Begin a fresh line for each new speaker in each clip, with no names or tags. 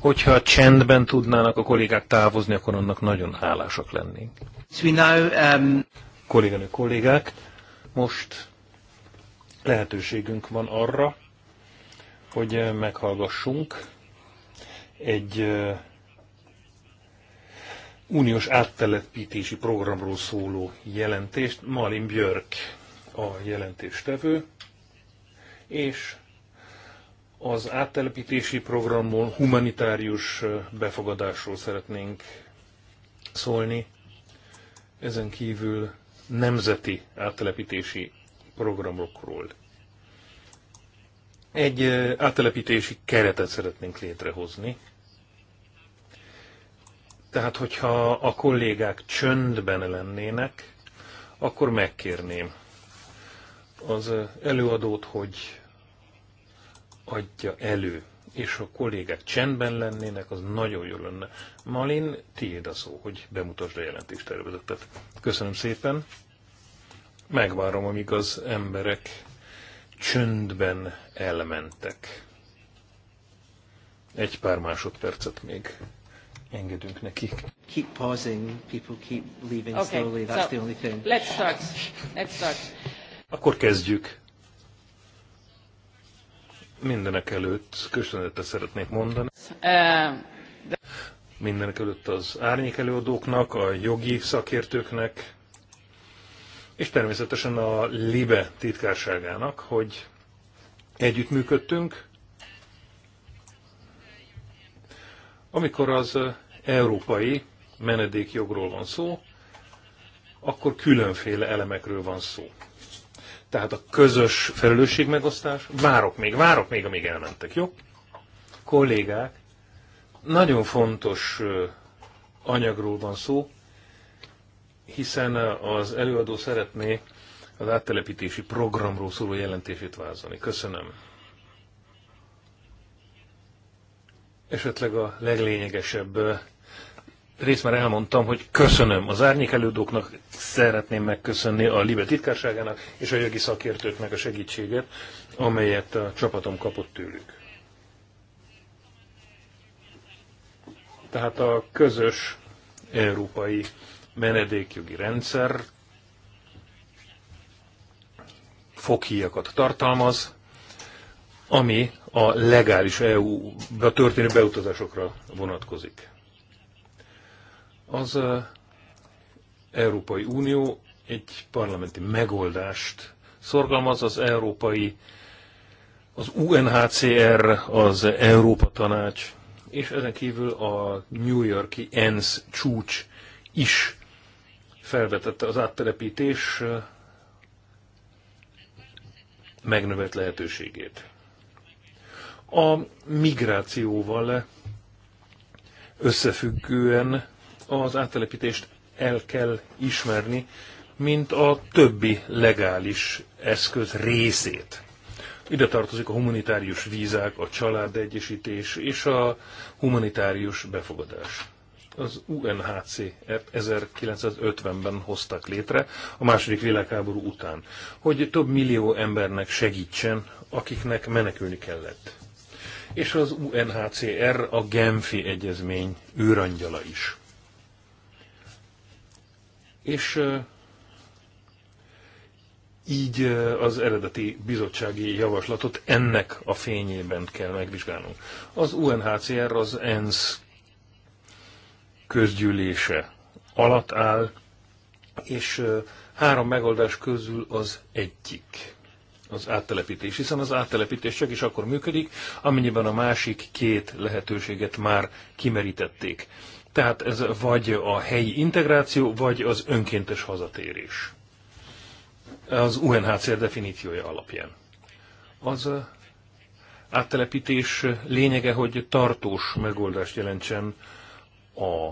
Hogyha csendben tudnának a kollégák távozni, akkor annak nagyon hálásak lennénk. Um, Kolléganő kollégák, most lehetőségünk van arra, hogy eh, meghallgassunk egy eh, uniós áttelepítési programról szóló jelentést. Malin Björk a jelentéstevő, és az áttelepítési programból humanitárius befogadásról szeretnénk szólni. Ezen kívül nemzeti áttelepítési programokról. Egy áttelepítési keretet szeretnénk létrehozni. Tehát, hogyha a kollégák csöndben lennének, akkor megkérném az előadót, hogy adja elő, és a kollégák csendben lennének, az nagyon jó lenne. Malin, tiéd a szó, hogy bemutasd a jelentéstervezetet. Köszönöm szépen. Megvárom, amíg az emberek csöndben elmentek. Egy pár másodpercet még engedünk nekik. Keep pausing, people keep leaving okay, slowly, that's so, the only thing. Let's
start, let's start.
Akkor kezdjük. Mindenek előtt köszönetet szeretnék mondani. Mindenek előtt az árnyék előadóknak, a jogi szakértőknek, és természetesen a LIBE titkárságának, hogy együttműködtünk, amikor az európai menedékjogról van szó, akkor különféle elemekről van szó. Tehát a közös felelősségmegosztás. Várok még, várok még, amíg elmentek, jó? Kollégák, nagyon fontos anyagról van szó, hiszen az előadó szeretné az áttelepítési programról szóló jelentését vázolni. Köszönöm. Esetleg a leglényegesebb részt már elmondtam, hogy köszönöm az árnyékelődóknak, szeretném megköszönni a Libe titkárságának és a jogi szakértőknek a segítséget, amelyet a csapatom kapott tőlük. Tehát a közös európai menedékjogi rendszer foghíjakat tartalmaz, ami a legális EU-ba történő beutazásokra vonatkozik. Az Európai Unió egy parlamenti megoldást szorgalmaz az európai, az UNHCR, az Európa Tanács, és ezen kívül a New Yorki ENSZ csúcs is felvetette az áttelepítés megnövelt lehetőségét. A migrációval összefüggően az áttelepítést el kell ismerni, mint a többi legális eszköz részét. Ide tartozik a humanitárius vízák, a családegyesítés és a humanitárius befogadás. Az UNHCR 1950-ben hozták létre, a második világháború után, hogy több millió embernek segítsen, akiknek menekülni kellett. És az UNHCR a Genfi Egyezmény őrangyala is és így az eredeti bizottsági javaslatot ennek a fényében kell megvizsgálnunk. Az UNHCR az ENSZ közgyűlése alatt áll, és három megoldás közül az egyik az áttelepítés, hiszen az áttelepítés csak is akkor működik, amennyiben a másik két lehetőséget már kimerítették. Tehát ez vagy a helyi integráció, vagy az önkéntes hazatérés. Az UNHCR definíciója alapján. Az áttelepítés lényege, hogy tartós megoldást jelentsen a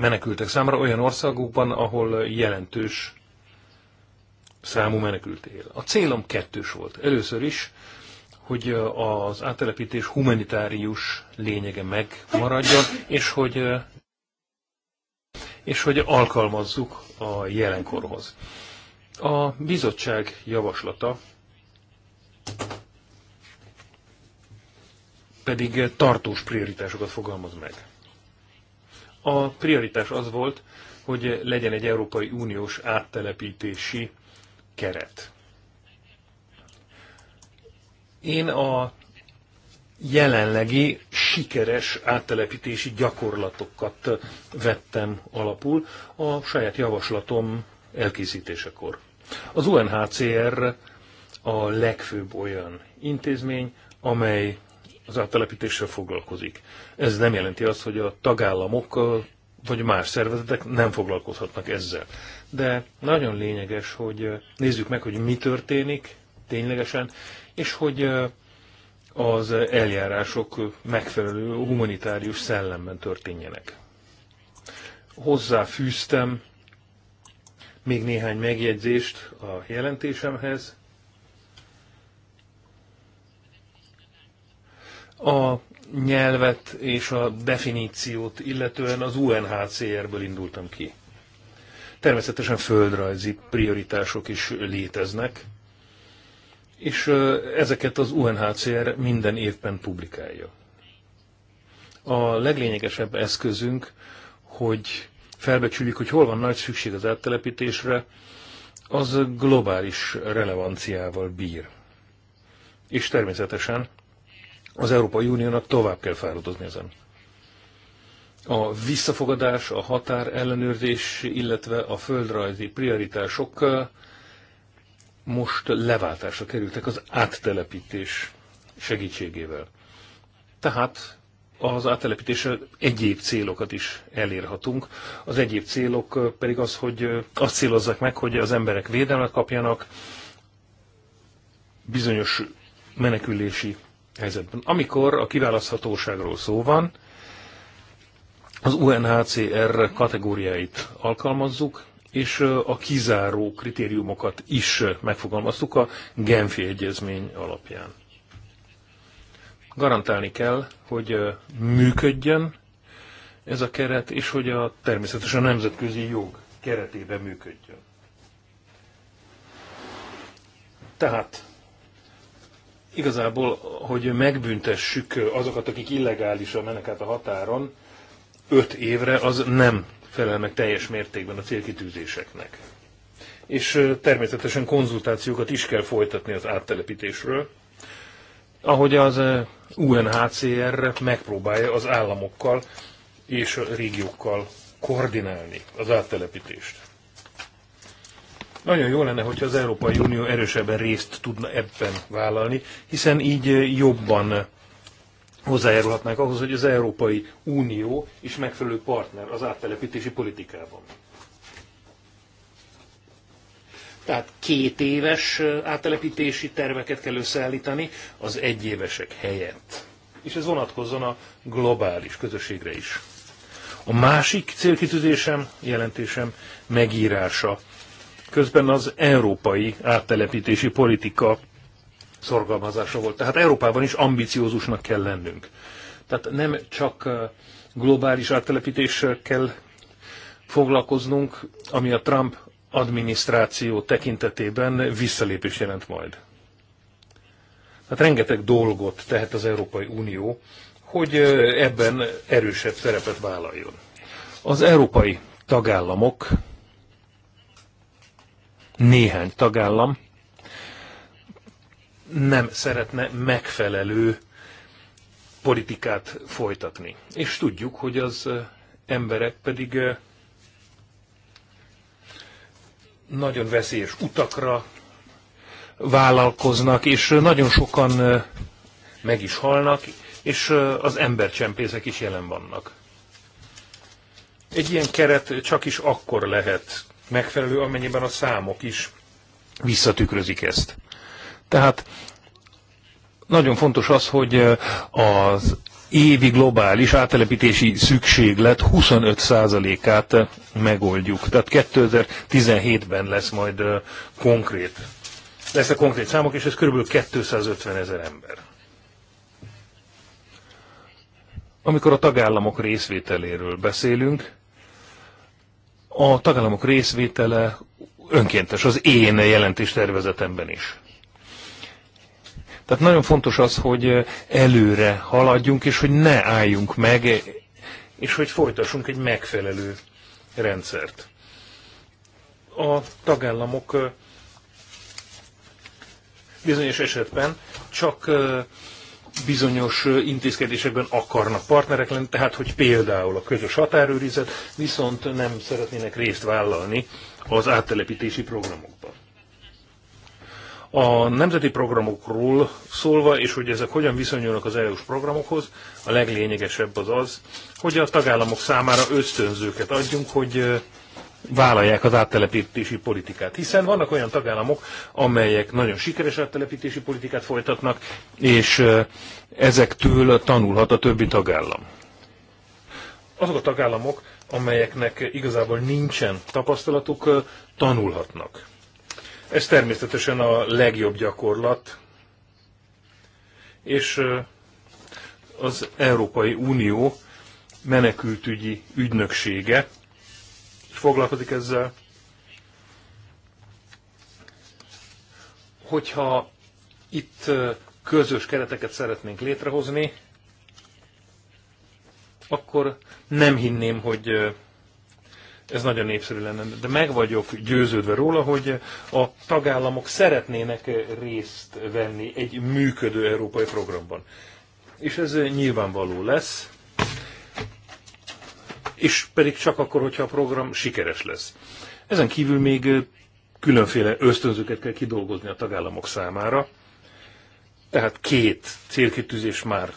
menekültek számára olyan országokban, ahol jelentős számú menekült él. A célom kettős volt. Először is hogy az áttelepítés humanitárius lényege megmaradjon, és hogy, és hogy alkalmazzuk a jelenkorhoz. A bizottság javaslata pedig tartós prioritásokat fogalmaz meg. A prioritás az volt, hogy legyen egy Európai Uniós áttelepítési keret. Én a jelenlegi sikeres áttelepítési gyakorlatokat vettem alapul a saját javaslatom elkészítésekor. Az UNHCR a legfőbb olyan intézmény, amely az áttelepítéssel foglalkozik. Ez nem jelenti azt, hogy a tagállamok vagy más szervezetek nem foglalkozhatnak ezzel. De nagyon lényeges, hogy nézzük meg, hogy mi történik, ténylegesen, és hogy az eljárások megfelelő humanitárius szellemben történjenek. Hozzáfűztem még néhány megjegyzést a jelentésemhez. A nyelvet és a definíciót illetően az UNHCR-ből indultam ki. Természetesen földrajzi prioritások is léteznek, és ezeket az UNHCR minden évben publikálja. A leglényegesebb eszközünk, hogy felbecsüljük, hogy hol van nagy szükség az áttelepítésre, az globális relevanciával bír. És természetesen az Európai Uniónak tovább kell fáradozni ezen. A visszafogadás, a határ ellenőrzés, illetve a földrajzi prioritások most leváltásra kerültek az áttelepítés segítségével. Tehát az áttelepítéssel egyéb célokat is elérhatunk. Az egyéb célok pedig az, hogy azt célozzák meg, hogy az emberek védelmet kapjanak bizonyos menekülési helyzetben. Amikor a kiválaszthatóságról szó van, az UNHCR kategóriáit alkalmazzuk, és a kizáró kritériumokat is megfogalmaztuk a Genfi Egyezmény alapján. Garantálni kell, hogy működjön ez a keret, és hogy a természetesen a nemzetközi jog keretében működjön. Tehát igazából, hogy megbüntessük azokat, akik illegálisan mennek át a határon, öt évre, az nem felel meg teljes mértékben a célkitűzéseknek. És természetesen konzultációkat is kell folytatni az áttelepítésről, ahogy az UNHCR megpróbálja az államokkal és a régiókkal koordinálni az áttelepítést. Nagyon jó lenne, hogyha az Európai Unió erősebben részt tudna ebben vállalni, hiszen így jobban hozzájárulhatnánk ahhoz, hogy az Európai Unió is megfelelő partner az áttelepítési politikában. Tehát két éves áttelepítési terveket kell összeállítani az egyévesek helyett. És ez vonatkozzon a globális közösségre is. A másik célkitűzésem, jelentésem megírása. Közben az európai áttelepítési politika szorgalmazása volt. Tehát Európában is ambiciózusnak kell lennünk. Tehát nem csak globális áttelepítéssel kell foglalkoznunk, ami a Trump adminisztráció tekintetében visszalépés jelent majd. Tehát rengeteg dolgot tehet az Európai Unió, hogy ebben erősebb szerepet vállaljon. Az európai tagállamok, néhány tagállam nem szeretne megfelelő politikát folytatni. És tudjuk, hogy az emberek pedig nagyon veszélyes utakra vállalkoznak, és nagyon sokan meg is halnak, és az embercsempészek is jelen vannak. Egy ilyen keret csak is akkor lehet megfelelő, amennyiben a számok is visszatükrözik ezt. Tehát nagyon fontos az, hogy az évi globális átelepítési szükséglet 25%-át megoldjuk. Tehát 2017-ben lesz majd konkrét. Lesz a konkrét számok, és ez körülbelül 250 ezer ember. Amikor a tagállamok részvételéről beszélünk, a tagállamok részvétele önkéntes az én jelentéstervezetemben is. Tehát nagyon fontos az, hogy előre haladjunk, és hogy ne álljunk meg, és hogy folytassunk egy megfelelő rendszert. A tagállamok bizonyos esetben csak bizonyos intézkedésekben akarnak partnerek lenni, tehát hogy például a közös határőrizet, viszont nem szeretnének részt vállalni az áttelepítési programok. A nemzeti programokról szólva, és hogy ezek hogyan viszonyulnak az EU-s programokhoz, a leglényegesebb az az, hogy a tagállamok számára ösztönzőket adjunk, hogy vállalják az áttelepítési politikát. Hiszen vannak olyan tagállamok, amelyek nagyon sikeres áttelepítési politikát folytatnak, és ezektől tanulhat a többi tagállam. Azok a tagállamok, amelyeknek igazából nincsen tapasztalatuk, tanulhatnak. Ez természetesen a legjobb gyakorlat, és az Európai Unió menekültügyi ügynöksége foglalkozik ezzel. Hogyha itt közös kereteket szeretnénk létrehozni, akkor nem hinném, hogy ez nagyon népszerű lenne, de meg vagyok győződve róla, hogy a tagállamok szeretnének részt venni egy működő európai programban. És ez nyilvánvaló lesz, és pedig csak akkor, hogyha a program sikeres lesz. Ezen kívül még különféle ösztönzőket kell kidolgozni a tagállamok számára. Tehát két célkitűzés már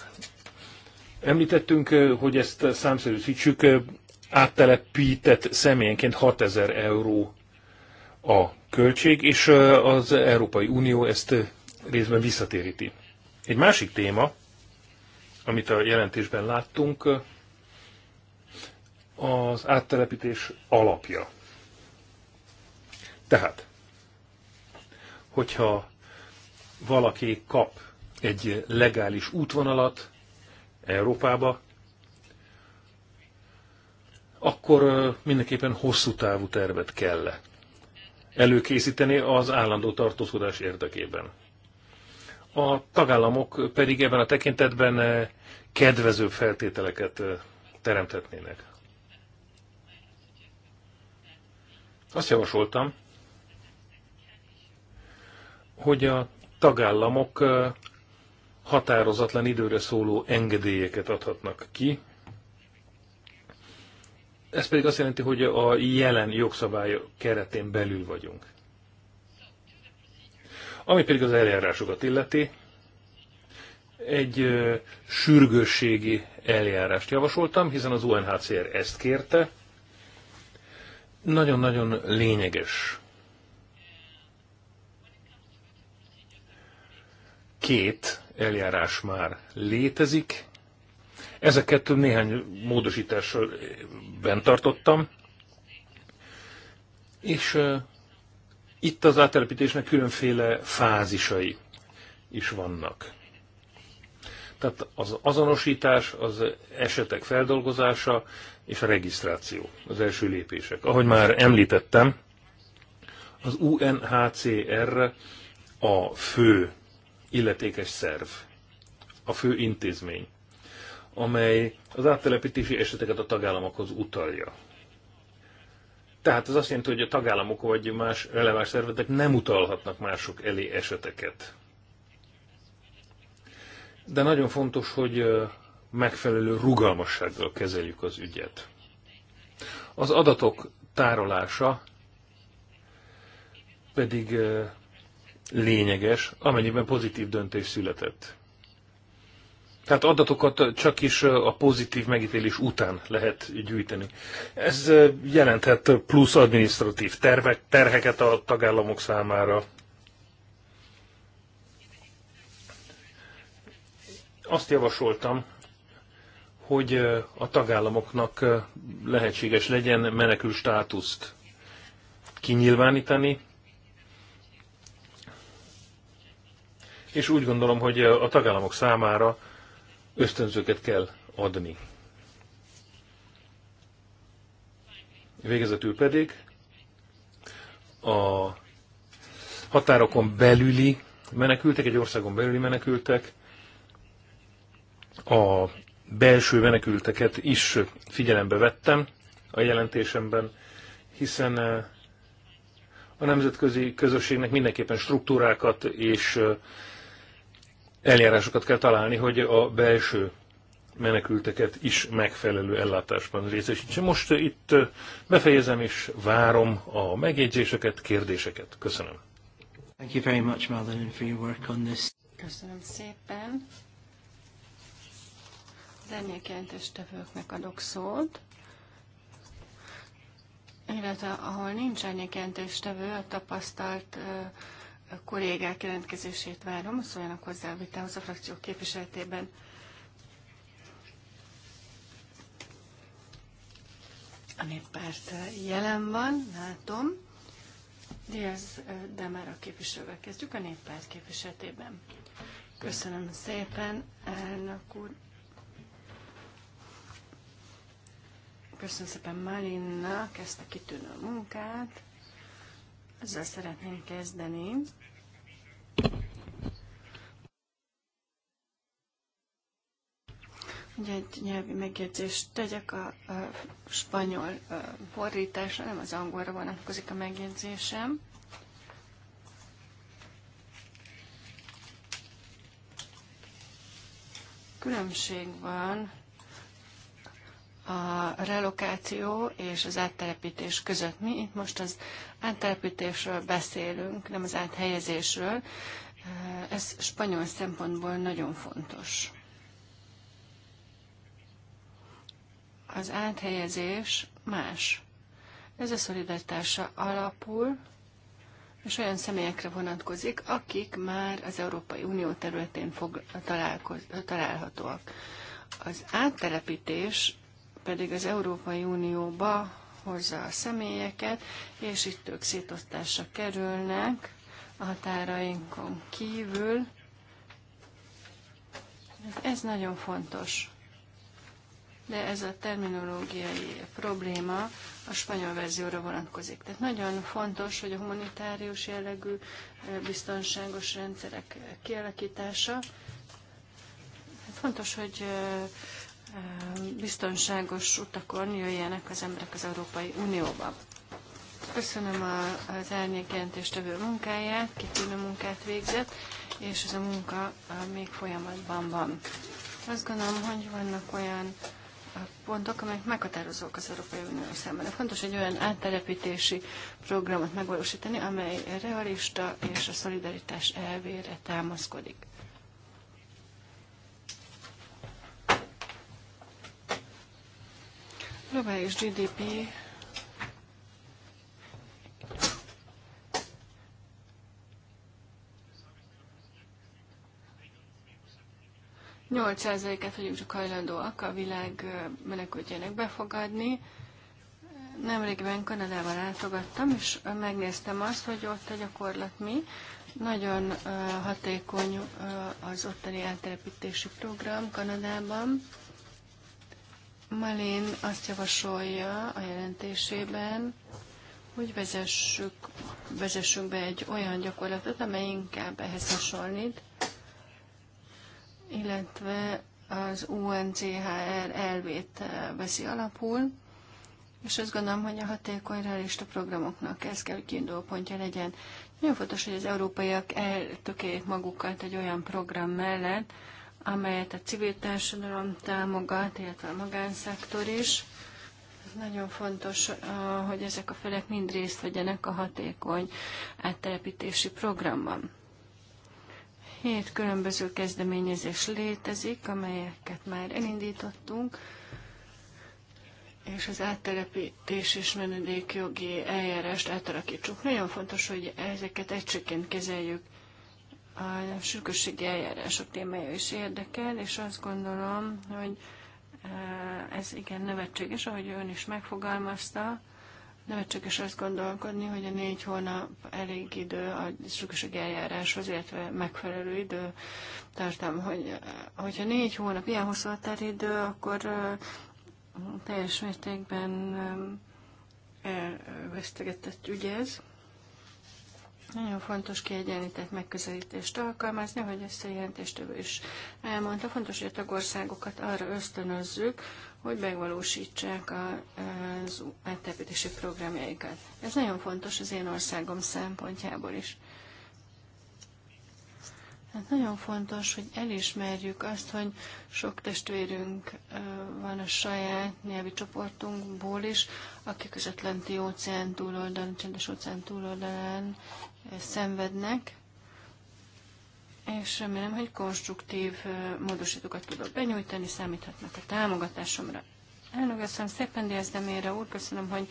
említettünk, hogy ezt számszerűsítsük, áttelepített személyenként 6000 euró a költség, és az Európai Unió ezt részben visszatéríti. Egy másik téma, amit a jelentésben láttunk, az áttelepítés alapja. Tehát, hogyha valaki kap egy legális útvonalat Európába, akkor mindenképpen hosszú távú tervet kell -e előkészíteni az állandó tartózkodás érdekében. A tagállamok pedig ebben a tekintetben kedvező feltételeket teremtetnének. Azt javasoltam, hogy a tagállamok határozatlan időre szóló engedélyeket adhatnak ki, ez pedig azt jelenti, hogy a jelen jogszabály keretén belül vagyunk. Ami pedig az eljárásokat illeti, egy ö, sürgősségi eljárást javasoltam, hiszen az UNHCR ezt kérte. Nagyon-nagyon lényeges. Két eljárás már létezik, Ezeket néhány módosítással eh, bentartottam, és eh, itt az átelepítésnek különféle fázisai is vannak. Tehát az azonosítás, az esetek feldolgozása és a regisztráció, az első lépések. Ahogy már említettem, az UNHCR a fő illetékes szerv, a fő intézmény amely az áttelepítési eseteket a tagállamokhoz utalja. Tehát ez azt jelenti, hogy a tagállamok vagy más releváns szervezetek nem utalhatnak mások elé eseteket. De nagyon fontos, hogy megfelelő rugalmassággal kezeljük az ügyet. Az adatok tárolása pedig lényeges, amennyiben pozitív döntés született. Tehát adatokat csak is a pozitív megítélés után lehet gyűjteni. Ez jelenthet plusz administratív tervek, terheket a tagállamok számára. Azt javasoltam, hogy a tagállamoknak lehetséges legyen menekül státuszt kinyilvánítani, és úgy gondolom, hogy a tagállamok számára ösztönzőket kell adni. Végezetül pedig a határokon belüli menekültek, egy országon belüli menekültek, a belső menekülteket is figyelembe vettem a jelentésemben, hiszen eh, a nemzetközi közösségnek mindenképpen struktúrákat és eh, eljárásokat kell találni, hogy a belső menekülteket is megfelelő ellátásban részesítse. Most itt befejezem és várom a megjegyzéseket, kérdéseket. Köszönöm.
Thank you very much, Madeline, for your work on this.
Köszönöm szépen. Az tevőknek adok szót. Illetve ahol nincs tevő, a tapasztalt uh, kollégák jelentkezését várom, szóljanak hozzá a vitához a frakciók képviseletében. A néppárt jelen van, látom. Diaz eh, de már a képviselővel kezdjük a néppárt képviseletében. Köszönöm szépen, elnök úr. Köszönöm szépen Malinnak ezt a kitűnő munkát. Ezzel szeretném kezdeni. Ugye egy nyelvi megjegyzést tegyek a, a spanyol fordításra, nem az angolra vonatkozik a megjegyzésem. Különbség van a relokáció és az áttelepítés között. Mi itt most az áttelepítésről beszélünk, nem az áthelyezésről. Ez spanyol szempontból nagyon fontos. Az áthelyezés más. Ez a szolidaritása alapul, és olyan személyekre vonatkozik, akik már az Európai Unió területén fog, találkoz, találhatóak. Az áttelepítés pedig az Európai Unióba hozza a személyeket, és itt ők szétosztásra kerülnek a határainkon kívül. Ez nagyon fontos. De ez a terminológiai probléma a spanyol verzióra vonatkozik. Tehát nagyon fontos, hogy a humanitárius jellegű eh, biztonságos rendszerek kialakítása. Hát fontos, hogy eh, biztonságos utakon jöjjenek az emberek az Európai Unióba. Köszönöm az árnyék jelentéstevő munkáját, kitűnő munkát végzett, és ez a munka még folyamatban van. Azt gondolom, hogy vannak olyan pontok, amelyek meghatározók az Európai Unió számára. Fontos egy olyan áttelepítési programot megvalósítani, amely realista és a szolidaritás elvére támaszkodik. Globális GDP Nyolc százalékát vagyunk csak hajlandóak a világ menekültjének befogadni. Nemrégben Kanadában látogattam, és megnéztem azt, hogy ott a gyakorlat mi. Nagyon hatékony az ottani eltelepítési program Kanadában. Malin azt javasolja a jelentésében, hogy vezessük, vezessünk be egy olyan gyakorlatot, amely inkább ehhez hasonlít, illetve az UNCHR elvét veszi alapul, és azt gondolom, hogy a hatékony realista programoknak ez kell, hogy kiinduló pontja legyen. Nagyon fontos, hogy az európaiak eltökéljék magukat egy olyan program mellett, amelyet a civil társadalom támogat, illetve a magánszektor is. Ez nagyon fontos, eh, hogy ezek a felek mind részt vegyenek a hatékony áttelepítési programban. Hét különböző kezdeményezés létezik, amelyeket már elindítottunk, és az áttelepítés és menedékjogi eljárást átalakítsuk. Nagyon fontos, hogy ezeket egységként kezeljük a sürgősségi eljárások témája is érdekel, és azt gondolom, hogy e, ez igen nevetséges, ahogy ön is megfogalmazta, nevetséges azt gondolkodni, hogy a négy hónap elég idő a sürgősségi eljáráshoz, illetve megfelelő idő tartam, hogy hogyha négy hónap ilyen hosszú teridő, akkor e, teljes mértékben elvesztegetett e, ügy ez. Nagyon fontos kiegyenlített megközelítést alkalmazni, hogy ezt a jelentéstől is elmondta. Fontos, hogy a tagországokat arra ösztönözzük, hogy megvalósítsák az áttelepítési programjaikat. Ez nagyon fontos az én országom szempontjából is. Hát nagyon fontos, hogy elismerjük azt, hogy sok testvérünk van a saját nyelvi csoportunkból is, akik az óceán túloldalán, csendes óceán túloldalán szenvednek, és remélem, hogy konstruktív módosítókat tudok benyújtani, számíthatnak a támogatásomra. Elnök, köszönöm szépen, Diaz Demére úr, köszönöm, hogy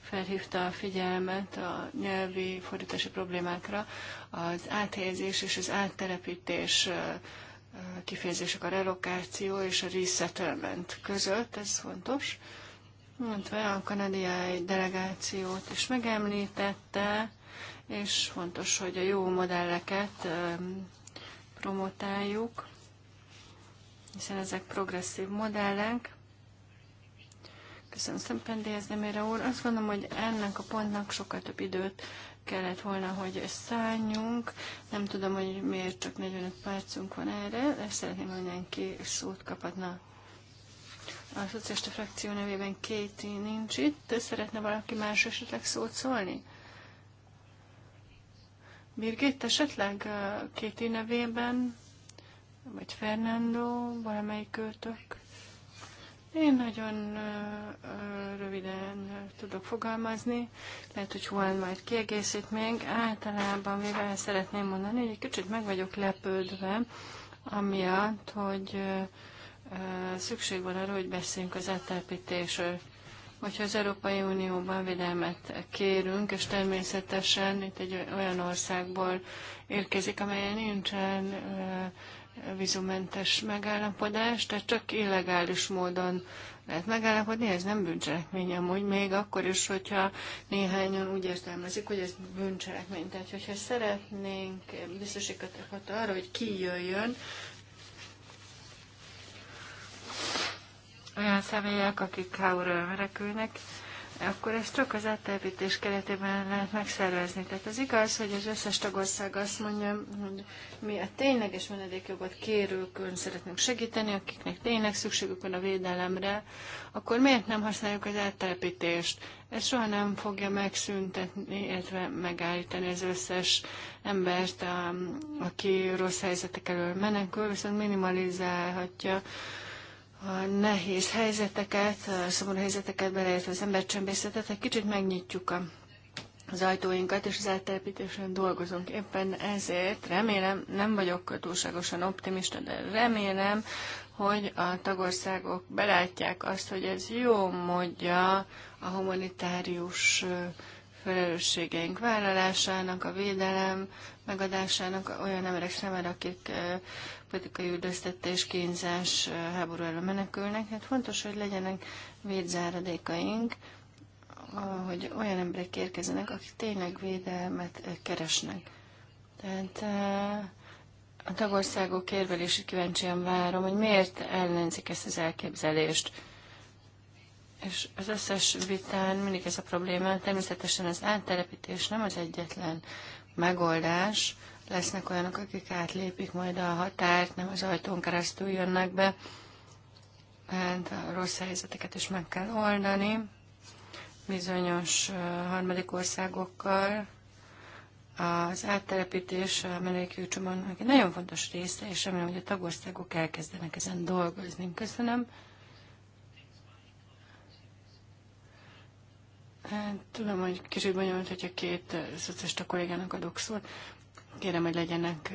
felhívta a figyelmet a nyelvi fordítási problémákra. Az áthelyezés és az áttelepítés kifejezések a relokáció és a resettlement között, ez fontos. Mondva a kanadiai delegációt is megemlítette, és fontos, hogy a jó modelleket promotáljuk, hiszen ezek progresszív modellek. Köszönöm szépen, Dézdemére úr. Azt gondolom, hogy ennek a pontnak sokkal több időt kellett volna, hogy szálljunk. Nem tudom, hogy miért csak 45 percünk van erre, de szeretném, hogy mindenki szót kaphatna. A szociálista frakció nevében Kéti nincs itt. Szeretne valaki más esetleg szót szólni? Birgit, esetleg uh, Kéti nevében, vagy Fernando, valamelyik költök. Én nagyon uh, uh, röviden tudok fogalmazni, lehet, hogy Juan majd kiegészít még. Általában véve szeretném mondani, hogy egy kicsit meg vagyok lepődve, amiatt, hogy szükség van arra, hogy beszéljünk az áttelepítésről hogyha az Európai Unióban védelmet kérünk, és természetesen itt egy olyan országból érkezik, amelyen nincsen vízumentes megállapodás, tehát csak illegális módon lehet megállapodni, ez nem bűncselekmény amúgy, még akkor is, hogyha néhányan úgy értelmezik, hogy ez bűncselekmény. Tehát, hogyha szeretnénk biztosítani arra, hogy ki jöjjön, olyan személyek, akik háborúra menekülnek, akkor ezt csak az áttelepítés keretében lehet megszervezni. Tehát az igaz, hogy az összes tagország azt mondja, hogy mi a tényleges menedékjogot kérőkön szeretnénk segíteni, akiknek tényleg szükségük van a védelemre, akkor miért nem használjuk az áttelepítést? Ez soha nem fogja megszüntetni, illetve megállítani az összes embert, a, aki rossz helyzetek elől menekül, viszont minimalizálhatja a nehéz helyzeteket, a szomorú helyzeteket, beleértve az embercsempészetet, egy kicsit megnyitjuk a az ajtóinkat, és az áttelepítésen dolgozunk. Éppen ezért remélem, nem vagyok túlságosan optimista, de remélem, hogy a tagországok belátják azt, hogy ez jó módja a humanitárius felelősségeink vállalásának, a védelem megadásának olyan emberek számára, akik politikai és kínzás, háború elől menekülnek. Hát fontos, hogy legyenek védzáradékaink, hogy olyan emberek érkezenek, akik tényleg védelmet keresnek. Tehát a tagországok érvelését kíváncsian várom, hogy miért ellenzik ezt az elképzelést. És az összes vitán mindig ez a probléma. Természetesen az áttelepítés nem az egyetlen megoldás, lesznek olyanok, akik átlépik majd a határt, nem az ajtón keresztül jönnek be, mert hát a rossz helyzeteket is meg kell oldani bizonyos harmadik országokkal. Az áttelepítés a menekült egy nagyon fontos része, és remélem, hogy a tagországok elkezdenek ezen dolgozni. Köszönöm. Hát, tudom, hogy kicsit bonyolult, hogyha két szocialista kollégának adok szót. Kérem, hogy legyenek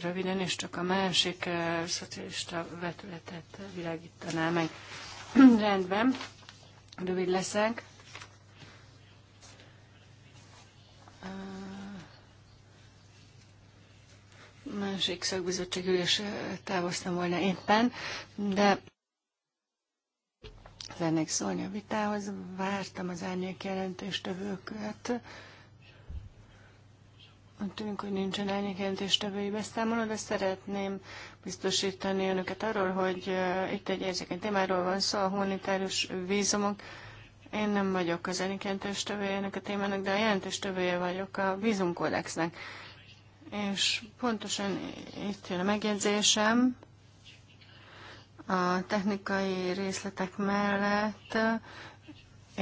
röviden, és csak a másik szocialista vetületet világítaná meg. Rendben, rövid leszek. másik szakbizottság ülés távoztam volna éppen, de lennék szólni a vitához. Vártam az árnyék jelentéstevőket, tűnik, hogy nincsen tevői beszámoló, de szeretném biztosítani önöket arról, hogy itt egy érzékeny témáról van szó, a humanitárius vízumok. Én nem vagyok az elnyékjelentéstevője ennek a témának, de a jelentéstevője vagyok a vízumkódexnek. És pontosan itt jön a megjegyzésem, a technikai részletek mellett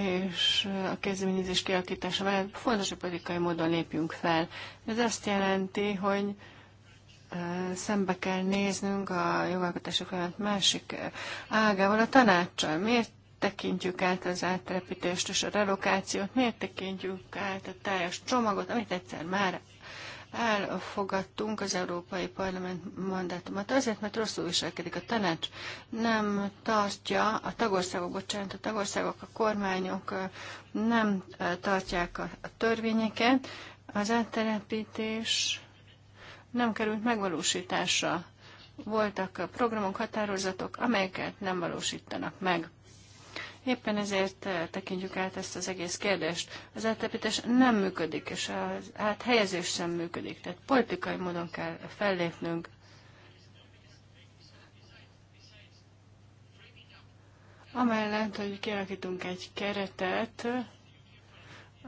és a kezdeményezés kialakítása mellett fontos, hogy politikai módon lépjünk fel. Ez azt jelenti, hogy szembe kell néznünk a jogalkotási folyamat másik ágával, a tanácssal. Miért tekintjük át az átrepítést és a relokációt, miért tekintjük át a teljes csomagot, amit egyszer már elfogadtunk az Európai Parlament mandátumát, azért, mert rosszul viselkedik a tanács. Nem tartja a tagországok, bocsánat, a tagországok, a kormányok nem tartják a törvényeket, az áttelepítés nem került megvalósításra. Voltak programok, határozatok, amelyeket nem valósítanak meg. Éppen ezért eh, tekintjük át ezt az egész kérdést. Az áttepítés nem működik, és az áthelyezés sem működik. Tehát politikai módon kell fellépnünk. Amellett, hogy kialakítunk egy keretet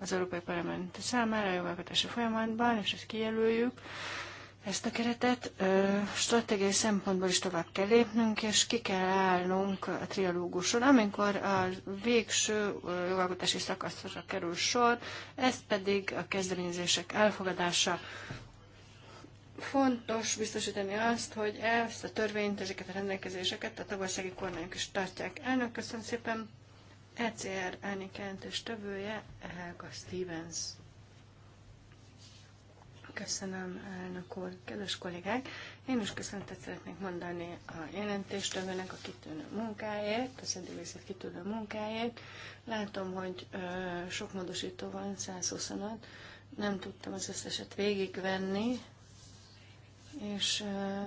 az Európai Parlament számára a jogalkotási folyamatban, és ezt kijelöljük, ezt a keretet. Stratégiai szempontból is tovább kell lépnünk, és ki kell állnunk a trialóguson, amikor a végső jogalkotási szakaszra kerül sor, ez pedig a kezdeményezések elfogadása. Fontos biztosítani azt, hogy ezt a törvényt, ezeket a rendelkezéseket a tagországi kormányok is tartják. Elnök, köszönöm szépen! ECR elnök jelentős tövője, Helga Stevens. Köszönöm, elnök úr, kedves kollégák! Én is köszöntet szeretnék mondani a jelentéstevőnek a kitűnő munkáért, az eddigvészet kitűnő munkáért. Látom, hogy ö, sok módosító van, 125, nem tudtam az összeset végigvenni, és ö,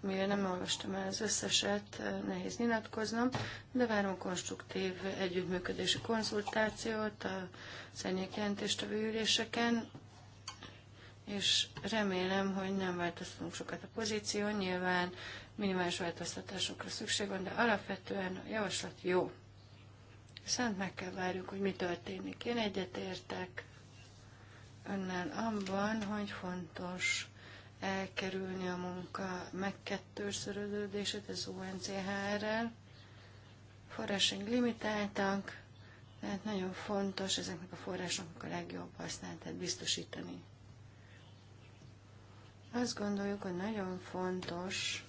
mire nem olvastam el az összeset, nehéz nyilatkoznom, de várom konstruktív együttműködési konzultációt a szennyék jelentéstevő üléseken, és remélem, hogy nem változtunk sokat a pozíció. Nyilván minimális változtatásokra szükség van, de alapvetően a javaslat jó. Viszont meg kell várjuk, hogy mi történik. Én egyetértek önnel abban, hogy fontos elkerülni a munka megkettőszöröződését az UNCHR-rel. Forrásink limitáltak, tehát nagyon fontos ezeknek a forrásoknak a legjobb használatát biztosítani. Azt gondoljuk, hogy nagyon fontos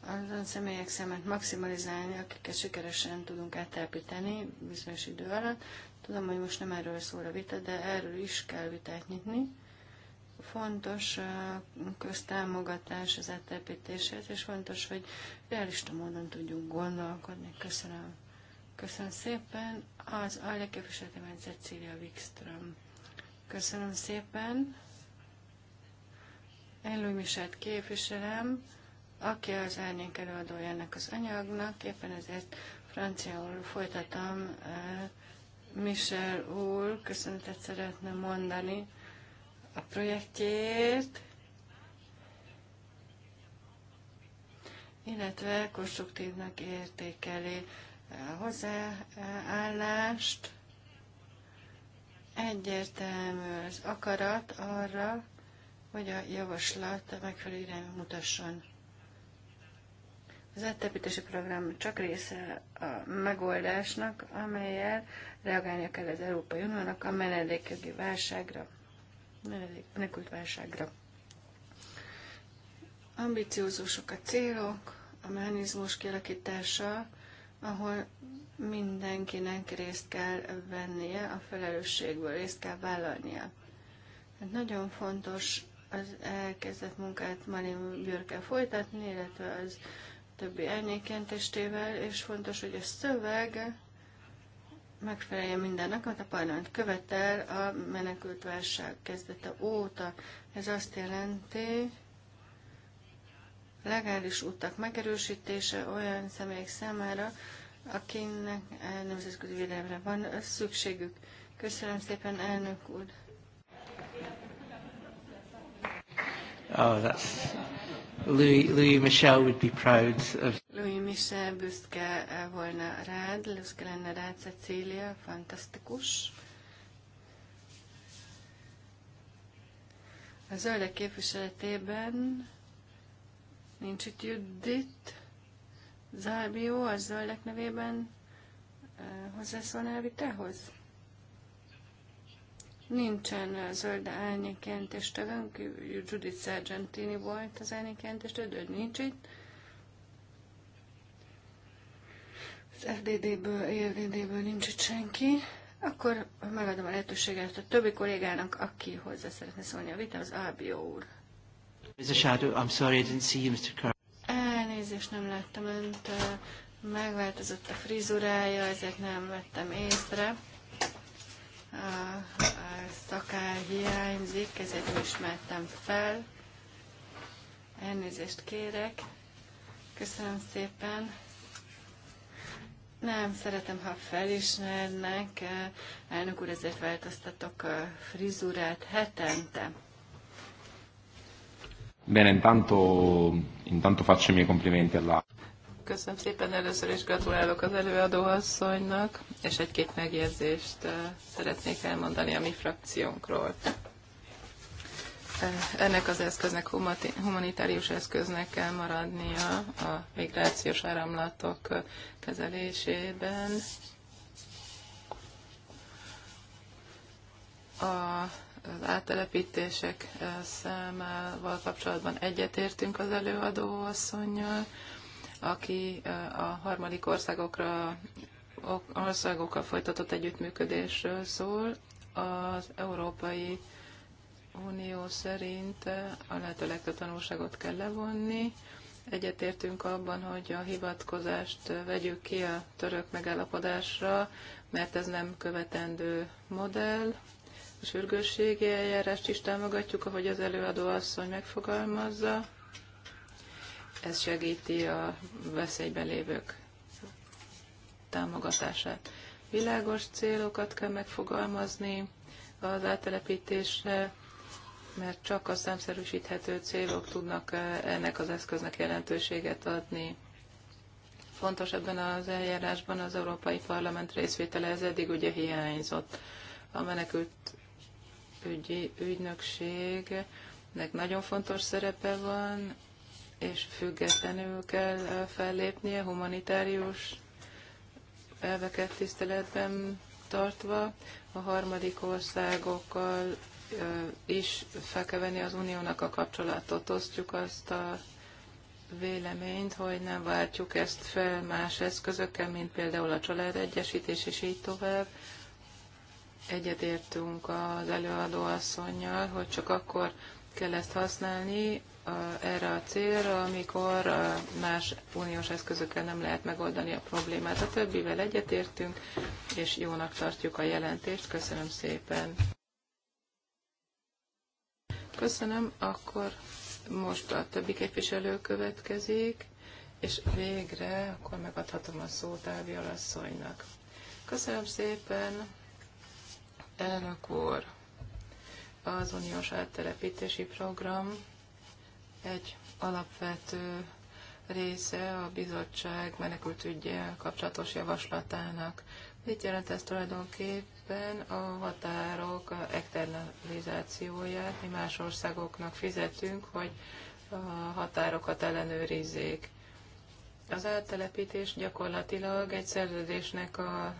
azon személyek szemet maximalizálni, akiket sikeresen tudunk áttelepíteni bizonyos idő alatt. Tudom, hogy most nem erről szól a vita, de erről is kell vitát nyitni. Fontos a köztámogatás az áttelepítéshez, és fontos, hogy realista módon tudjunk gondolkodni. Köszönöm. Köszönöm szépen. Az alja képviseletében Cília Wikström. Köszönöm szépen. Előmisát képviselem, aki az árnyék előadója ennek az anyagnak, éppen ezért franciául folytatom. Eh, Michel úr köszöntet szeretne mondani a projektjét, illetve konstruktívnak értékeli a hozzáállást. Egyértelmű az akarat arra, hogy a javaslat megfelelő irányba mutasson. Az áttepítési program csak része a megoldásnak, amelyel reagálnia kell az Európai Uniónak a menedékjogi válságra, menedék, menekült válságra. Ambiciózusok a célok, a mechanizmus kialakítása, ahol mindenkinek részt kell vennie, a felelősségből részt kell vállalnia. Hát nagyon fontos az elkezdett munkát Marin Björkkel folytatni, illetve az többi testével, és fontos, hogy a szöveg megfeleljen mindennek, amit a parlament követel a menekült válság kezdete óta. Ez azt jelenti, legális utak megerősítése olyan személyek számára, akinek nemzetközi védelemre van szükségük. Köszönöm szépen, elnök úr!
Oh, that's... Louis, Louis Michel would be proud of...
Louis Michel büszke eh, volna rád, büszke lenne rád, Cecília, fantasztikus. A zöldek képviseletében nincs itt Judit Zárbió, a zöldek nevében eh, hozzászólnál a vitához? Nincsen eh, zöld árnyékjelentéstevőnk, Judith Sargentini volt az árnyékjelentéstevő, de nincs itt. Az FDD-ből, ELDD-ből nincs itt senki. Akkor megadom a lehetőséget a többi kollégának, aki hozzá szeretne szólni a az Albió úr.
a shadow. I'm sorry, I didn't see you, Mr.
Elnézést, nem láttam önt. Eh, megváltozott a frizurája, ezért nem vettem észre szakáll hiányzik, ezért nem ismertem fel. Elnézést kérek. Köszönöm szépen. Nem, szeretem, ha felismernek. Elnök úr, ezért változtatok a frizurát hetente.
Bene, intanto, intanto faccio i miei complimenti alla...
Köszönöm szépen először, is gratulálok az asszonynak, és egy-két megjegyzést eh, szeretnék elmondani a mi frakciónkról. Eh, ennek az eszköznek, humanitárius eszköznek kell maradnia a migrációs áramlatok eh, kezelésében. A az áttelepítések számával kapcsolatban egyetértünk az előadó asszonynal, aki a harmadik országokra, országokkal folytatott együttműködésről szól. Az Európai Unió szerint a lehető legtöbb tanulságot kell levonni. Egyetértünk abban, hogy a hivatkozást vegyük ki a török megállapodásra, mert ez nem követendő modell. A sürgősségi eljárást is támogatjuk, ahogy az előadó asszony megfogalmazza ez segíti a veszélyben lévők támogatását. Világos célokat kell megfogalmazni az áttelepítésre, mert csak a számszerűsíthető célok tudnak eh, ennek az eszköznek jelentőséget adni. Fontos ebben az eljárásban az Európai Parlament részvétele, ez eddig ugye hiányzott. A menekült ügyi ügynökségnek nagyon fontos szerepe van, és függetlenül kell fellépnie, humanitárius elveket tiszteletben tartva, a harmadik országokkal is fel kell venni az uniónak a kapcsolatot. Osztjuk azt a véleményt, hogy nem váltjuk ezt fel más eszközökkel, mint például a családegyesítés, és így tovább. Egyetértünk az előadó asszonynal, hogy csak akkor kell ezt használni, erre a célra, amikor más uniós eszközökkel nem lehet megoldani a problémát. A többivel egyetértünk, és jónak tartjuk a jelentést. Köszönöm szépen. Köszönöm, akkor most a többi képviselő következik, és végre akkor megadhatom a szót Ávi Alasszonynak. Köszönöm szépen, elnök úr! Az uniós áttelepítési program egy alapvető része a bizottság menekültügyi kapcsolatos javaslatának. Mit jelent ez tulajdonképpen a határok externalizációját? Mi más országoknak fizetünk, hogy a határokat ellenőrizzék. Az áttelepítés gyakorlatilag egy szerződésnek a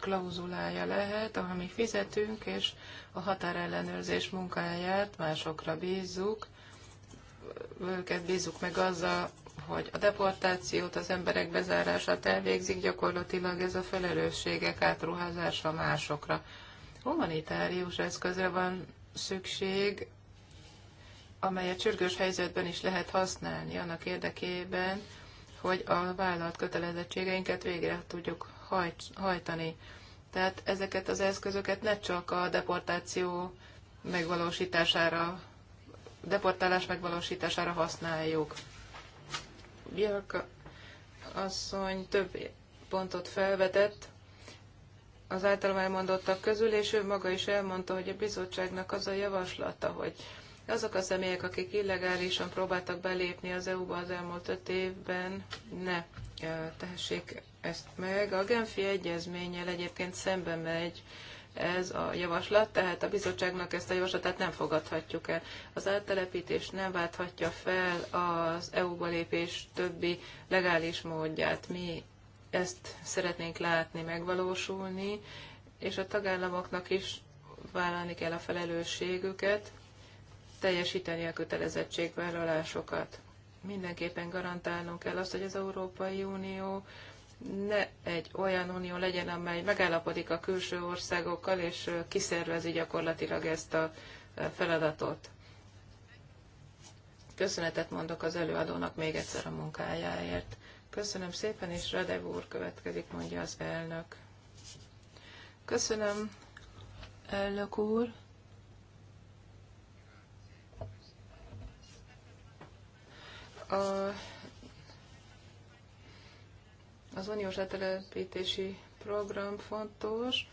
klauzulája lehet, ahol mi fizetünk, és a határellenőrzés munkáját másokra bízzuk, őket bízunk meg azzal, hogy a deportációt, az emberek bezárását elvégzik, gyakorlatilag ez a felelősségek átruházása másokra. Humanitárius eszközre van szükség, amelyet sürgős helyzetben is lehet használni annak érdekében, hogy a vállalt kötelezettségeinket végre tudjuk hajtani. Tehát ezeket az eszközöket ne csak a deportáció megvalósítására deportálás megvalósítására használjuk. Björk asszony több pontot felvetett az általam elmondottak közül, és ő maga is elmondta, hogy a bizottságnak az a javaslata, hogy azok a személyek, akik illegálisan próbáltak belépni az EU-ba az elmúlt öt évben, ne tehessék ezt meg. A Genfi egyezménnyel egyébként szemben megy ez a javaslat, tehát a bizottságnak ezt a javaslatát nem fogadhatjuk el. Az áttelepítés nem válthatja fel az EU-ba lépés többi legális módját. Mi ezt szeretnénk látni megvalósulni, és a tagállamoknak is vállalni kell a felelősségüket, teljesíteni a kötelezettségvállalásokat. Mindenképpen garantálnunk kell azt, hogy az Európai Unió ne egy olyan unió legyen, amely megállapodik a külső országokkal, és kiszervezi gyakorlatilag ezt a feladatot. Köszönetet mondok az előadónak még egyszer a munkájáért. Köszönöm szépen, és Radev úr következik, mondja az elnök. Köszönöm, elnök úr. A az uniós letelepítési program fontos,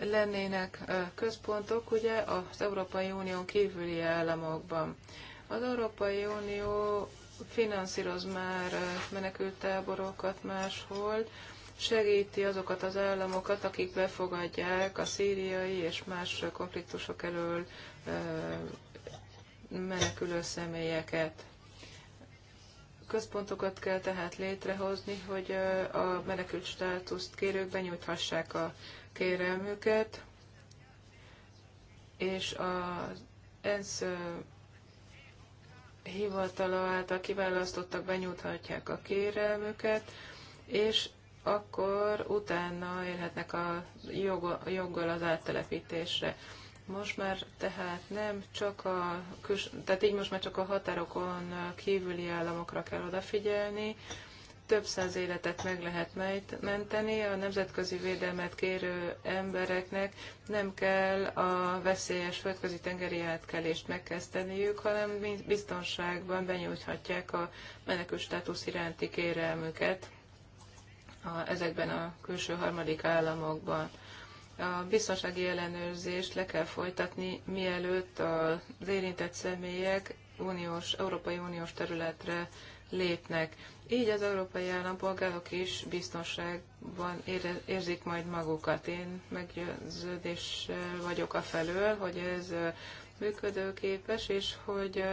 lennének központok ugye az Európai Unión kívüli államokban. Az Európai Unió finanszíroz már menekültáborokat máshol, segíti azokat az államokat, akik befogadják a szíriai és más konfliktusok elől menekülő személyeket központokat kell tehát létrehozni, hogy a menekült státuszt kérők benyújthassák a kérelmüket, és az ENSZ hivatala által kiválasztottak benyújthatják a kérelmüket, és akkor utána élhetnek a joggal az áttelepítésre. Most már tehát nem csak a, küls, tehát így most már csak a határokon kívüli államokra kell odafigyelni, több száz életet meg lehet menteni, a nemzetközi védelmet kérő embereknek nem kell a veszélyes földközi tengeri átkelést megkezdeniük, hanem biztonságban benyújthatják a menekült státusz iránti kérelmüket a, ezekben a külső harmadik államokban a biztonsági ellenőrzést le kell folytatni, mielőtt az érintett személyek uniós, Európai Uniós területre lépnek. Így az európai állampolgárok is biztonságban érzik majd magukat. Én meggyőződés vagyok a felől, hogy ez működőképes, és hogy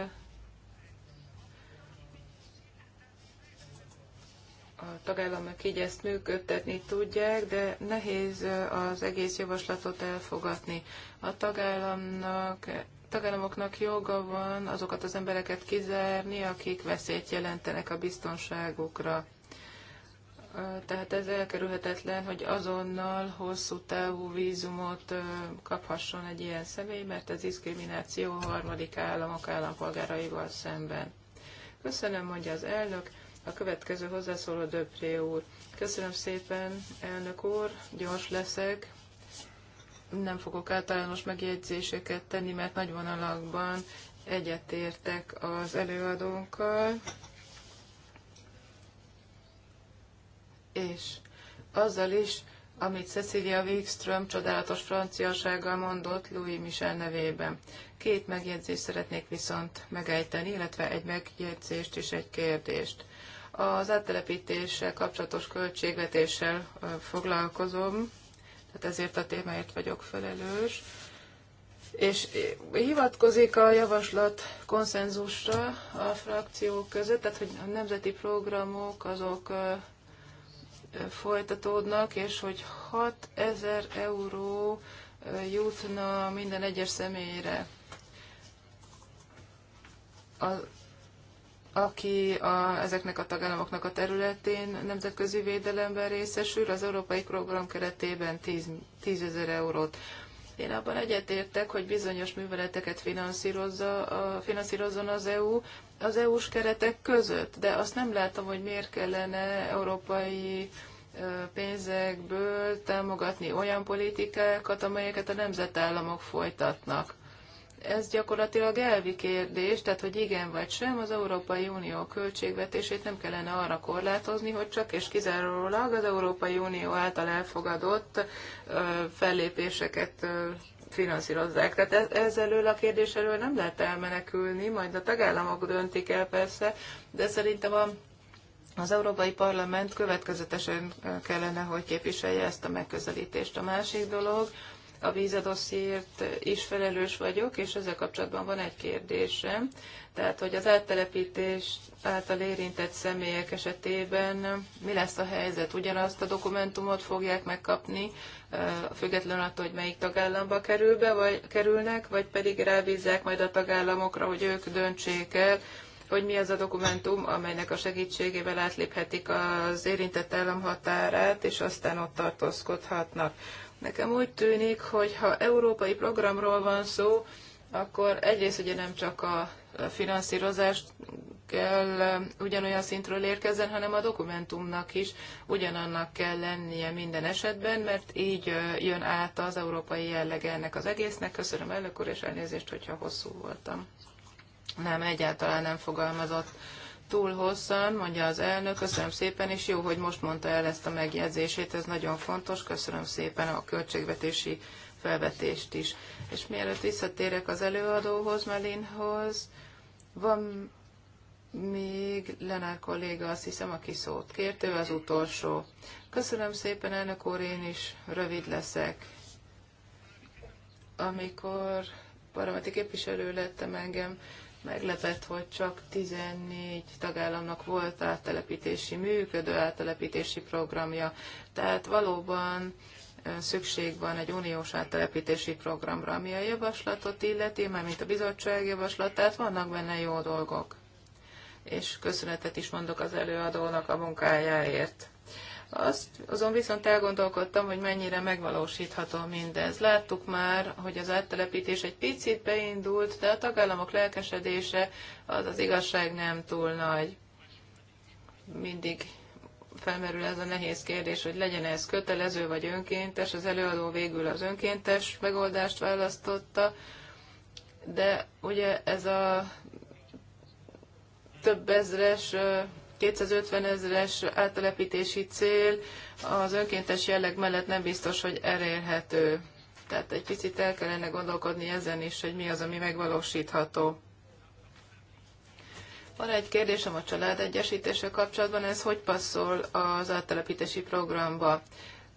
a tagállamok így ezt működtetni tudják, de nehéz az egész javaslatot elfogadni. A tagállamnak, tagállamoknak joga van azokat az embereket kizárni, akik veszélyt jelentenek a biztonságukra. Tehát ez elkerülhetetlen, hogy azonnal hosszú távú vízumot kaphasson egy ilyen személy, mert ez diszkrimináció harmadik államok állampolgáraival szemben. Köszönöm, mondja az elnök. A következő hozzászóló Döpré úr. Köszönöm szépen, elnök úr, gyors leszek. Nem fogok általános megjegyzéseket tenni, mert nagy vonalakban egyetértek az előadónkkal. És azzal is, amit Cecilia Wigström csodálatos franciasággal mondott Louis Michel nevében. Két megjegyzést szeretnék viszont megejteni, illetve egy megjegyzést és egy kérdést. Az áttelepítéssel kapcsolatos költségvetéssel foglalkozom, tehát ezért a témáért vagyok felelős. És hivatkozik a javaslat konszenzusra a frakciók között, tehát hogy a nemzeti programok azok folytatódnak, és hogy 6000 euró jutna minden egyes személyre aki a, ezeknek a tagállamoknak a területén nemzetközi védelemben részesül, az európai program keretében 10, ezer eurót. Én abban egyetértek, hogy bizonyos műveleteket finanszírozza, finanszírozzon az EU az EU-s keretek között, de azt nem látom, hogy miért kellene európai pénzekből támogatni olyan politikákat, amelyeket a nemzetállamok folytatnak ez gyakorlatilag elvi kérdés, tehát hogy igen vagy sem, az Európai Unió költségvetését nem kellene arra korlátozni, hogy csak és kizárólag az Európai Unió által elfogadott fellépéseket finanszírozzák. Tehát e-, ez elől a kérdés elől nem lehet elmenekülni, majd a tagállamok döntik el persze, de szerintem a az Európai Parlament következetesen kellene, hogy képviselje ezt a megközelítést. A másik dolog, a vízadosszért is felelős vagyok, és ezzel kapcsolatban van egy kérdésem. Tehát, hogy az áttelepítés által érintett személyek esetében mi lesz a helyzet? Ugyanazt a dokumentumot fogják megkapni, független attól, hogy melyik tagállamba kerül be, vagy kerülnek, vagy pedig rábízzák majd a tagállamokra, hogy ők döntsék el, hogy mi az a dokumentum, amelynek a segítségével átléphetik az érintett állam határát, és aztán ott tartózkodhatnak. Nekem úgy tűnik, hogy ha európai programról van szó, akkor egyrészt ugye nem csak a finanszírozást kell um, ugyanolyan szintről érkezzen, hanem a dokumentumnak is ugyanannak kell lennie minden esetben, mert így uh, jön át az európai jellege ennek az egésznek. Köszönöm elnök úr, és elnézést, hogyha hosszú voltam. Nem, egyáltalán nem fogalmazott túl hosszan, mondja az elnök, köszönöm szépen, és jó, hogy most mondta el ezt a megjegyzését, ez nagyon fontos, köszönöm szépen a költségvetési felvetést is. És mielőtt visszatérek az előadóhoz, Melinhoz, van még Lenár kolléga, azt hiszem, aki szót kért, ő az utolsó. Köszönöm szépen, elnök úr, én is rövid leszek. Amikor parlamenti képviselő lettem engem, meglepett, hogy csak 14 tagállamnak volt áttelepítési, működő áttelepítési programja. Tehát valóban szükség van egy uniós áttelepítési programra, ami a javaslatot illeti, mármint a bizottság javaslatát, vannak benne jó dolgok. És köszönetet is mondok az előadónak a munkájáért. Azt, azon viszont elgondolkodtam, hogy mennyire megvalósítható mindez. Láttuk már, hogy az áttelepítés egy picit beindult, de a tagállamok lelkesedése az az igazság nem túl nagy. Mindig felmerül ez a nehéz kérdés, hogy legyen ez kötelező vagy önkéntes. Az előadó végül az önkéntes megoldást választotta, de ugye ez a több ezres 250 ezeres áttelepítési cél az önkéntes jelleg mellett nem biztos, hogy elérhető. Tehát egy picit el kellene gondolkodni ezen is, hogy mi az, ami megvalósítható. Van egy kérdésem a család egyesítése kapcsolatban, ez hogy passzol az áttelepítési programba?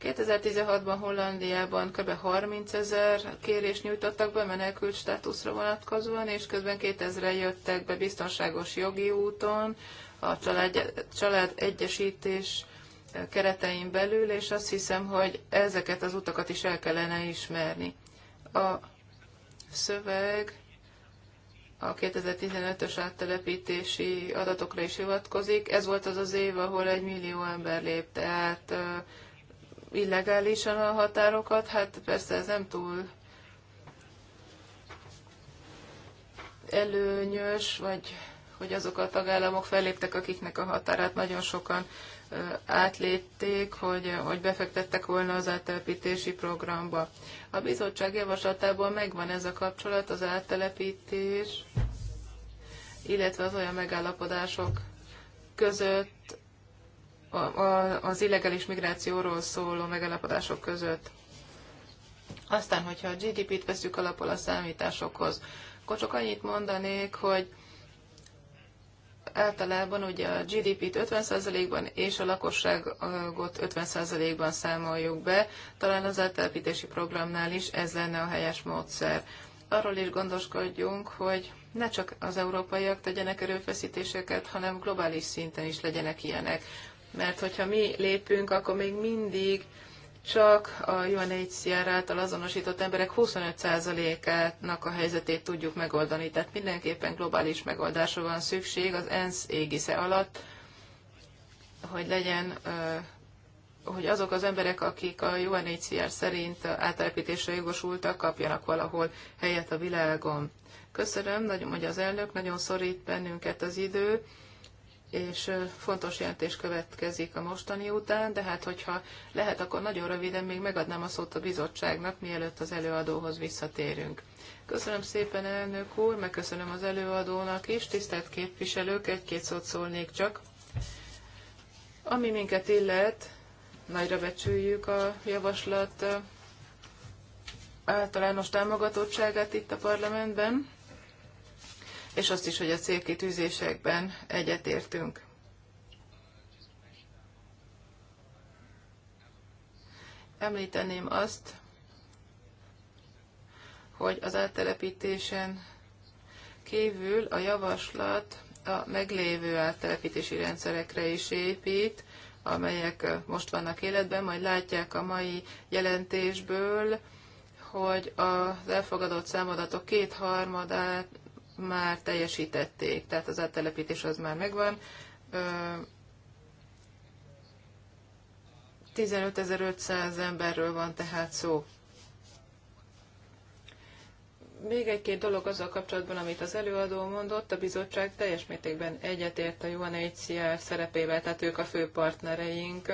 2016-ban Hollandiában kb. 30 ezer kérés nyújtottak be menekült státuszra vonatkozóan, és közben 2000 jöttek be biztonságos jogi úton, a család, család egyesítés keretein belül, és azt hiszem, hogy ezeket az utakat is el kellene ismerni. A szöveg a 2015-ös áttelepítési adatokra is hivatkozik. Ez volt az az év, ahol egy millió ember lépte át illegálisan a határokat. Hát persze ez nem túl előnyös, vagy hogy azok a tagállamok felléptek, akiknek a határát nagyon sokan átlépték, hogy, hogy befektettek volna az áttelepítési programba. A bizottság javaslatából megvan ez a kapcsolat, az áttelepítés, illetve az olyan megállapodások között, a, a, az illegális migrációról szóló megállapodások között. Aztán, hogyha a GDP-t veszük alapul a számításokhoz, akkor csak annyit mondanék, hogy általában ugye a GDP-t 50%-ban és a lakosságot 50%-ban számoljuk be. Talán az áttelepítési programnál is ez lenne a helyes módszer. Arról is gondoskodjunk, hogy ne csak az európaiak tegyenek erőfeszítéseket, hanem globális szinten is legyenek ilyenek. Mert hogyha mi lépünk, akkor még mindig csak a UNHCR által azonosított emberek 25%-ának a helyzetét tudjuk megoldani. Tehát mindenképpen globális megoldásra van szükség az ENSZ égisze alatt, hogy legyen hogy azok az emberek, akik a UNHCR szerint átelepítésre jogosultak, kapjanak valahol helyet a világon. Köszönöm, nagyon mondja az elnök, nagyon szorít bennünket az idő és fontos jelentés következik a mostani után, de hát hogyha lehet, akkor nagyon röviden még megadnám a szót a bizottságnak, mielőtt az előadóhoz visszatérünk. Köszönöm szépen, elnök úr, megköszönöm az előadónak is, tisztelt képviselők, egy-két szót szólnék csak. Ami minket illet, nagyra becsüljük a javaslat általános támogatottságát itt a parlamentben és azt is, hogy a célkitűzésekben egyetértünk. Említeném azt, hogy az áttelepítésen kívül a javaslat a meglévő áttelepítési rendszerekre is épít, amelyek most vannak életben, majd látják a mai jelentésből, hogy az elfogadott számadatok kétharmadát már teljesítették, tehát az áttelepítés az már megvan. 15.500 emberről van tehát szó. Még egy-két dolog azzal kapcsolatban, amit az előadó mondott, a bizottság teljes mértékben egyetért a UNHCR szerepével, tehát ők a fő partnereink,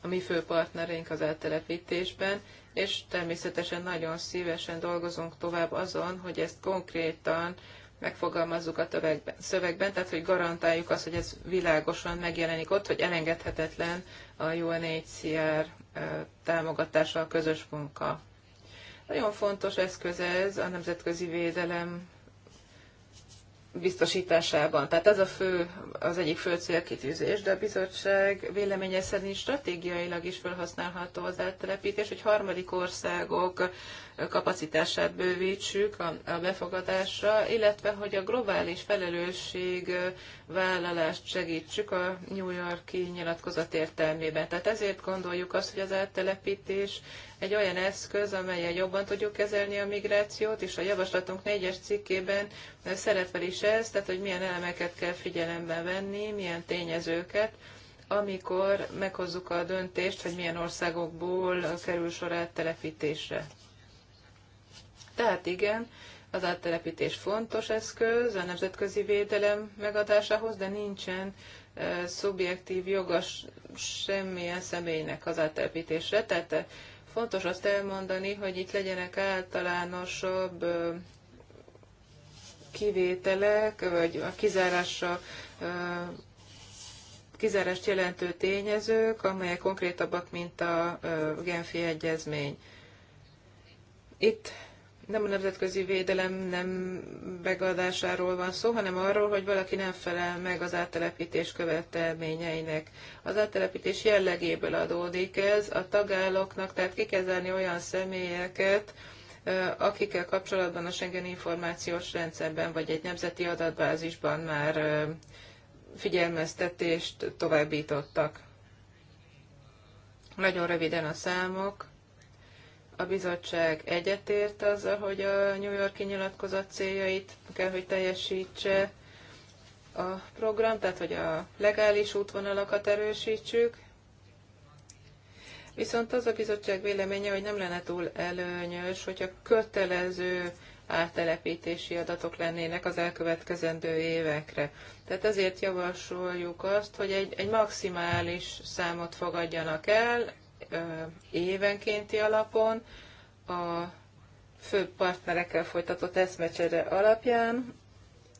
a mi fő partnereink az áttelepítésben, és természetesen nagyon szívesen dolgozunk tovább azon, hogy ezt konkrétan megfogalmazzuk a tövegben, szövegben, tehát hogy garantáljuk azt, hogy ez világosan megjelenik ott, hogy elengedhetetlen a UNHCR támogatása a közös munka. Nagyon fontos eszköz ez a nemzetközi védelem biztosításában. Tehát ez a fő, az egyik fő célkitűzés, de a bizottság véleménye szerint stratégiailag is felhasználható az áttelepítés, hogy harmadik országok kapacitását bővítsük a, a befogadásra, illetve hogy a globális felelősség vállalást segítsük a New Yorki nyilatkozat értelmében. Tehát ezért gondoljuk azt, hogy az áttelepítés egy olyan eszköz, amellyel jobban tudjuk kezelni a migrációt, és a javaslatunk négyes cikkében szerepel is ez, tehát hogy milyen elemeket kell figyelembe venni, milyen tényezőket, amikor meghozzuk a döntést, hogy milyen országokból kerül sor áttelepítésre. Tehát igen, az áttelepítés fontos eszköz a nemzetközi védelem megadásához, de nincsen e, szubjektív joga semmilyen személynek az áttelepítésre. Tehát fontos azt elmondani, hogy itt legyenek általánosabb e, kivételek, vagy a kizárásra e, kizárást jelentő tényezők, amelyek konkrétabbak, mint a Genfi Egyezmény. Itt nem a nemzetközi védelem nem megadásáról van szó, hanem arról, hogy valaki nem felel meg az áttelepítés követelményeinek. Az áttelepítés jellegéből adódik ez a tagállóknak, tehát kikezelni olyan személyeket, akikkel kapcsolatban a Schengen információs rendszerben vagy egy nemzeti adatbázisban már figyelmeztetést továbbítottak. Nagyon röviden a számok a bizottság egyetért azzal, hogy a New Yorki nyilatkozat céljait kell, hogy teljesítse a program, tehát hogy a legális útvonalakat erősítsük. Viszont az a bizottság véleménye, hogy nem lenne túl előnyös, hogyha kötelező áttelepítési adatok lennének az elkövetkezendő évekre. Tehát ezért javasoljuk azt, hogy egy, egy maximális számot fogadjanak el, évenkénti alapon a fő partnerekkel folytatott eszmecsere alapján,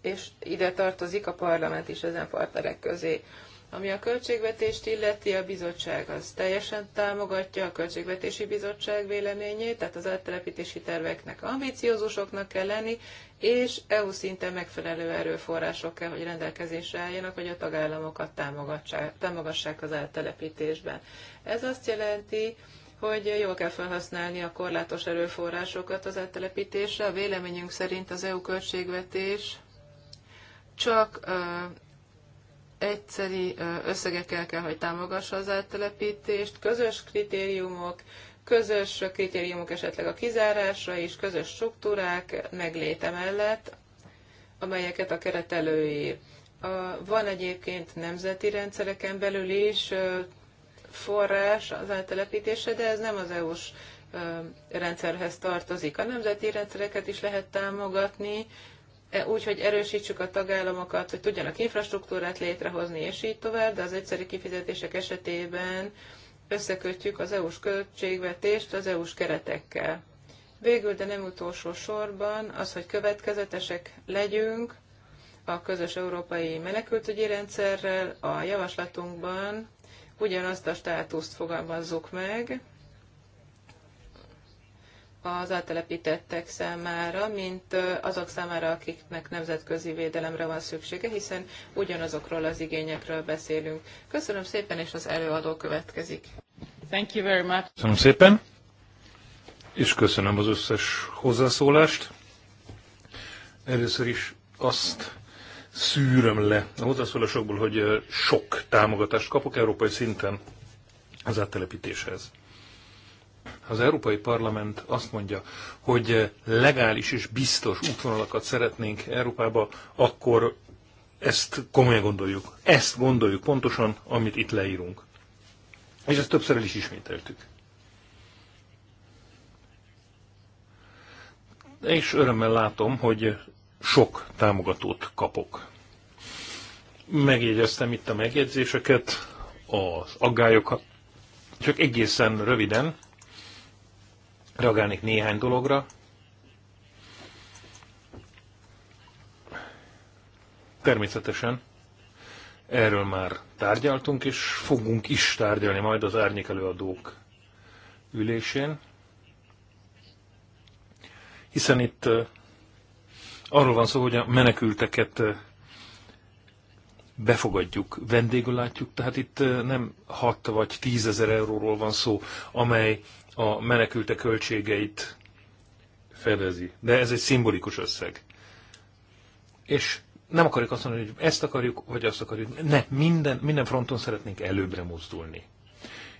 és ide tartozik a parlament is ezen partnerek közé. Ami a költségvetést illeti, a bizottság az teljesen támogatja a Költségvetési Bizottság véleményét, tehát az áttelepítési terveknek ambiciózusoknak kell lenni, és EU szinten megfelelő erőforrások kell, hogy rendelkezésre álljanak, hogy a tagállamokat támogassák az áttelepítésben. Ez azt jelenti, hogy jól kell felhasználni a korlátos erőforrásokat az áttelepítésre. A véleményünk szerint az EU költségvetés csak egyszeri összegekkel kell, hogy támogassa az áttelepítést, közös kritériumok, közös kritériumok esetleg a kizárásra és közös struktúrák megléte mellett, amelyeket a keret előír. Van egyébként nemzeti rendszereken belül is forrás az áttelepítésre, de ez nem az EU-s rendszerhez tartozik. A nemzeti rendszereket is lehet támogatni, e, úgy, hogy erősítsük a tagállamokat, hogy tudjanak infrastruktúrát létrehozni, és így tovább, de az egyszerű kifizetések esetében összekötjük az EU-s költségvetést az EU-s keretekkel. Végül, de nem utolsó sorban, az, hogy következetesek legyünk a közös európai menekültügyi rendszerrel, a javaslatunkban ugyanazt a státuszt fogalmazzuk meg, az áttelepítettek számára, mint azok számára, akiknek nemzetközi védelemre van szüksége, hiszen ugyanazokról az igényekről beszélünk. Köszönöm szépen, és az előadó következik. Thank you very much.
Köszönöm szépen, és köszönöm az összes hozzászólást. Először is azt szűröm le a hozzászólásokból, hogy sok támogatást kapok európai szinten az áttelepítéshez az Európai Parlament azt mondja, hogy legális és biztos útvonalakat szeretnénk Európába, akkor ezt komolyan gondoljuk. Ezt gondoljuk pontosan, amit itt leírunk. És ezt többször el is ismételtük. És örömmel látom, hogy sok támogatót kapok. Megjegyeztem itt a megjegyzéseket, az aggályokat, csak egészen röviden reagálnék néhány dologra. Természetesen erről már tárgyaltunk, és fogunk is tárgyalni majd az árnyék előadók ülésén, hiszen itt arról van szó, hogy a menekülteket befogadjuk, vendégül látjuk, tehát itt nem 6 vagy 10 ezer euróról van szó, amely a menekültek költségeit fedezi. De ez egy szimbolikus összeg. És nem akarjuk azt mondani, hogy ezt akarjuk, vagy azt akarjuk. Ne, minden, minden fronton szeretnénk előbbre mozdulni.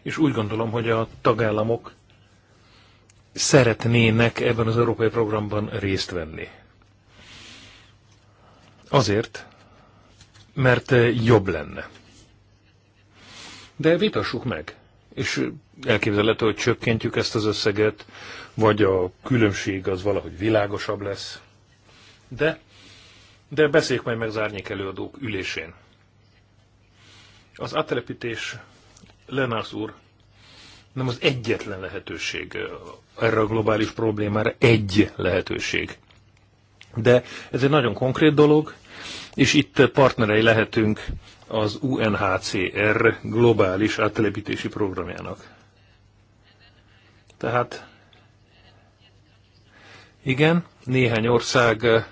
És úgy gondolom, hogy a tagállamok szeretnének ebben az európai programban részt venni. Azért, mert jobb lenne. De vitassuk meg, és elképzelhető, hogy csökkentjük ezt az összeget, vagy a különbség az valahogy világosabb lesz. De, de beszéljük majd meg az árnyék előadók ülésén. Az áttelepítés, Lenárs úr, nem az egyetlen lehetőség erre a globális problémára, egy lehetőség. De ez egy nagyon konkrét dolog, és itt partnerei lehetünk az UNHCR globális áttelepítési programjának. Tehát igen, néhány ország eh,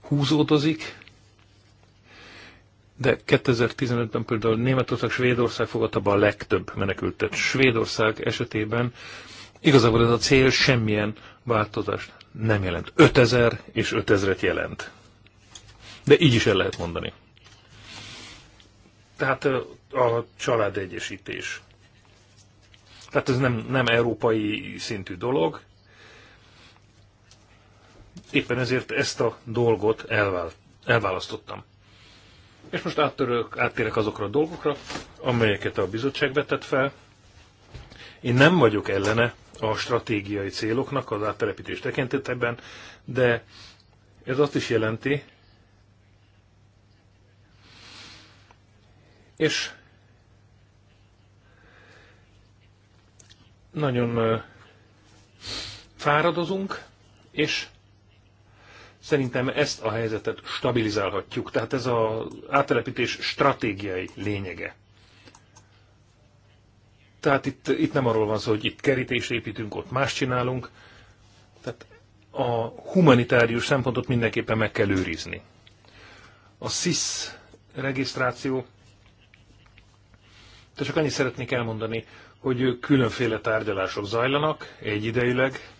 húzódozik, de 2015-ben például Németország, Svédország fogadta be a legtöbb menekültet. Svédország esetében igazából ez a cél semmilyen változást nem jelent. 5000 és 5000-et jelent. De így is el lehet mondani. Tehát a családegyesítés. Tehát ez nem, nem európai szintű dolog. Éppen ezért ezt a dolgot elvál, elválasztottam. És most áttörök, áttérek azokra a dolgokra, amelyeket a bizottság vetett fel. Én nem vagyok ellene a stratégiai céloknak az áttelepítés tekintetében, de ez azt is jelenti, És nagyon fáradozunk, és szerintem ezt a helyzetet stabilizálhatjuk. Tehát ez az áttelepítés stratégiai lényege. Tehát itt, itt nem arról van szó, hogy itt kerítést építünk, ott más csinálunk. Tehát a humanitárius szempontot mindenképpen meg kell őrizni. A SIS regisztráció de csak annyit szeretnék elmondani, hogy különféle tárgyalások zajlanak egyidejűleg,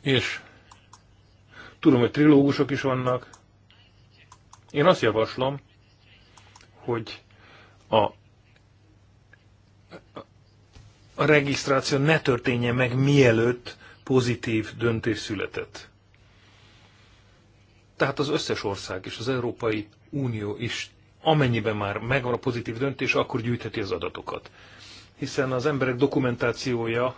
és tudom, hogy trilógusok is vannak. Én azt javaslom, hogy a, a regisztráció ne történjen meg, mielőtt pozitív döntés született. Tehát az összes ország és az Európai Unió is amennyiben már megvan a pozitív döntés, akkor gyűjtheti az adatokat. Hiszen az emberek dokumentációja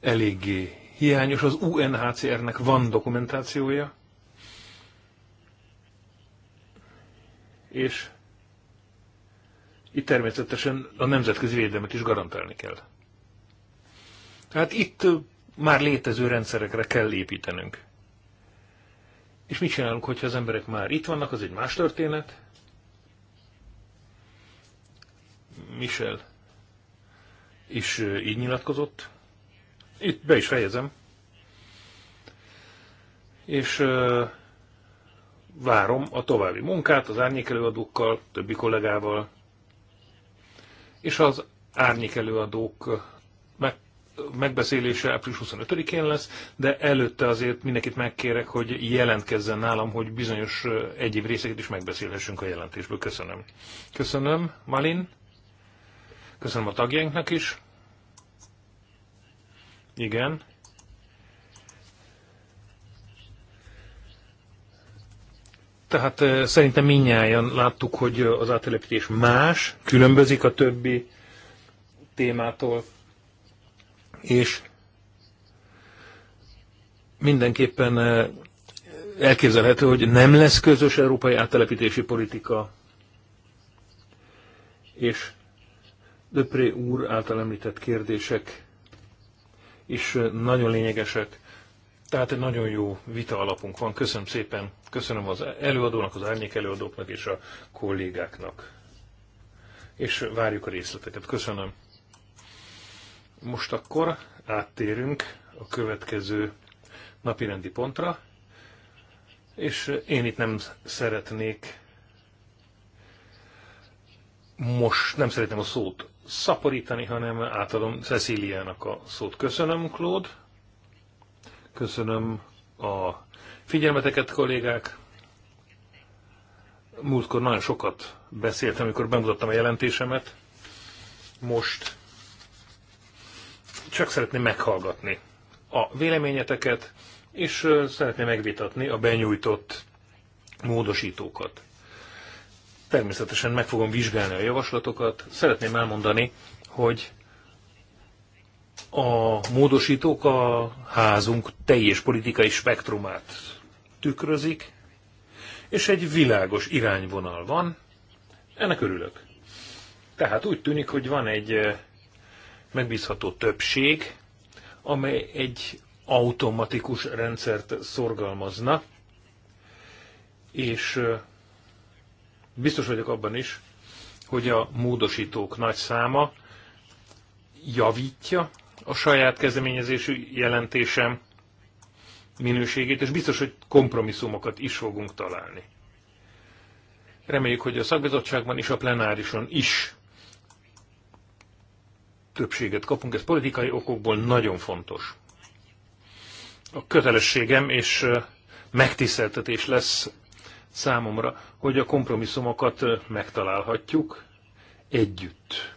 eléggé hiányos, az UNHCR-nek van dokumentációja, és itt természetesen a nemzetközi védelmet is garantálni kell. Tehát itt már létező rendszerekre kell építenünk. És mit csinálunk, hogyha az emberek már itt vannak, az egy más történet? Michel is így nyilatkozott. Itt be is fejezem. És várom a további munkát az árnyékelőadókkal, többi kollégával, és az árnyékelőadók megbeszélése április 25-én lesz, de előtte azért mindenkit megkérek, hogy jelentkezzen nálam, hogy bizonyos egyéb részeket is megbeszélhessünk a jelentésből. Köszönöm. Köszönöm, Malin. Köszönöm a tagjainknak is. Igen. Tehát szerintem minnyáján láttuk, hogy az áttelepítés más, különbözik a többi témától és mindenképpen eh, elképzelhető, hogy nem lesz közös európai áttelepítési politika, és Döpré úr által említett kérdések is eh, nagyon lényegesek. Tehát egy nagyon jó vita alapunk van. Köszönöm szépen. Köszönöm az előadónak, az árnyék előadóknak és a kollégáknak. És várjuk a részleteket. Köszönöm. Most akkor áttérünk a következő napirendi pontra, és én itt nem szeretnék most nem szeretném a szót szaporítani, hanem átadom Ceciliának a szót. Köszönöm, Claude. Köszönöm a figyelmeteket, kollégák. Múltkor nagyon sokat beszéltem, amikor bemutattam a jelentésemet. Most csak szeretném meghallgatni a véleményeteket, és szeretném megvitatni a benyújtott módosítókat. Természetesen meg fogom vizsgálni a javaslatokat. Szeretném elmondani, hogy a módosítók a házunk teljes politikai spektrumát tükrözik, és egy világos irányvonal van. Ennek örülök. Tehát úgy tűnik, hogy van egy megbízható többség, amely egy automatikus rendszert szorgalmazna, és biztos vagyok abban is, hogy a módosítók nagy száma javítja a saját kezdeményezésű jelentésem minőségét, és biztos, hogy kompromisszumokat is fogunk találni. Reméljük, hogy a szakbizottságban és a plenárison is többséget kapunk, ez politikai okokból nagyon fontos. A kötelességem és megtiszteltetés lesz számomra, hogy a kompromisszumokat megtalálhatjuk együtt.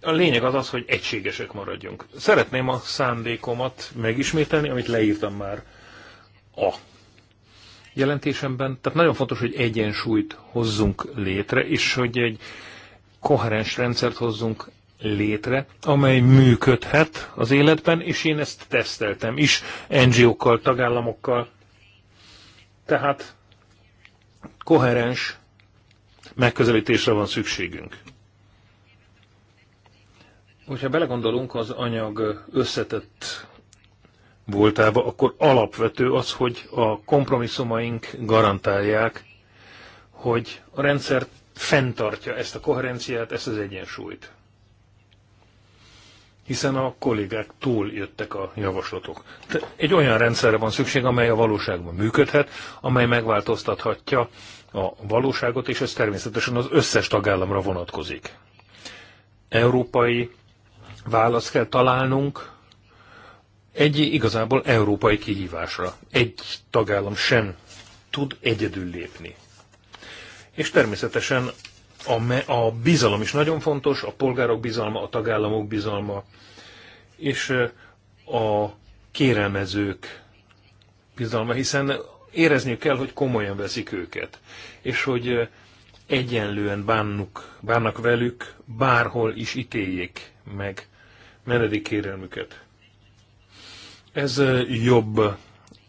A lényeg az az, hogy egységesek maradjunk. Szeretném a szándékomat megismételni, amit leírtam már a jelentésemben. Tehát nagyon fontos, hogy egyensúlyt hozzunk létre, és hogy egy koherens rendszert hozzunk létre, amely működhet az életben, és én ezt teszteltem is NGO-kkal, tagállamokkal. Tehát koherens megközelítésre van szükségünk. Hogyha belegondolunk az anyag összetett voltába, akkor alapvető az, hogy a kompromisszumaink garantálják, hogy a rendszer fenntartja ezt a koherenciát, ezt az egyensúlyt. Hiszen a kollégák túl jöttek a javaslatok. Egy olyan rendszerre van szükség, amely a valóságban működhet, amely megváltoztathatja a valóságot, és ez természetesen az összes tagállamra vonatkozik. Európai választ kell találnunk egy igazából európai kihívásra. Egy tagállam sem tud egyedül lépni. És természetesen a, me, a bizalom is nagyon fontos, a polgárok bizalma, a tagállamok bizalma, és a kérelmezők bizalma, hiszen érezniük kell, hogy komolyan veszik őket, és hogy egyenlően bánnuk, bánnak velük, bárhol is ítéljék meg kérelmüket. Ez jobb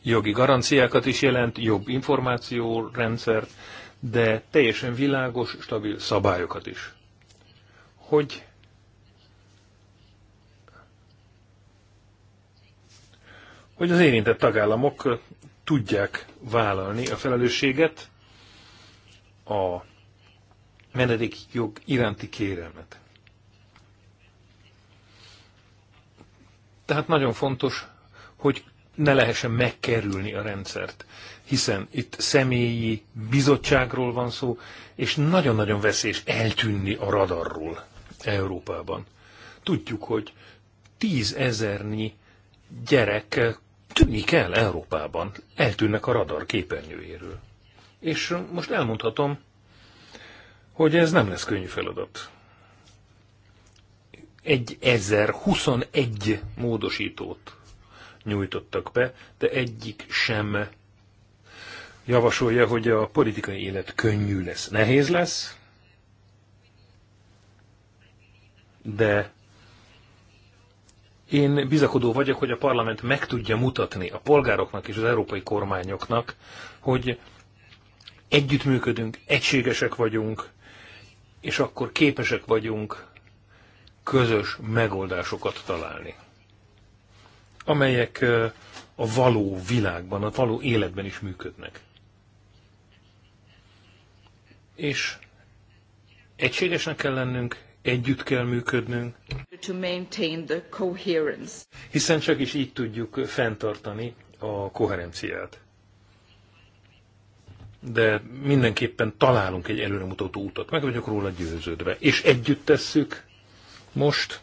jogi garanciákat is jelent, jobb információrendszert, de teljesen világos, stabil szabályokat is. Hogy hogy az érintett tagállamok tudják vállalni a felelősséget, a menedékjog iránti kérelmet. Tehát nagyon fontos, hogy ne lehessen megkerülni a rendszert hiszen itt személyi bizottságról van szó, és nagyon-nagyon veszélyes eltűnni a radarról Európában. Tudjuk, hogy tízezernyi gyerek tűnik el Európában, eltűnnek a radar képernyőjéről. És most elmondhatom, hogy ez nem lesz könnyű feladat. Egy 1021 módosítót nyújtottak be, de egyik sem javasolja, hogy a politikai élet könnyű lesz. Nehéz lesz, de én bizakodó vagyok, hogy a parlament meg tudja mutatni a polgároknak és az európai kormányoknak, hogy együttműködünk, egységesek vagyunk, és akkor képesek vagyunk közös megoldásokat találni, amelyek a való világban, a való életben is működnek és egységesnek kell lennünk, együtt kell működnünk, hiszen csak is így tudjuk fenntartani a koherenciát. De mindenképpen találunk egy előremutató útot. meg vagyok róla győződve. És együtt tesszük most,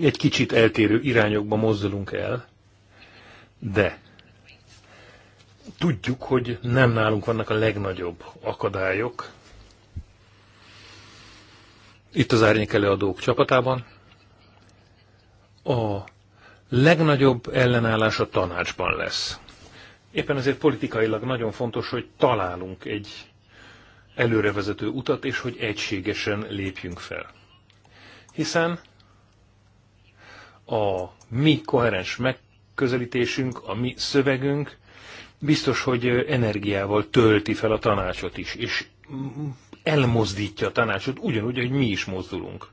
egy kicsit eltérő irányokba mozdulunk el, de tudjuk, hogy nem nálunk vannak a legnagyobb akadályok. Itt az árnyék előadók csapatában. A legnagyobb ellenállás a tanácsban lesz. Éppen ezért politikailag nagyon fontos, hogy találunk egy előrevezető utat, és hogy egységesen lépjünk fel. Hiszen a mi koherens megközelítésünk, a mi szövegünk biztos, hogy energiával tölti fel a tanácsot is, és elmozdítja a tanácsot, ugyanúgy, hogy mi is mozdulunk.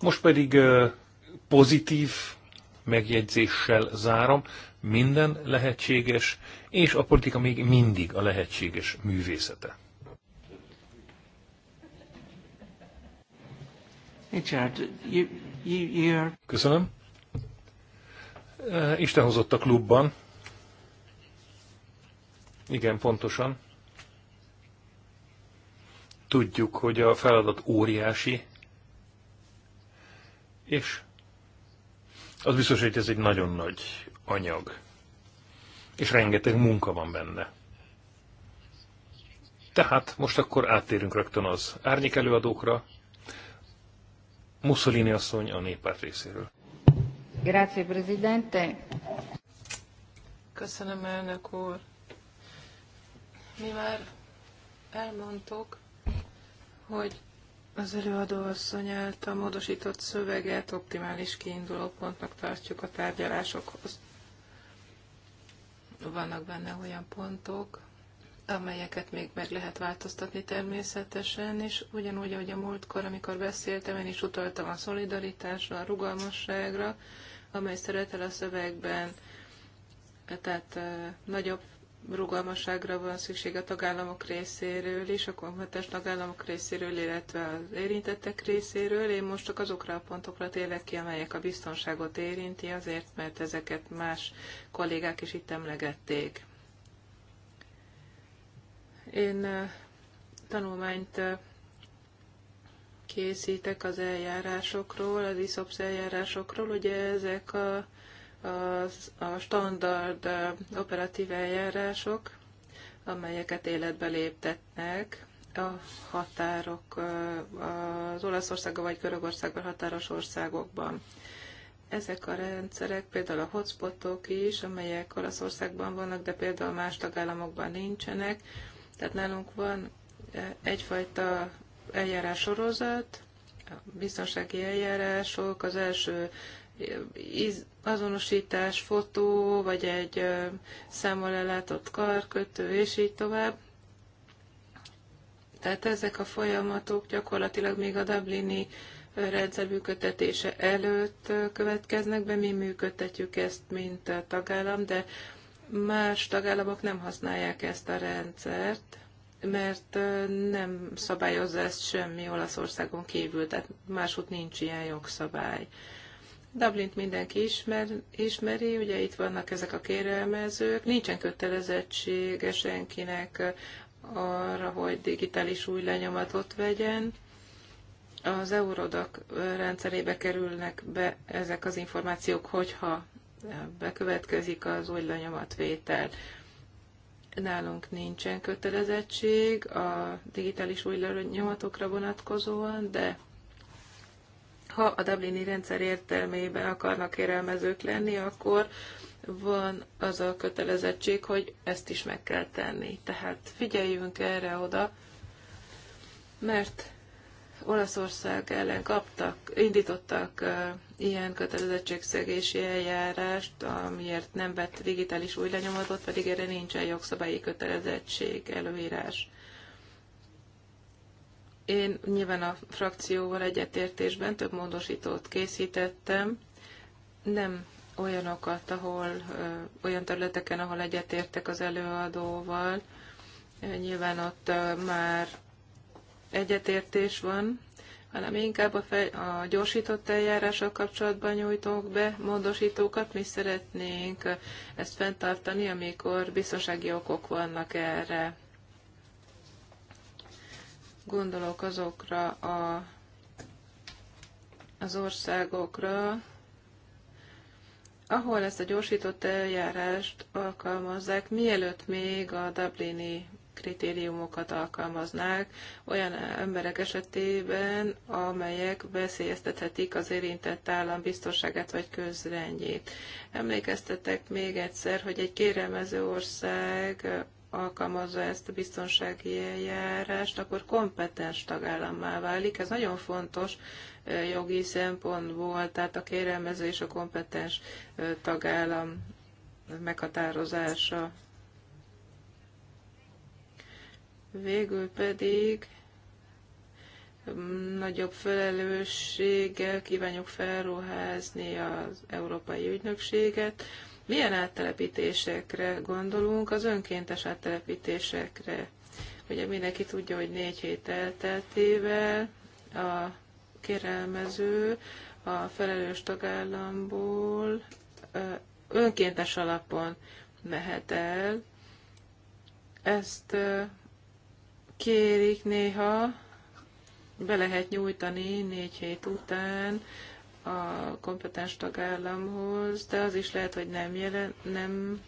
Most pedig pozitív megjegyzéssel zárom, minden lehetséges, és a politika még mindig a lehetséges művészete. Köszönöm. Isten hozott a klubban. Igen, pontosan. Tudjuk, hogy a feladat óriási, és az biztos, hogy ez egy nagyon nagy anyag, és rengeteg munka van benne. Tehát most akkor áttérünk rögtön az árnyék előadókra. Mussolini asszony a néppárt részéről.
Grazie, Presidente. Köszönöm, elnök úr
mi már elmondtuk, hogy az előadó asszony által módosított szöveget optimális kiinduló pontnak tartjuk a tárgyalásokhoz. Vannak benne olyan pontok, amelyeket még meg lehet változtatni természetesen, és ugyanúgy, ahogy a múltkor, amikor beszéltem, én is utaltam a szolidaritásra, a rugalmasságra, amely szeretel a szövegben, tehát eh, nagyobb rugalmasságra van szükség a tagállamok részéről és a kompetens tagállamok részéről, illetve az érintettek részéről. Én most csak azokra a pontokra térek ki, amelyek a biztonságot érinti, azért, mert ezeket más kollégák is itt emlegették. Én tanulmányt készítek az eljárásokról, az ISOPS eljárásokról, ugye ezek a az, a standard operatív eljárások, amelyeket életbe léptetnek a határok az Olaszországban vagy Görögországban határos országokban. Ezek a rendszerek, például a hotspotok is, amelyek Olaszországban vannak, de például más tagállamokban nincsenek. Tehát nálunk van egyfajta eljárás sorozat, biztonsági eljárások, az első azonosítás, fotó, vagy egy számmal ellátott karkötő, és így tovább. Tehát ezek a folyamatok gyakorlatilag még a Dublini rendszer működtetése előtt következnek be. Mi működtetjük ezt, mint a tagállam, de más tagállamok nem használják ezt a rendszert, mert nem szabályozza ezt semmi Olaszországon kívül, tehát máshogy nincs ilyen jogszabály. Dublint mindenki ismer, ismeri, ugye itt vannak ezek a kérelmezők, nincsen kötelezettsége senkinek arra, hogy digitális új lenyomatot vegyen. Az Eurodac rendszerébe kerülnek be ezek az információk, hogyha bekövetkezik az új lenyomatvétel. Nálunk nincsen kötelezettség a digitális új lenyomatokra vonatkozóan, de ha a Dublini rendszer értelmében akarnak érelmezők lenni, akkor van az a kötelezettség, hogy ezt is meg kell tenni. Tehát figyeljünk erre oda, mert Olaszország ellen kaptak, indítottak ilyen kötelezettségszegési eljárást, amiért nem vett digitális új lenyomatot, pedig erre nincsen jogszabályi kötelezettség, előírás. Én nyilván a frakcióval egyetértésben több módosítót készítettem, nem olyanokat, ahol olyan területeken, ahol egyetértek az előadóval. Nyilván ott már egyetértés van, hanem inkább a, fej, a gyorsított eljárással kapcsolatban nyújtunk be módosítókat. Mi szeretnénk ezt fenntartani, amikor biztonsági okok vannak erre. Gondolok azokra a, az országokra, ahol ezt a gyorsított eljárást alkalmazzák, mielőtt még a Dublini kritériumokat alkalmaznák olyan emberek esetében, amelyek veszélyeztethetik az érintett állam biztonságát vagy közrendjét. Emlékeztetek még egyszer, hogy egy kérelmező ország alkalmazza ezt a biztonsági eljárást, akkor kompetens tagállammá válik. Ez nagyon fontos jogi szempontból, tehát a kérelmező és a kompetens tagállam meghatározása. Végül pedig nagyobb felelősséggel kívánjuk felruházni az Európai Ügynökséget, milyen áttelepítésekre gondolunk? Az önkéntes áttelepítésekre. Ugye mindenki tudja, hogy négy hét elteltével a kérelmező a felelős tagállamból önkéntes alapon mehet el. Ezt kérik néha, be lehet nyújtani négy hét után a kompetens tagállamhoz, de az is lehet, hogy nem, jelen, nem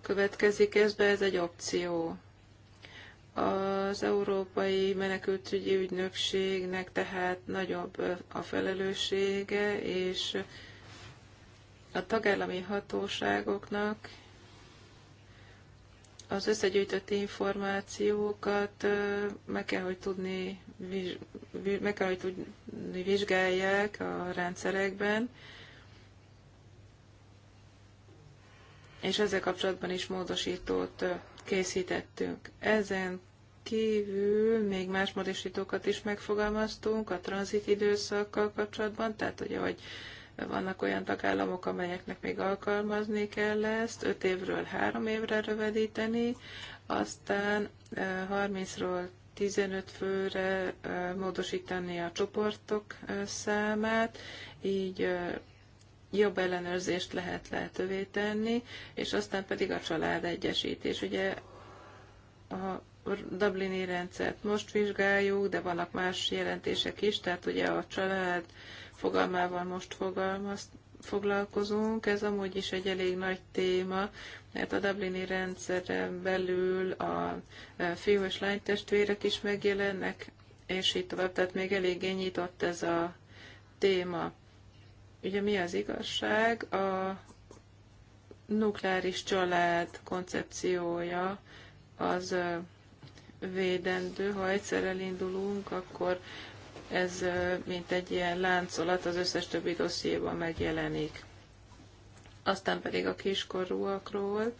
következik ez be, ez egy opció. Az Európai Menekültügyi Ügynökségnek tehát nagyobb a felelőssége, és a tagállami hatóságoknak az összegyűjtött információkat meg kell, hogy tudni, meg kell, hogy tudni vizsgálják a rendszerekben, és ezzel kapcsolatban is módosítót készítettünk. Ezen kívül még más módosítókat is megfogalmaztunk a tranzit időszakkal kapcsolatban, tehát ugye, hogy vannak olyan tagállamok, amelyeknek még alkalmazni kell ezt, 5 évről 3 évre rövidíteni, aztán 30-ról 15 főre módosítani a csoportok számát, így jobb ellenőrzést lehet lehetővé tenni, és aztán pedig a család egyesítés. Ugye a Dublini rendszert most vizsgáljuk, de vannak más jelentések is, tehát ugye a család fogalmával most fogalmaz, foglalkozunk. Ez amúgy is egy elég nagy téma, mert a Dublini rendszeren belül a e, fiú és lány testvérek is megjelennek, és így tovább. Tehát még eléggé nyitott ez a téma. Ugye mi az igazság? A nukleáris család koncepciója az e, védendő. Ha egyszer elindulunk, akkor ez mint egy ilyen láncolat az összes többi dossziéban megjelenik. Aztán pedig a kiskorúakról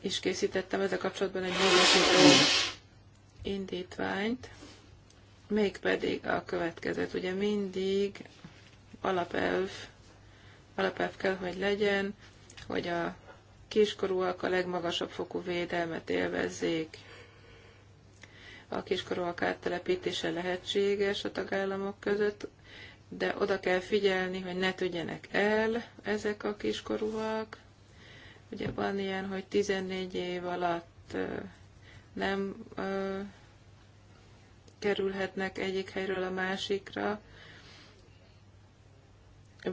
is készítettem ezzel kapcsolatban egy módosító indítványt, mégpedig a következőt. Ugye mindig alapelv, alapelv kell, hogy legyen, hogy a kiskorúak a legmagasabb fokú védelmet élvezzék, a kiskorúak áttelepítése lehetséges a tagállamok között, de oda kell figyelni, hogy ne tudjanak el ezek a kiskorúak. Ugye van ilyen, hogy 14 év alatt nem kerülhetnek egyik helyről a másikra,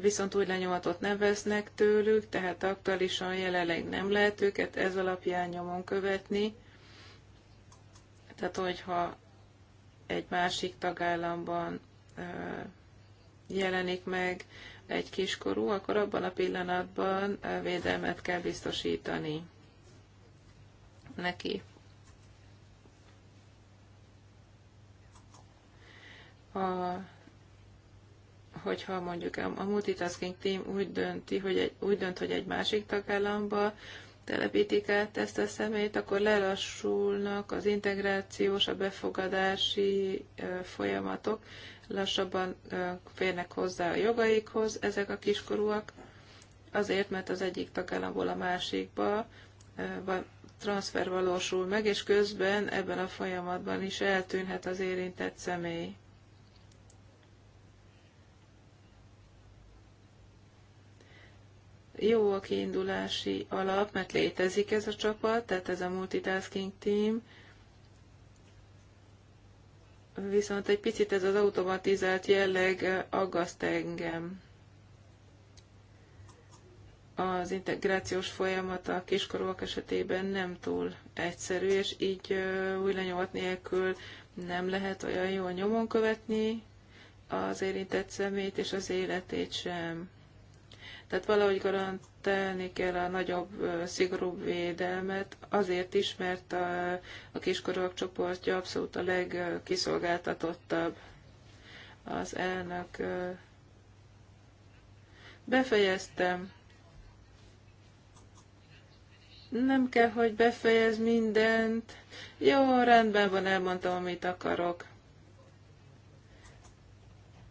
viszont úgy lenyomatot nem vesznek tőlük, tehát aktuálisan jelenleg nem lehet őket ez alapján nyomon követni tehát, hogyha egy másik tagállamban jelenik meg egy kiskorú, akkor abban a pillanatban védelmet kell biztosítani neki. A, hogyha mondjuk a multitasking team úgy, dönti, hogy egy, úgy dönt, hogy egy másik tagállamba telepítik át ezt a szemét, akkor lelassulnak az integrációs, a befogadási folyamatok, lassabban férnek hozzá a jogaikhoz ezek a kiskorúak, azért, mert az egyik tagállamból a másikba transfer valósul meg, és közben ebben a folyamatban is eltűnhet az érintett személy. jó a kiindulási alap, mert létezik ez a csapat, tehát ez a multitasking team, viszont egy picit ez az automatizált jelleg aggaszt engem. Az integrációs folyamat a kiskorúak esetében nem túl egyszerű, és így új lenyomat nélkül nem lehet olyan jól nyomon követni az érintett szemét és az életét sem tehát valahogy garantálni kell a nagyobb, szigorúbb védelmet, azért is, mert a, a kiskorúak csoportja abszolút a legkiszolgáltatottabb. Az elnök befejeztem. Nem kell, hogy befejez mindent. Jó, rendben van, elmondtam, amit akarok.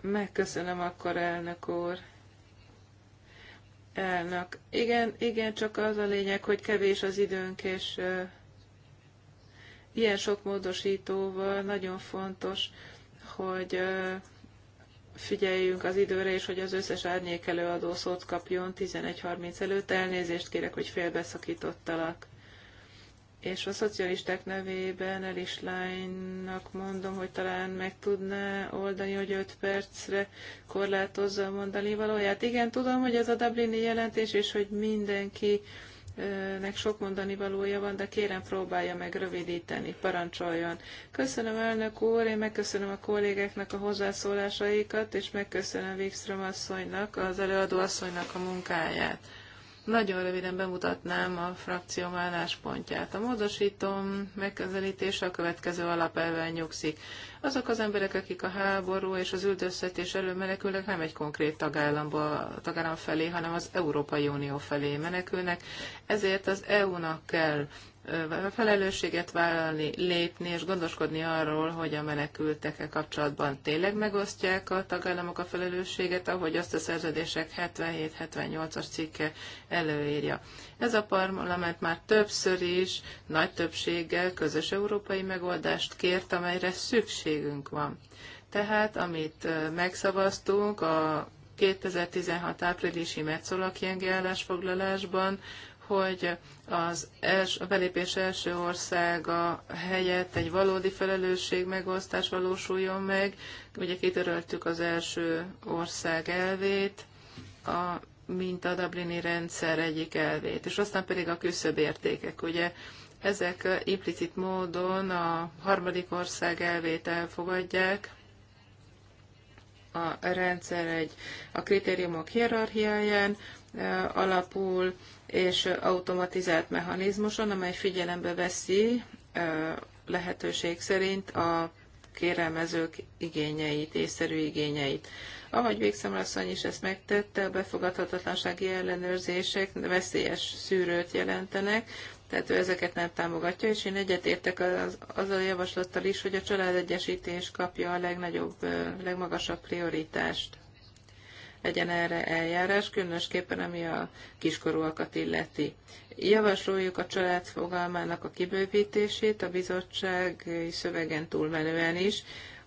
Megköszönöm akkor, elnök úr elnök. Igen, igen, csak az a lényeg, hogy kevés az időnk, és ilyen sok módosítóval nagyon fontos, hogy figyeljünk az időre, és hogy az összes adó szót kapjon 11.30 előtt. Elnézést kérek, hogy félbeszakítottalak és a szocialisták nevében is Lánynak mondom, hogy talán meg tudná oldani, hogy 5 percre korlátozza a mondani valóját. Igen, tudom, hogy ez a Dublini jelentés, és hogy mindenki nek sok mondani valója van, de kérem próbálja meg rövidíteni, parancsoljon. Köszönöm elnök úr, én megköszönöm a kollégeknek a hozzászólásaikat, és megköszönöm Wikström asszonynak, az előadó asszonynak a munkáját. Nagyon röviden bemutatnám a frakcióm álláspontját. A módosítom megközelítése a következő alapelven nyugszik. Azok az emberek, akik a háború és az üldözhetés elől menekülnek, nem egy konkrét tagállamba, tagállam felé, hanem az Európai Unió felé menekülnek. Ezért az EU-nak kell felelősséget vállalni, lépni és gondoskodni arról, hogy a menekültekkel kapcsolatban tényleg megosztják a tagállamok a felelősséget, ahogy azt a szerződések 77-78-as cikke előírja. Ez a parlament már többször is nagy többséggel közös európai megoldást kért, amelyre szükségünk van. Tehát, amit megszavaztunk a 2016 áprilisi Metzola állásfoglalásban, hogy az els, a belépés első országa helyett egy valódi felelősség megosztás valósuljon meg. Ugye kitöröltük az első ország elvét, a, mint a Dublini rendszer egyik elvét, és aztán pedig a értékek, Ugye ezek implicit módon a harmadik ország elvét elfogadják, a rendszer egy a kritériumok hierarchiáján eh, alapul, és automatizált mechanizmuson, amely figyelembe veszi lehetőség szerint a kérelmezők igényeit, észszerű igényeit. Ahogy Végszemlasszony is ezt megtette, a befogadhatatlansági ellenőrzések veszélyes szűrőt jelentenek, tehát ő ezeket nem támogatja, és én egyetértek az, azzal a javaslattal is, hogy a családegyesítés kapja a legnagyobb, legmagasabb prioritást legyen erre eljárás, különösképpen ami a kiskorúakat illeti. Javasoljuk a család fogalmának a kibővítését a bizottság szövegen túlmenően is,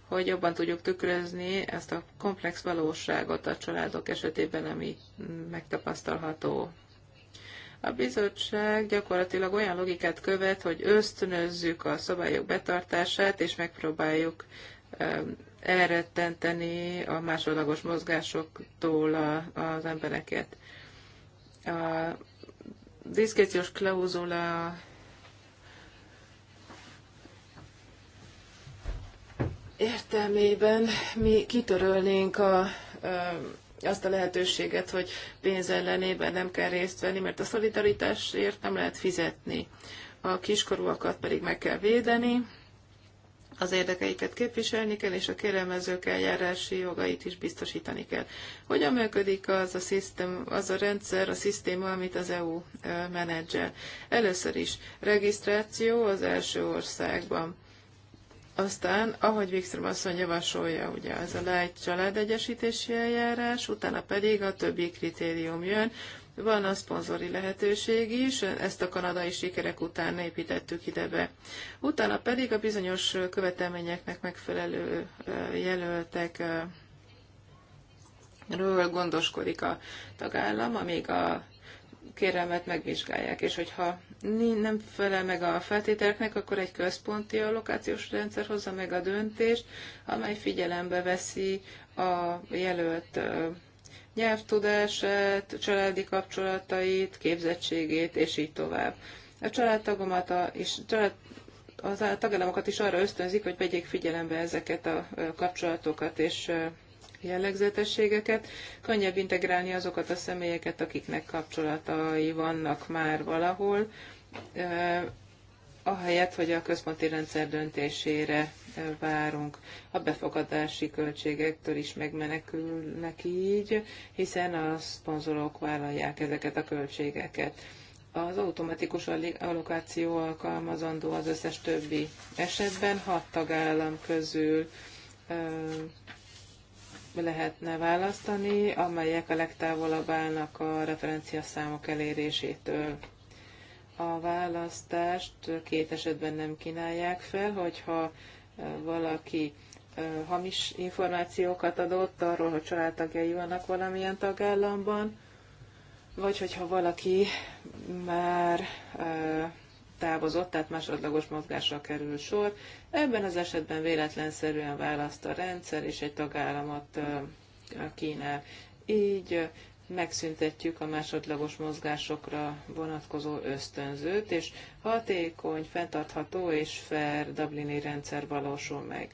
hogy jobban tudjuk tükrözni ezt a komplex valóságot a családok esetében, ami megtapasztalható. A bizottság gyakorlatilag olyan logikát követ, hogy ösztönözzük a szabályok betartását, és megpróbáljuk elrettenteni a másodlagos mozgásoktól a, az embereket. A diszkréciós klauzula értelmében mi kitörölnénk a, azt a lehetőséget, hogy pénz ellenében nem kell részt venni, mert a szolidaritásért nem lehet fizetni. A kiskorúakat pedig meg kell védeni, az érdekeiket képviselni kell, és a kérelmezők eljárási jogait is biztosítani kell. Hogyan működik az a, szisztém, az a rendszer, a szisztéma, amit az EU menedzsel? Először is regisztráció az első országban. Aztán, ahogy Wikström asszony javasolja, ugye az a light családegyesítési eljárás, utána pedig a többi kritérium jön, van a szponzori lehetőség is, ezt a kanadai sikerek után építettük idebe. Utána pedig a bizonyos követelményeknek megfelelő jelöltek ről gondoskodik a tagállam, amíg a kérelmet megvizsgálják, és hogyha nem felel meg a feltételeknek, akkor egy központi allokációs rendszer hozza meg a döntést, amely figyelembe veszi a jelölt nyelvtudását, családi kapcsolatait, képzettségét, és így tovább. A családtagomat a, és család, az a tagállamokat is arra ösztönzik, hogy vegyék figyelembe ezeket a kapcsolatokat és jellegzetességeket, könnyebb integrálni azokat a személyeket, akiknek kapcsolatai vannak már valahol, ahelyett, hogy a központi rendszer döntésére várunk. A befogadási költségektől is megmenekülnek így, hiszen a szponzorok vállalják ezeket a költségeket. Az automatikus allokáció alkalmazandó az összes többi esetben, hat tagállam közül lehetne választani, amelyek a legtávolabb állnak a referenciaszámok elérésétől. A választást két esetben nem kínálják fel, hogyha valaki hamis információkat adott arról, hogy családtagjai vannak valamilyen tagállamban, vagy hogyha valaki már távozott, tehát másodlagos mozgásra kerül sor. Ebben az esetben véletlenszerűen választ a rendszer, és egy tagállamot kínál. Így megszüntetjük a másodlagos mozgásokra vonatkozó ösztönzőt, és hatékony, fenntartható és fair Dublini rendszer valósul meg.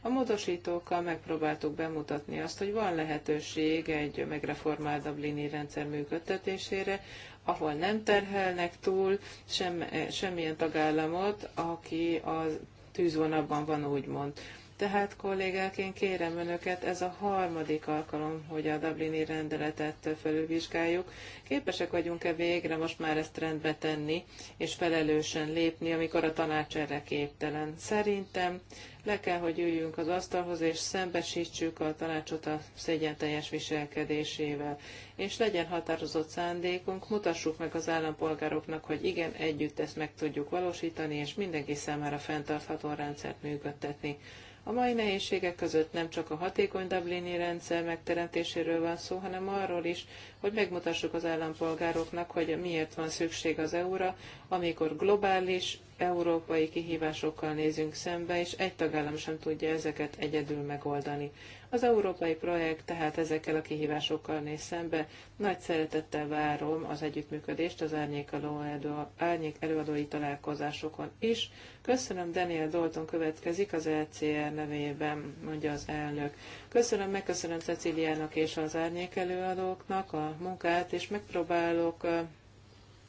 A módosítókkal megpróbáltuk bemutatni azt, hogy van lehetőség egy megreformált Dublini rendszer működtetésére, ahol nem terhelnek túl sem, eh, semmilyen tagállamot, aki a tűzvonalban van, úgymond. Tehát kollégák, én kérem Önöket, ez a harmadik alkalom, hogy a Dublini rendeletet felülvizsgáljuk. Képesek vagyunk-e végre most már ezt rendbe tenni, és felelősen lépni, amikor a tanács erre képtelen? Szerintem le kell, hogy üljünk az asztalhoz, és szembesítsük a tanácsot a szégyen teljes viselkedésével. És legyen határozott szándékunk, mutassuk meg az állampolgároknak, hogy igen, együtt ezt meg tudjuk valósítani, és mindenki számára fenntartható rendszert működtetni. A mai nehézségek között nem csak a hatékony Dublini rendszer megteremtéséről van szó, hanem arról is, hogy megmutassuk az állampolgároknak, hogy miért van szükség az EU-ra, amikor globális európai kihívásokkal nézünk szembe, és egy tagállam sem tudja ezeket egyedül megoldani. Az európai projekt tehát ezekkel a kihívásokkal néz szembe. Nagy szeretettel várom az együttműködést az árnyék, előadó, előadói találkozásokon is. Köszönöm, Daniel Dalton következik az ECR nevében, mondja az elnök. Köszönöm, megköszönöm Ceciliának és az árnyék előadóknak a munkát, és megpróbálok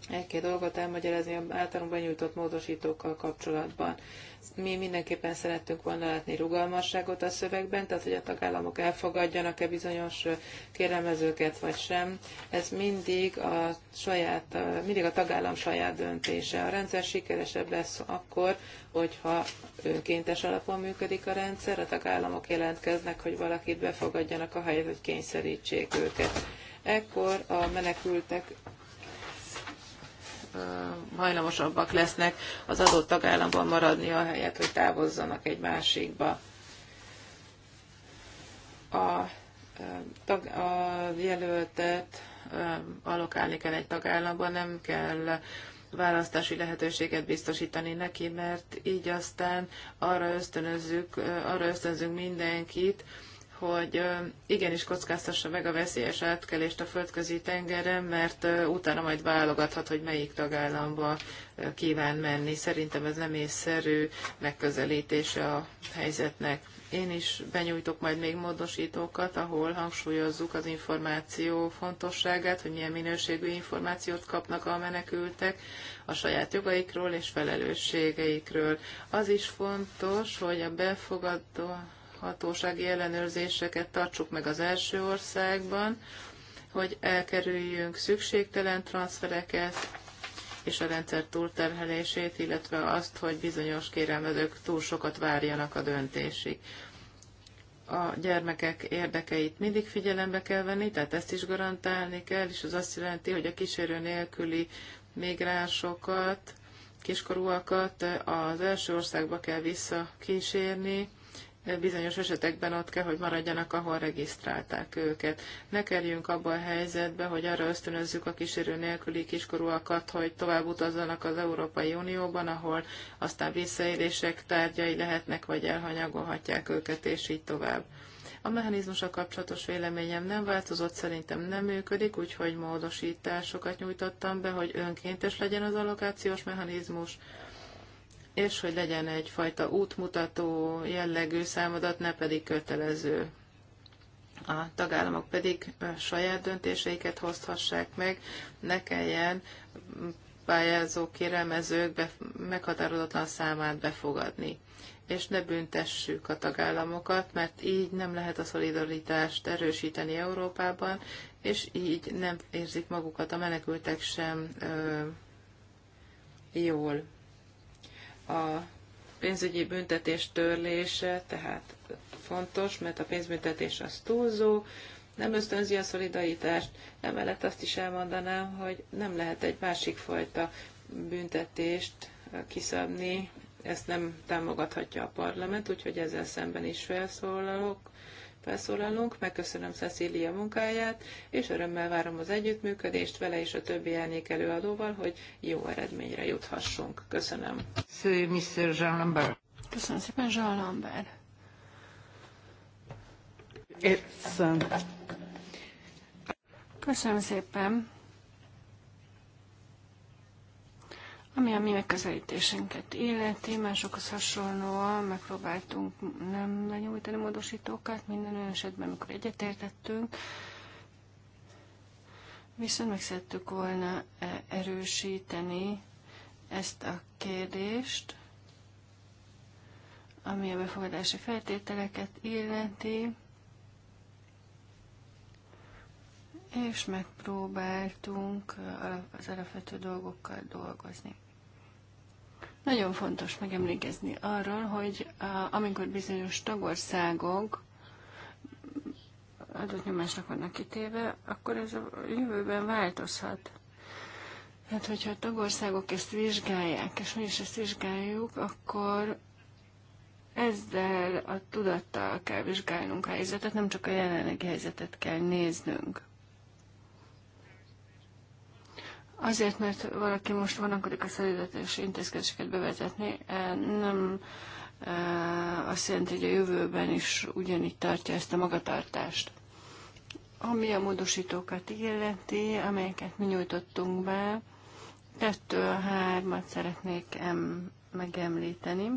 egy-két dolgot elmagyarázni általunk benyújtott módosítókkal kapcsolatban. Mi mindenképpen szerettünk volna látni rugalmasságot a szövegben, tehát hogy a tagállamok elfogadjanak-e bizonyos kérelmezőket vagy sem. Ez mindig a, saját, mindig a tagállam saját döntése. A rendszer sikeresebb lesz akkor, hogyha önkéntes alapon működik a rendszer, a tagállamok jelentkeznek, hogy valakit befogadjanak a helyet, hogy kényszerítsék őket. Ekkor a menekültek hajlamosabbak lesznek az adott tagállamban maradni, ahelyett, hogy távozzanak egy másikba. A, tag, a jelöltet alokálni kell egy tagállamban, nem kell választási lehetőséget biztosítani neki, mert így aztán arra ösztönözzük, arra ösztönzünk mindenkit, hogy igenis kockáztassa meg a veszélyes átkelést a földközi tengeren, mert utána majd válogathat, hogy melyik tagállamba kíván menni. Szerintem ez nem észszerű megközelítése a helyzetnek. Én is benyújtok majd még módosítókat, ahol hangsúlyozzuk az információ fontosságát, hogy milyen minőségű információt kapnak a menekültek a saját jogaikról és felelősségeikről. Az is fontos, hogy a befogadó hatósági ellenőrzéseket tartsuk meg az első országban, hogy elkerüljünk szükségtelen transfereket, és a rendszer túlterhelését, illetve azt, hogy bizonyos kérelmezők túl sokat várjanak a döntésig. A gyermekek érdekeit mindig figyelembe kell venni, tehát ezt is garantálni kell, és az azt jelenti, hogy a kísérő nélküli migránsokat, kiskorúakat az első országba kell visszakísérni, bizonyos esetekben ott kell, hogy maradjanak, ahol regisztrálták őket. Ne kerjünk abba a helyzetbe, hogy arra ösztönözzük a kísérő nélküli kiskorúakat, hogy tovább utazzanak az Európai Unióban, ahol aztán visszaélések tárgyai lehetnek, vagy elhanyagolhatják őket, és így tovább. A mechanizmusa kapcsolatos véleményem nem változott, szerintem nem működik, úgyhogy módosításokat nyújtottam be, hogy önkéntes legyen az allokációs mechanizmus, és hogy legyen egyfajta útmutató jellegű számadat, ne pedig kötelező. A tagállamok pedig saját döntéseiket hozhassák meg, ne kelljen pályázók, kérelmezők be, meghatározatlan számát befogadni. És ne büntessük a tagállamokat, mert így nem lehet a szolidaritást erősíteni Európában, és így nem érzik magukat a menekültek sem ö, jól a pénzügyi büntetés törlése, tehát fontos, mert a pénzbüntetés az túlzó, nem ösztönzi a szolidaritást, emellett azt is elmondanám, hogy nem lehet egy másik fajta büntetést kiszabni, ezt nem támogathatja a parlament, úgyhogy ezzel szemben is felszólalok felszólalunk. Megköszönöm Cecília munkáját, és örömmel várom az együttműködést vele és a többi elnék előadóval, hogy jó eredményre juthassunk. Köszönöm. Mr. Köszönöm szépen, Jean
Lambert. It's, um... Köszönöm szépen. Ami a mi megközelítésünket illeti, másokhoz hasonlóan megpróbáltunk nem lenyújtani módosítókat, minden olyan esetben, amikor egyetértettünk, viszont meg szerettük volna e, erősíteni ezt a kérdést, ami a befogadási feltételeket illeti, és megpróbáltunk az alapvető dolgokkal dolgozni. Nagyon fontos megemlékezni arról, hogy amikor bizonyos tagországok adott nyomásnak vannak kitéve, akkor ez a jövőben változhat. Hát, hogyha a tagországok ezt vizsgálják, és mi is ezt vizsgáljuk, akkor ezzel a tudattal kell vizsgálnunk a helyzetet, nem csak a jelenlegi helyzetet kell néznünk. Azért, mert valaki most van vonakodik a szolidaritás intézkedéseket bevezetni, eh, nem eh, azt jelenti, hogy a jövőben is ugyanígy tartja ezt a magatartást. Ami a módosítókat illeti, amelyeket mi nyújtottunk be, kettő a hármat szeretnék em- megemlíteni.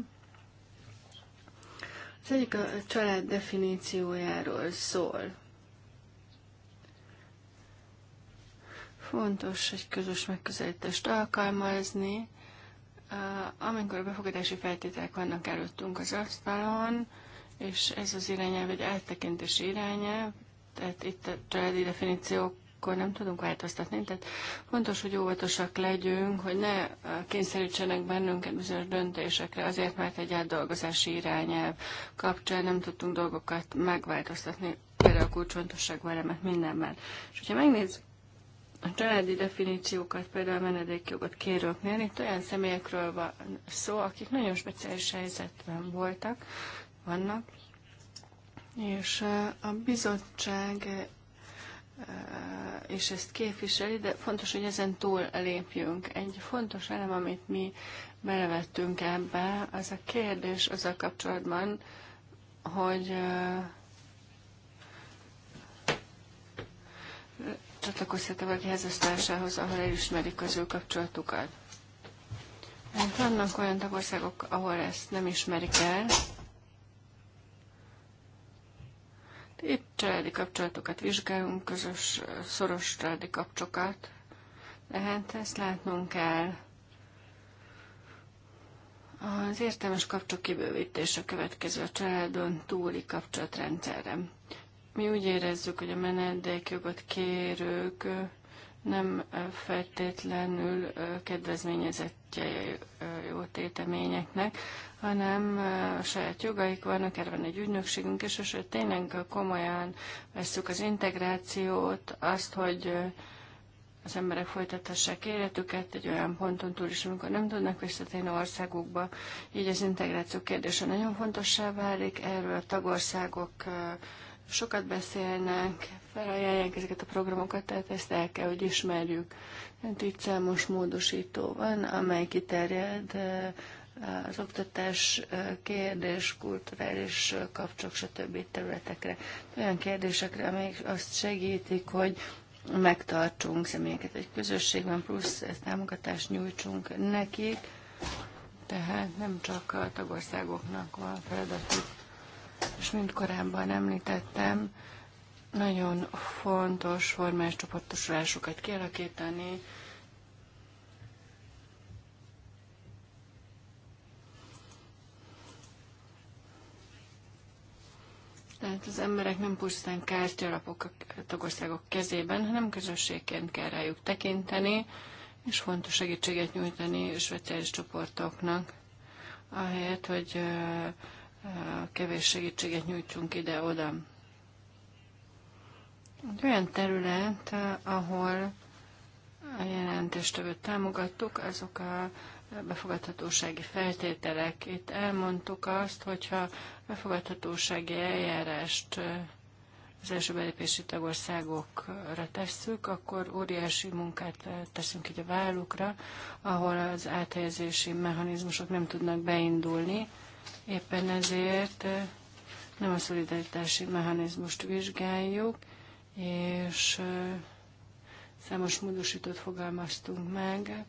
Az egyik a család definíciójáról szól. Fontos egy közös megközelítést alkalmazni, amikor a befogadási feltételek vannak előttünk az asztalon, és ez az irányelv egy áttekintési irányelv, tehát itt a családi akkor nem tudunk változtatni, tehát fontos, hogy óvatosak legyünk, hogy ne kényszerítsenek bennünket bizonyos döntésekre, azért, mert egy átdolgozási irányelv kapcsán nem tudtunk dolgokat megváltoztatni, például a kulcsfontosságú elemet mindenben. És hogyha megnézzük a családi definíciókat, például a menedékjogot nélni, itt olyan személyekről van szó, akik nagyon speciális helyzetben voltak, vannak, és a bizottság és ezt képviseli, de fontos, hogy ezen túl lépjünk. Egy fontos elem, amit mi belevettünk ebbe, az a kérdés az a kapcsolatban, hogy csatlakozhat-e valaki házasztásához, ahol elismerik az ő kapcsolatukat. Mert hát vannak olyan tagországok, ahol ezt nem ismerik el. Itt családi kapcsolatokat vizsgálunk, közös, szoros családi kapcsokat. De hát ezt látnunk kell. Az értelmes kapcsok kibővítése következő a családon túli kapcsolatrendszerem. Mi úgy érezzük, hogy a menedékjogot kérők nem feltétlenül kedvezményezettje jó téteményeknek, hanem a saját jogaik vannak, erre van egy ügynökségünk, és és tényleg komolyan vesszük az integrációt, azt, hogy az emberek folytathassák életüket egy olyan ponton túl is, amikor nem tudnak visszatérni országukba. Így az integráció kérdése nagyon fontossá válik, erről a tagországok sokat beszélnek, felajánlják ezeket a programokat, tehát ezt el kell, hogy ismerjük. itt számos módosító van, amely kiterjed az oktatás kérdés, kulturális kapcsok, stb. területekre. Olyan kérdésekre, amelyek azt segítik, hogy megtartsunk személyeket egy közösségben, plusz ezt támogatást nyújtsunk nekik, tehát nem csak a tagországoknak van feladatuk és mint korábban említettem, nagyon fontos formás csoportosulásokat kialakítani, Tehát az emberek nem pusztán kártyalapok a tagországok kezében, hanem közösségként kell rájuk tekinteni, és fontos segítséget nyújtani speciális csoportoknak, ahelyett, hogy kevés segítséget nyújtsunk ide-oda. Egy olyan terület, ahol a jelentéstevőt támogattuk, azok a befogadhatósági feltételek. Itt elmondtuk azt, hogyha befogadhatósági eljárást az első belépési tagországokra tesszük, akkor óriási munkát teszünk így a vállukra, ahol az áthelyezési mechanizmusok nem tudnak beindulni, Éppen ezért nem a szolidaritási mechanizmust vizsgáljuk, és számos módosítót fogalmaztunk meg,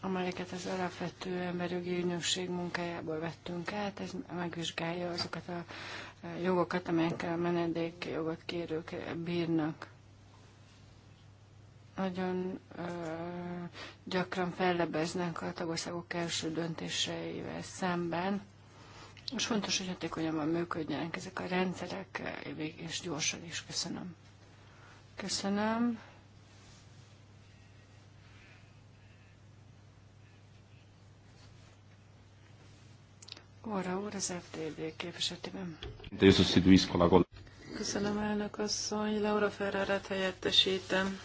amelyeket az alapvető emberjogi ügynökség munkájából vettünk át. Ez megvizsgálja azokat a jogokat, amelyekkel a menedékjogot kérők bírnak. Nagyon ö, gyakran fellebeznek a tagországok első döntéseivel szemben. És fontos, hogy hatékonyabban működjenek ezek a rendszerek, és gyorsan is. Köszönöm. Köszönöm. Óra úr az FTD képviseletében. Köszönöm elnök asszony, Laura
Ferrarát helyettesítem.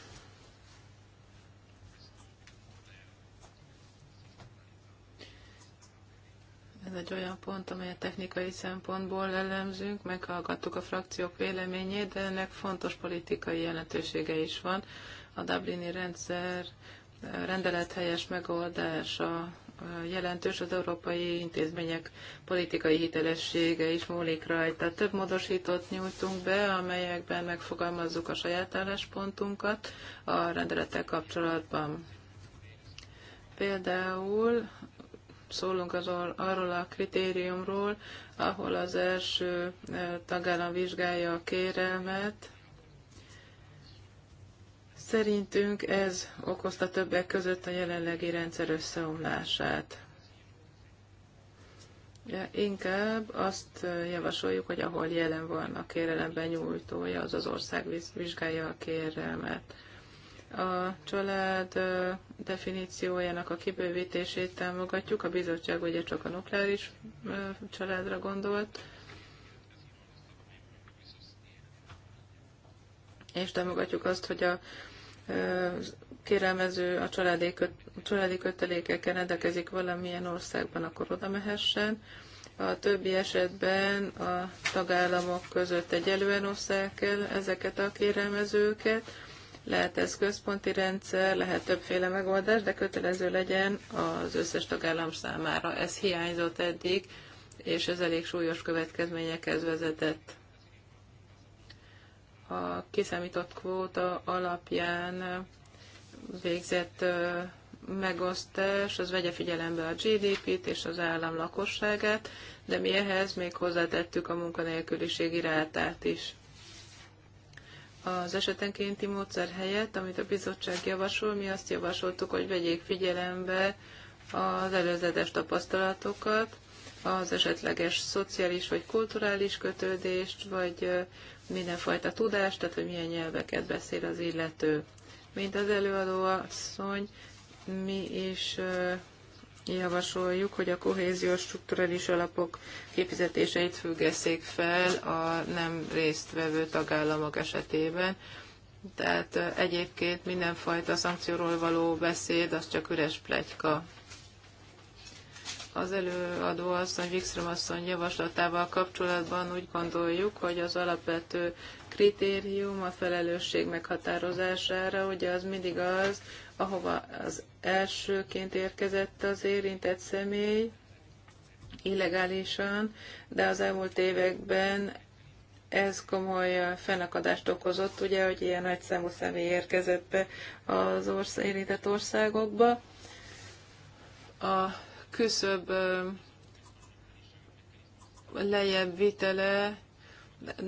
Ez egy olyan pont, amely a technikai szempontból elemzünk, meghallgattuk a frakciók véleményét, de ennek fontos politikai jelentősége is van. A Dublini rendszer rendelet helyes megoldása jelentős, az európai intézmények politikai hitelessége is múlik rajta. Több módosítót nyújtunk be, amelyekben megfogalmazzuk a saját álláspontunkat a rendelettel kapcsolatban. Például szólunk az arról a kritériumról, ahol az első eh, tagállam vizsgálja a kérelmet. Szerintünk ez okozta többek között a jelenlegi rendszer összeomlását. Ja, inkább azt eh, javasoljuk, hogy ahol jelen van a kérelemben nyújtója, az az ország vizsgálja a kérelmet. A család definíciójának a kibővítését támogatjuk. A bizottság ugye csak a nukleáris családra gondolt. És támogatjuk azt, hogy a kérelmező a családi, köt, családi kötelékeken rendelkezik valamilyen országban, akkor oda mehessen. A többi esetben a tagállamok között egyelően osszák el ezeket a kérelmezőket lehet ez központi rendszer, lehet többféle megoldás, de kötelező legyen az összes tagállam számára. Ez hiányzott eddig, és ez elég súlyos következményekhez vezetett. A kiszámított kvóta alapján végzett megosztás, az vegye figyelembe a GDP-t és az állam lakosságát, de mi ehhez még hozzátettük a munkanélküliségi rátát is az esetenkénti módszer helyett, amit a bizottság javasol, mi azt javasoltuk, hogy vegyék figyelembe az előzetes tapasztalatokat, az esetleges szociális vagy kulturális kötődést, vagy mindenfajta tudást, tehát hogy milyen nyelveket beszél az illető. Mint az előadó asszony, mi is javasoljuk, hogy a kohéziós strukturális alapok kifizetéseit függesszék fel a nem résztvevő tagállamok esetében. Tehát egyébként mindenfajta szankcióról való beszéd, az csak üres plegyka. Az előadó asszony, Wikström asszony javaslatával kapcsolatban úgy gondoljuk, hogy az alapvető kritérium a felelősség meghatározására, ugye az mindig az, ahova az elsőként érkezett az érintett személy illegálisan, de az elmúlt években ez komoly fennakadást okozott, ugye, hogy ilyen nagy számú személy érkezett be az orsz- érintett országokba. A küszöb lejjebb vitele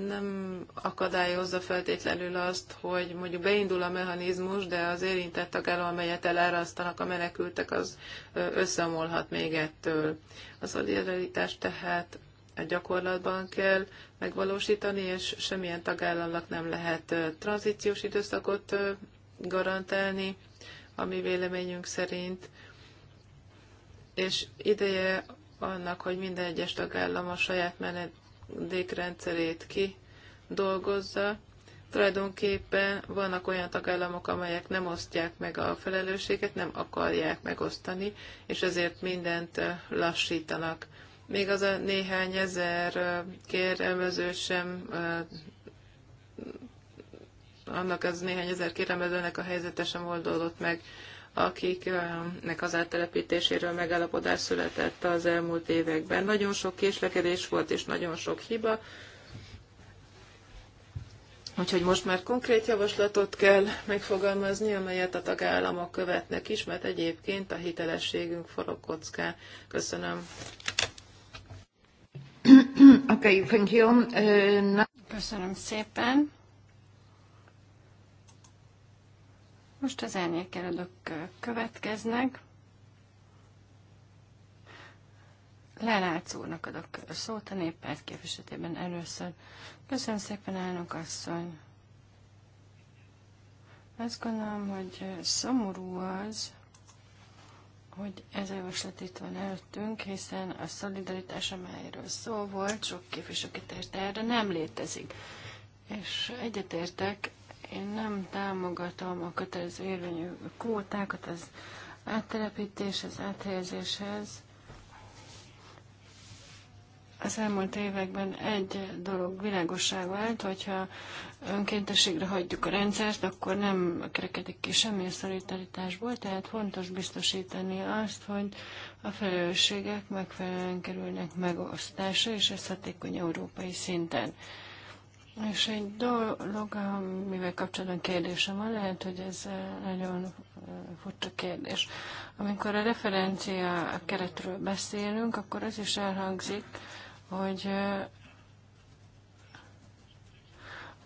nem akadályozza feltétlenül azt, hogy mondjuk beindul a mechanizmus, de az érintett tagállam, amelyet elárasztanak a menekültek, az összeomolhat még ettől. A szolidaritást tehát a gyakorlatban kell megvalósítani, és semmilyen tagállamnak nem lehet tranzíciós időszakot garantálni, ami véleményünk szerint, és ideje annak, hogy minden egyes tagállam a saját menet dékrendszerét ki dolgozza. Tulajdonképpen vannak olyan tagállamok, amelyek nem osztják meg a felelősséget, nem akarják megosztani, és ezért mindent eh, lassítanak. Még az a néhány ezer eh, kérelmező sem eh, annak az néhány ezer kérelmezőnek a helyzete sem oldódott meg akiknek az áttelepítéséről megállapodás született az elmúlt években. Nagyon sok késlekedés volt, és nagyon sok hiba. Úgyhogy most már konkrét javaslatot kell megfogalmazni, amelyet a tagállamok követnek is, mert egyébként a hitelességünk forog kocká. Köszönöm.
Uh, Köszönöm szépen. Most az elnyékelődök következnek. Lelác úrnak adok szót a néppárt képviseletében először. Köszönöm szépen, elnök asszony. Azt gondolom, hogy szomorú az, hogy ez a javaslat itt van előttünk, hiszen a szolidaritás, amelyről szó volt, sok képviselőket erre, nem létezik. És egyetértek én nem támogatom a kötelező érvényű kvótákat az áttelepítéshez, áthelyezéshez. Az elmúlt években egy dolog világosá vált, hogyha önkéntességre hagyjuk a rendszert, akkor nem kerekedik ki semmi szolidaritásból, tehát fontos biztosítani azt, hogy a felelősségek megfelelően kerülnek megosztásra, és ez hatékony európai szinten. És egy dolog, amivel kapcsolatban kérdésem van, lehet, hogy ez eh, nagyon eh, furcsa kérdés. Amikor a referencia keretről beszélünk, akkor az is elhangzik, hogy eh,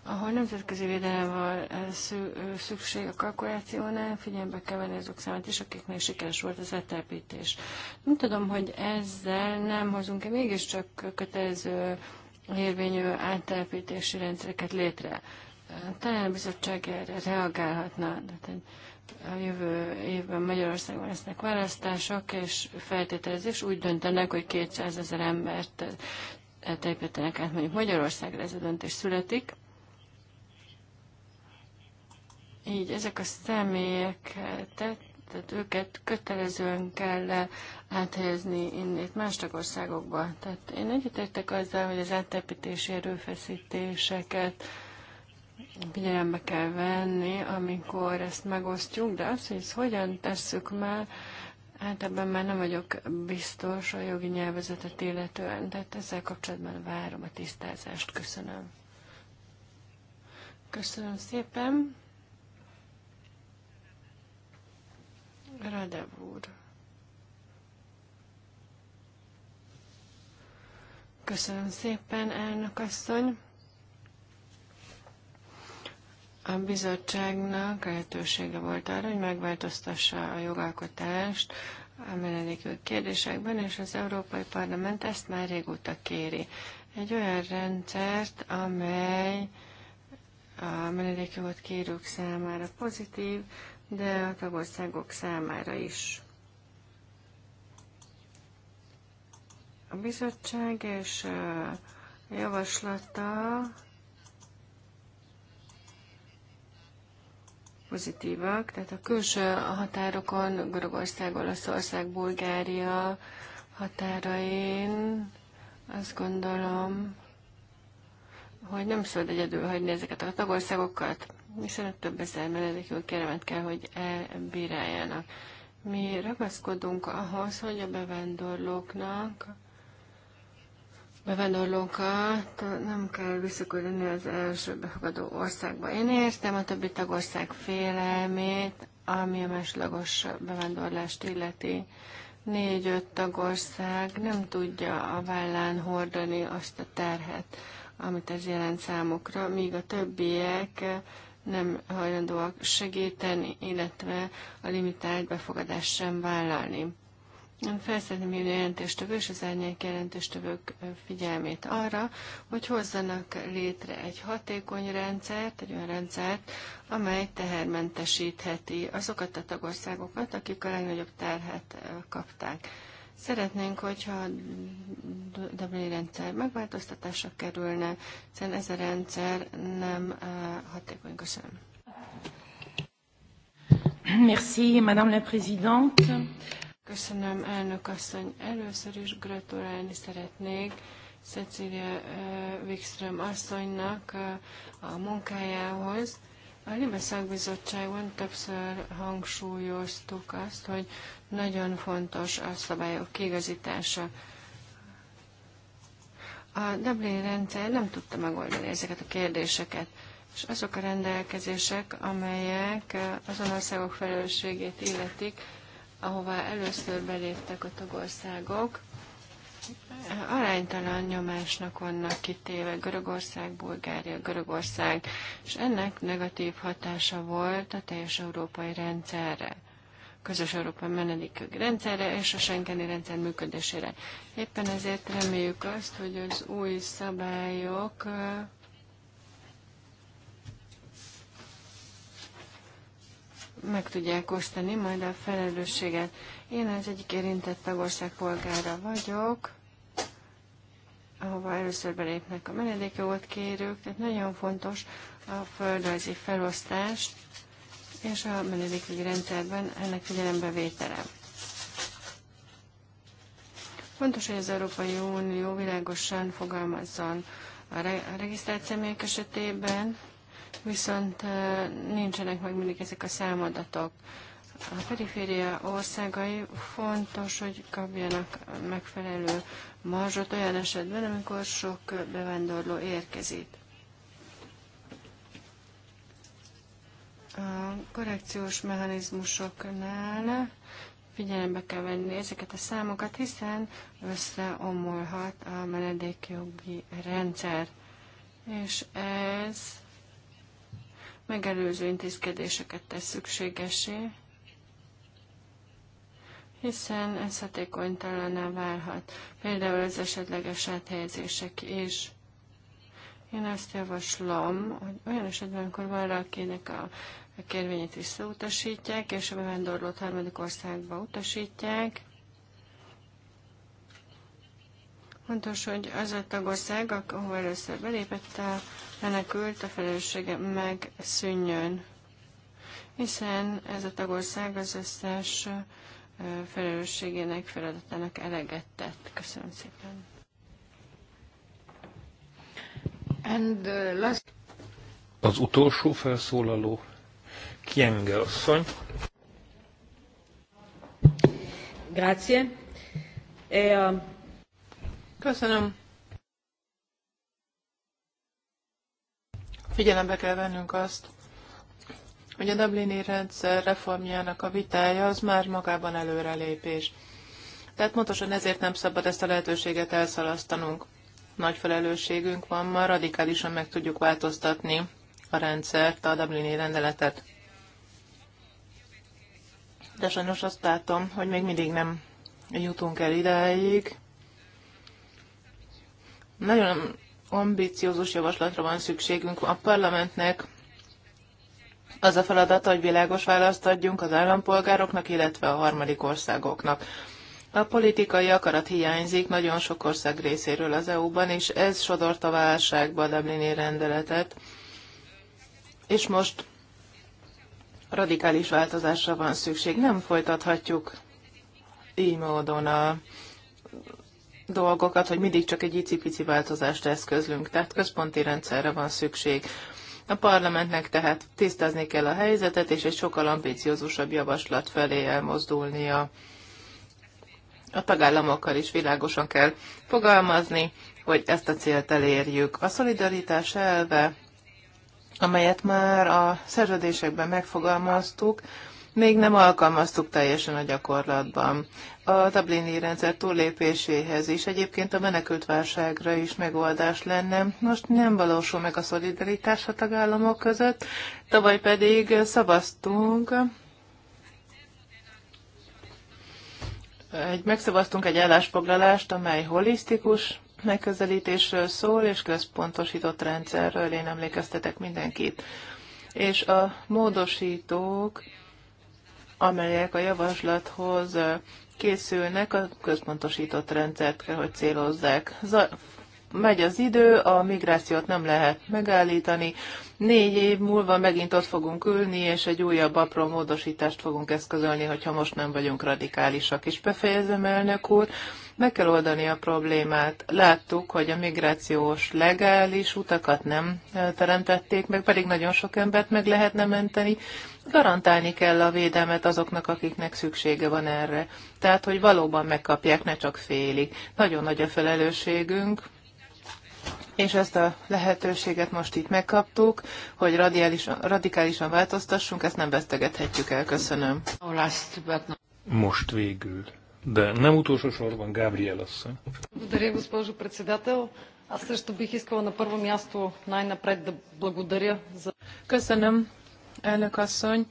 ahol nemzetközi védelem van szükség a kalkulációnál, figyelembe kell venni azok számát is, akiknél sikeres volt az letelepítés. Nem tudom, hogy ezzel nem hozunk-e mégiscsak kötelező érvényű áttelepítési rendszereket létre. Talán a bizottság erre reagálhatna. Tehát a jövő évben Magyarországon lesznek választások, és feltételezés úgy döntenek, hogy 200 ezer embert telepítenek át mondjuk Magyarországra, ez a döntés születik. Így ezek a személyek, tehát, tehát őket kötelezően kell áthelyezni innét más tagországokba. Tehát én egyetértek azzal, hogy az áttepítési erőfeszítéseket figyelembe kell venni, amikor ezt megosztjuk, de azt, hogy ezt hogyan tesszük már, hát ebben már nem vagyok biztos a jogi nyelvezetet illetően, tehát ezzel kapcsolatban várom a tisztázást. Köszönöm. Köszönöm szépen. Radev úr. Köszönöm szépen, elnök asszony. A bizottságnak lehetősége volt arra, hogy megváltoztassa a jogalkotást a menedékű kérdésekben, és az Európai Parlament ezt már régóta kéri. Egy olyan rendszert, amely a menedékjogot kérők számára pozitív, de a tagországok számára is. bizottság és javaslata pozitívak, tehát a külső határokon, Görögország, Olaszország, Bulgária határain azt gondolom, hogy nem szabad egyedül hagyni ezeket a tagországokat, hiszen a több ezer menedékjog keremet kell, hogy elbíráljanak. Mi ragaszkodunk ahhoz, hogy a bevándorlóknak bevándorlókat nem kell visszaküldeni az első befogadó országba. Én értem a többi tagország félelmét, ami a másodlagos bevándorlást illeti. Négy-öt tagország nem tudja a vállán hordani azt a terhet, amit ez jelent számukra, míg a többiek nem hajlandóak segíteni, illetve a limitált befogadást sem vállalni. Nem felszeretném hívni jelentéstövő és az árnyék jelentéstövők figyelmét arra, hogy hozzanak létre egy hatékony rendszert, egy olyan rendszert, amely tehermentesítheti azokat a tagországokat, akik a legnagyobb terhet kapták. Szeretnénk, hogyha a Dublin rendszer megváltoztatásra kerülne, hiszen ez a rendszer nem hatékony. Köszönöm.
Merci, Madame la Présidente.
Köszönöm, elnök asszony. Először is gratulálni szeretnék Cecilia Wikström asszonynak a munkájához. A Libe szakbizottságon többször hangsúlyoztuk azt, hogy nagyon fontos a szabályok kiigazítása. A Dublin rendszer nem tudta megoldani ezeket a kérdéseket, és azok a rendelkezések, amelyek azon országok felelősségét illetik, ahová először beléptek a tagországok, aránytalan nyomásnak vannak kitéve Görögország, Bulgária, Görögország, és ennek negatív hatása volt a teljes európai rendszerre közös európai menedékjogi rendszerre és a Schengeni rendszer működésére. Éppen ezért reméljük azt, hogy az új szabályok meg tudják osztani majd a felelősséget. Én az egyik érintett tagország polgára vagyok, ahova először belépnek a menedékjogot kérők, tehát nagyon fontos a földrajzi felosztás és a menedékügyi rendszerben ennek figyelembevétele. Fontos, hogy az Európai Unió világosan fogalmazzon a regisztrált személyek esetében, viszont eh, nincsenek meg mindig ezek a számadatok. A periféria országai fontos, hogy kapjanak megfelelő marzsot olyan esetben, amikor sok bevándorló érkezik. A korrekciós mechanizmusoknál figyelembe kell venni ezeket a számokat, hiszen összeomolhat a menedékjogi rendszer. És ez megelőző intézkedéseket tesz szükségesé, hiszen ez hatékonytalaná válhat, például az esetleges áthelyezések is. Én azt javaslom, hogy olyan esetben, amikor valakinek a, a kérvényét visszautasítják, és a bevándorlót harmadik országba utasítják, Fontos, hogy az a tagország, ahol először belépett a menekült a felelőssége megszűnjön, hiszen ez a tagország az összes felelősségének, feladatának eleget tett. Köszönöm szépen. And, last...
Az utolsó felszólaló Kienge asszony.
Grazie. E, uh... Köszönöm. Figyelembe kell vennünk azt, hogy a Dublini rendszer reformjának a vitája az már magában előrelépés. Tehát pontosan ezért nem szabad ezt a lehetőséget elszalasztanunk. Nagy felelősségünk van, ma radikálisan meg tudjuk változtatni a rendszert, a Dublini rendeletet. De sajnos azt látom, hogy még mindig nem jutunk el ideig. Nagyon ambiciózus javaslatra van szükségünk. A parlamentnek az a feladata, hogy világos választ adjunk az állampolgároknak, illetve a harmadik országoknak. A politikai akarat hiányzik nagyon sok ország részéről az EU-ban, és ez sodort a válságba a Dublini rendeletet. És most radikális változásra van szükség. Nem folytathatjuk így módon a dolgokat, hogy mindig csak egy icipici változást eszközlünk. Tehát központi rendszerre van szükség. A parlamentnek tehát tisztázni kell a helyzetet, és egy sokkal ambiciózusabb javaslat felé elmozdulnia. A tagállamokkal is világosan kell fogalmazni, hogy ezt a célt elérjük. A szolidaritás elve, amelyet már a szerződésekben megfogalmaztuk, még nem alkalmaztuk teljesen a gyakorlatban a Dublini rendszer túllépéséhez is, egyébként a menekültválságra is megoldás lenne. Most nem valósul meg a szolidaritás a tagállamok között, tavaly pedig szavaztunk egy, megszavaztunk egy állásfoglalást, amely holisztikus megközelítésről szól, és központosított rendszerről, én emlékeztetek mindenkit. És a módosítók, amelyek a javaslathoz készülnek, a központosított rendszert kell, hogy célozzák. Zaj, megy az idő, a migrációt nem lehet megállítani. Négy év múlva megint ott fogunk ülni, és egy újabb apró módosítást fogunk eszközölni, hogyha most nem vagyunk radikálisak. És befejezem, elnök úr, meg kell oldani a problémát. Láttuk, hogy a migrációs legális utakat nem teremtették meg, pedig nagyon sok embert meg lehetne menteni. Garantálni kell a védelmet azoknak, akiknek szüksége van erre. Tehát, hogy valóban megkapják, ne csak félig. Nagyon nagy a felelősségünk, és ezt a lehetőséget most itt megkaptuk, hogy radiálisan, radikálisan változtassunk, ezt nem vesztegethetjük el. Köszönöm.
Most végül, de nem utolsó sorban Gabriel asszony.
Благодаря, госпожо председател. Аз също бих искала на първо място най-напред да благодаря за... Köszönöm,
elnök asszony.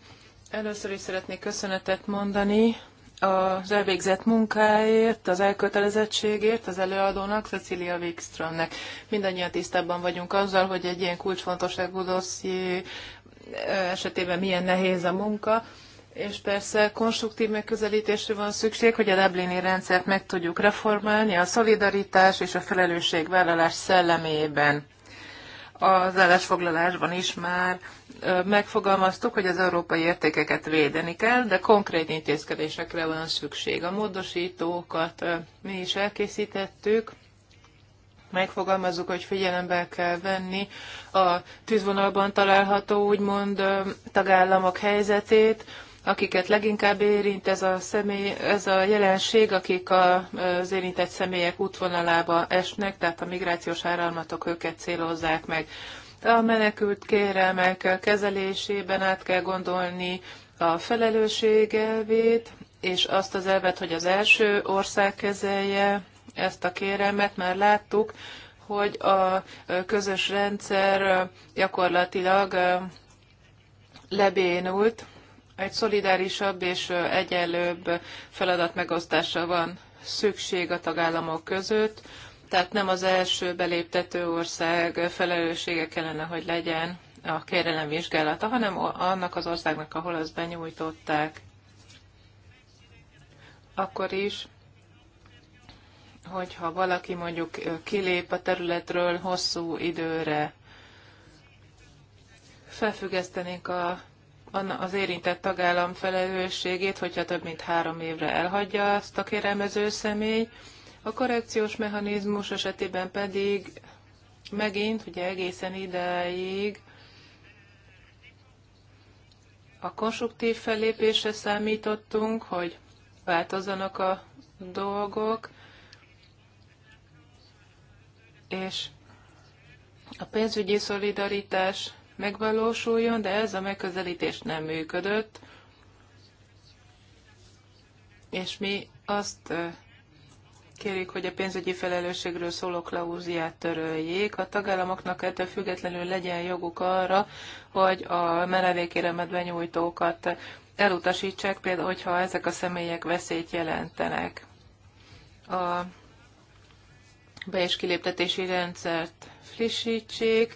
Először is szeretnék köszönetet mondani az elvégzett munkáért, az elkötelezettségért az előadónak, Cecilia Wikströmnek. Mindannyian tisztában vagyunk azzal, hogy egy ilyen kulcsfontosságú dosszié esetében milyen nehéz a munka, és persze konstruktív megközelítésre van szükség, hogy a Dublini rendszert meg tudjuk reformálni a szolidaritás és a felelősségvállalás szellemében. Az állásfoglalásban is már megfogalmaztuk, hogy az európai értékeket védeni kell, de konkrét intézkedésekre van szükség. A módosítókat mi is elkészítettük, megfogalmazzuk, hogy figyelembe kell venni a tűzvonalban található úgymond tagállamok helyzetét, akiket leginkább érint ez a, személy, ez a jelenség, akik az érintett személyek útvonalába esnek, tehát a migrációs áramlatok őket célozzák meg. A menekült kérelmek kezelésében át kell gondolni a felelősség elvét, és azt az elvet, hogy az első ország kezelje ezt a kérelmet, már láttuk, hogy a közös rendszer gyakorlatilag lebénult, egy szolidárisabb és egyenlőbb feladatmegosztása van szükség a tagállamok között, tehát nem az első beléptető ország felelőssége kellene, hogy legyen a kérelem vizsgálata, hanem annak az országnak, ahol azt benyújtották. Akkor is, hogyha valaki mondjuk kilép a területről hosszú időre, felfüggesztenénk a az érintett tagállam felelősségét, hogyha több mint három évre elhagyja azt a kérelmező személy, a korrekciós mechanizmus esetében pedig megint, ugye egészen ideig a konstruktív fellépésre számítottunk, hogy változzanak a dolgok, és a pénzügyi szolidaritás megvalósuljon, de ez a megközelítés nem működött, és mi azt kérik, hogy a pénzügyi felelősségről szóló klauziát töröljék. A tagállamoknak ettől függetlenül legyen joguk arra, hogy a menedékéremet benyújtókat elutasítsák, például, hogyha ezek a személyek veszélyt jelentenek. A be- és kiléptetési rendszert frissítsék,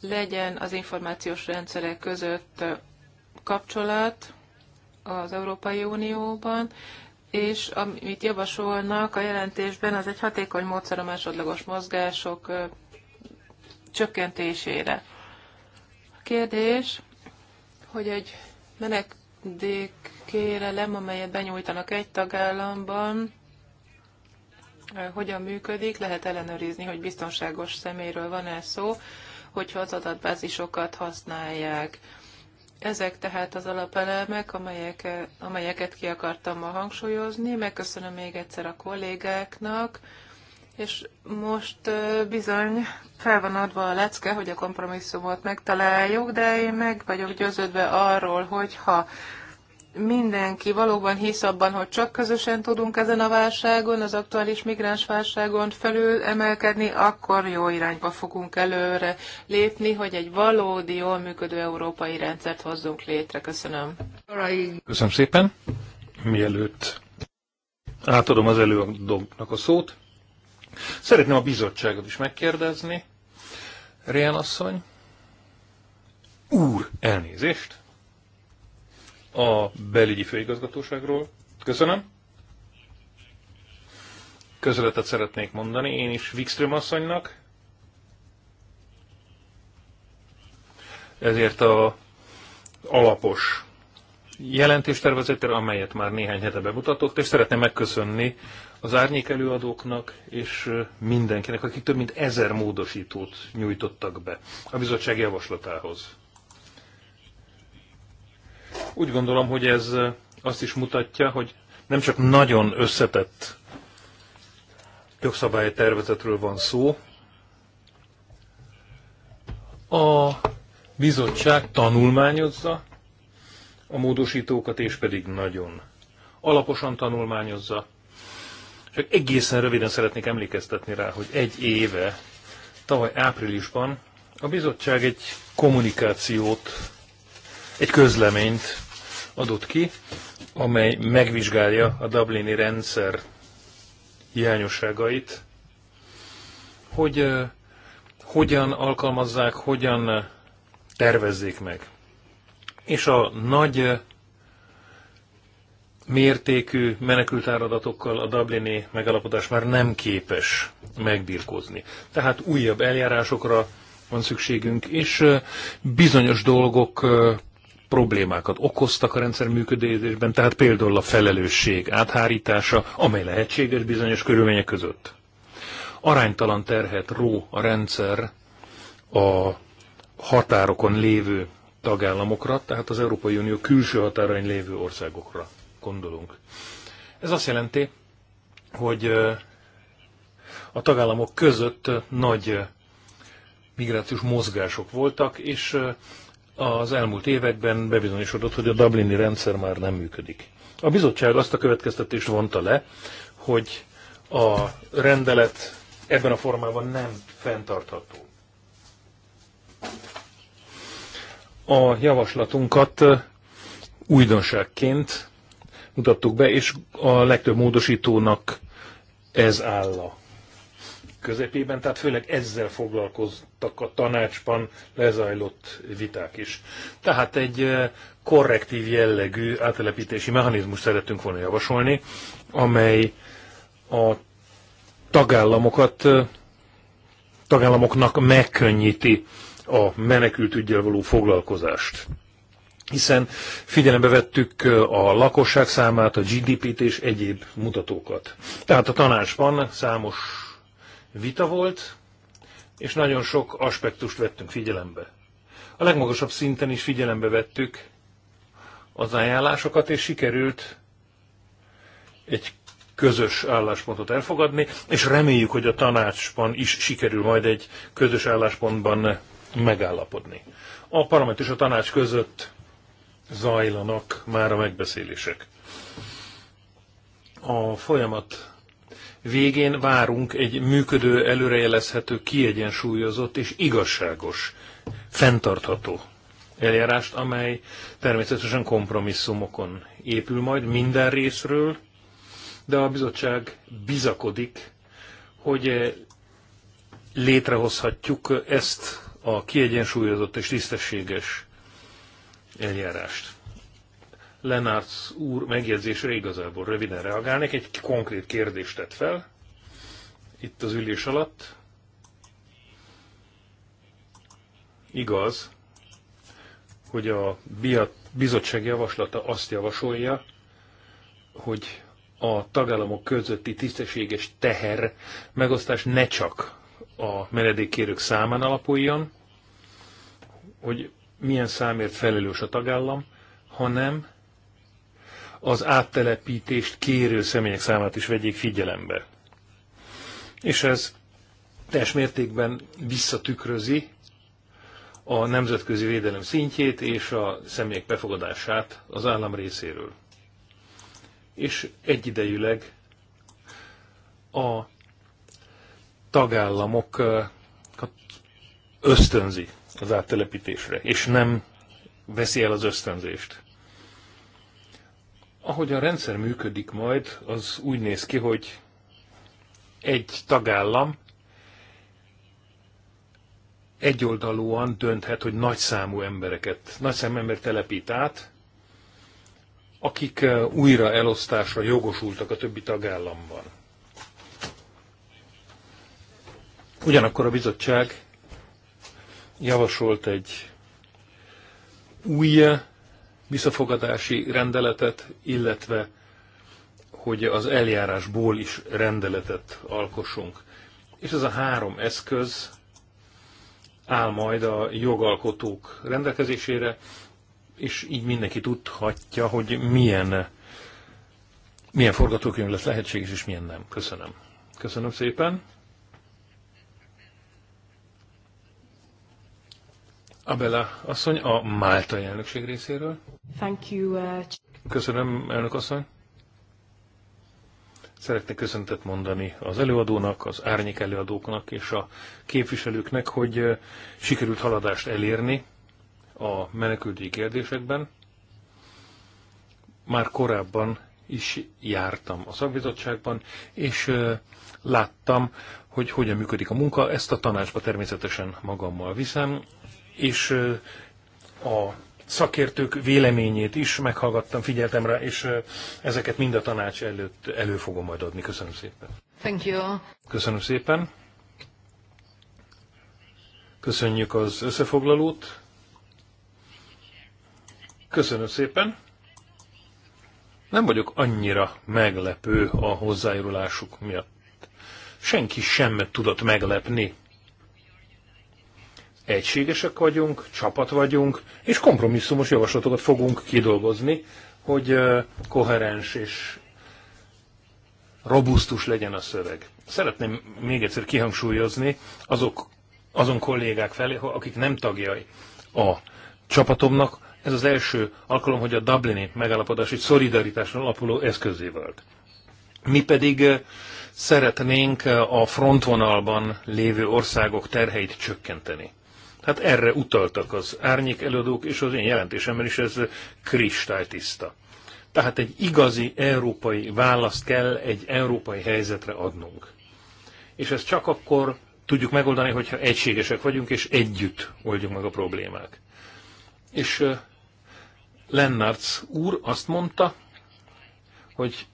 legyen az információs rendszerek között kapcsolat az Európai Unióban, és amit javasolnak a jelentésben, az egy hatékony módszer a másodlagos mozgások csökkentésére. A kérdés, hogy egy menekdék amelyet benyújtanak egy tagállamban, hogyan működik, lehet ellenőrizni, hogy biztonságos szeméről van-e szó, hogyha az adatbázisokat használják ezek tehát az alapelemek, amelyek, amelyeket ki akartam ma hangsúlyozni. Megköszönöm még egyszer a kollégáknak, és most bizony fel van adva a lecke, hogy a kompromisszumot megtaláljuk, de én meg vagyok győződve arról, hogy ha mindenki valóban hisz abban, hogy csak közösen tudunk ezen a válságon, az aktuális migráns válságon felül emelkedni, akkor jó irányba fogunk előre lépni, hogy egy valódi, jól működő európai rendszert hozzunk létre. Köszönöm.
Köszönöm szépen. Mielőtt átadom az előadóknak a szót, szeretném a bizottságot is megkérdezni. Rian asszony. Úr, elnézést! a belügyi főigazgatóságról. Köszönöm. Közeletet szeretnék mondani én is Wikström asszonynak. Ezért a alapos jelentéstervezetre, amelyet már néhány hete bemutatott, és szeretném megköszönni az árnyék előadóknak és mindenkinek, akik több mint ezer módosítót nyújtottak be a bizottság javaslatához. Úgy gondolom, hogy ez azt is mutatja, hogy nem csak nagyon összetett jogszabálytervezetről van szó, a bizottság tanulmányozza a módosítókat, és pedig nagyon alaposan tanulmányozza. Csak egészen röviden szeretnék emlékeztetni rá, hogy egy éve, tavaly áprilisban a bizottság egy kommunikációt egy közleményt adott ki, amely megvizsgálja a Dublini rendszer hiányosságait, hogy uh, hogyan alkalmazzák, hogyan tervezzék meg. És a nagy mértékű menekültáradatokkal a Dublini megalapodás már nem képes megbirkózni. Tehát újabb eljárásokra van szükségünk, és bizonyos dolgok problémákat okoztak a rendszer működésben, tehát például a felelősség áthárítása, amely lehetséges bizonyos körülmények között. Aránytalan terhet ró a rendszer a határokon lévő tagállamokra, tehát az Európai Unió külső határain lévő országokra gondolunk. Ez azt jelenti, hogy a tagállamok között nagy migrációs mozgások voltak, és az elmúlt években bebizonyosodott, hogy a Dublini rendszer már nem működik. A bizottság azt a következtetést vonta le, hogy a rendelet ebben a formában nem fenntartható. A javaslatunkat újdonságként mutattuk be, és a legtöbb módosítónak ez áll a közepében, tehát főleg ezzel foglalkoztak a tanácsban lezajlott viták is. Tehát egy eh, korrektív jellegű átelepítési mechanizmus szeretünk volna javasolni, amely a tagállamokat, eh, tagállamoknak megkönnyíti a menekült ügyel való foglalkozást. Hiszen figyelembe vettük eh, a lakosság számát, a GDP-t és egyéb mutatókat. Tehát a tanácsban számos vita volt, és nagyon sok aspektust vettünk figyelembe. A legmagasabb szinten is figyelembe vettük az ajánlásokat, és sikerült egy közös álláspontot elfogadni, és reméljük, hogy a tanácsban is sikerül majd egy közös álláspontban megállapodni. A parlament és a tanács között zajlanak már a megbeszélések. A folyamat végén várunk egy működő, előrejelezhető, kiegyensúlyozott és igazságos, fenntartható eljárást, amely természetesen kompromisszumokon épül majd minden részről, de a bizottság bizakodik, hogy eh, létrehozhatjuk ezt a kiegyensúlyozott és tisztességes eljárást. Lenárc úr megjegyzésre igazából röviden reagálnék. Egy konkrét kérdést tett fel itt az ülés alatt. Igaz, hogy a bizottság javaslata azt javasolja, hogy a tagállamok közötti tisztességes teher megosztás ne csak a menedékkérők számán alapuljon, hogy milyen számért felelős a tagállam, hanem az áttelepítést kérő személyek számát is vegyék figyelembe. És ez teljes mértékben visszatükrözi a nemzetközi védelem szintjét és a személyek befogadását az állam részéről. És egyidejűleg a tagállamokat ösztönzi az áttelepítésre, és nem veszi el az ösztönzést ahogy a rendszer működik majd, az úgy néz ki, hogy egy tagállam egyoldalúan dönthet, hogy nagyszámú embereket, számú ember telepít át, akik eh, újra elosztásra jogosultak a többi tagállamban. Ugyanakkor a bizottság javasolt egy új visszafogadási rendeletet, illetve hogy az eljárásból is rendeletet alkossunk. És ez a három eszköz áll majd a jogalkotók rendelkezésére, és így mindenki tudhatja, hogy milyen, milyen forgatókönyv lesz lehetséges, és milyen nem. Köszönöm. Köszönöm szépen. Abela asszony a Máltai elnökség részéről.
Thank you. Uh...
Köszönöm, elnök asszony. Szeretnék köszöntet mondani az előadónak, az árnyék előadóknak és a képviselőknek, hogy uh, sikerült haladást elérni a menekültügyi kérdésekben. Már korábban is jártam a szakbizottságban, és uh, láttam, hogy hogyan működik a munka. Ezt a tanácsba természetesen magammal viszem, és a szakértők véleményét is meghallgattam, figyeltem rá, és ezeket mind a tanács előtt elő fogom majd adni. Köszönöm szépen. Thank you. Köszönöm szépen. Köszönjük az összefoglalót. Köszönöm szépen. Nem vagyok annyira meglepő a hozzájárulásuk miatt. Senki sem tudott meglepni egységesek vagyunk, csapat vagyunk, és kompromisszumos javaslatokat fogunk kidolgozni, hogy koherens és robusztus legyen a szöveg. Szeretném még egyszer kihangsúlyozni azok, azon kollégák felé, akik nem tagjai a csapatomnak, ez az első alkalom, hogy a Dublini megállapodás egy szolidaritáson alapuló eszközé volt. Mi pedig szeretnénk a frontvonalban lévő országok terheit csökkenteni. Hát erre utaltak az árnyék előadók, és az én jelentésemben is ez kristálytiszta. Tehát egy igazi európai választ kell egy európai helyzetre adnunk. És ezt csak akkor tudjuk megoldani, hogyha egységesek vagyunk, és együtt oldjuk meg a problémák. És Lennartz úr azt mondta, hogy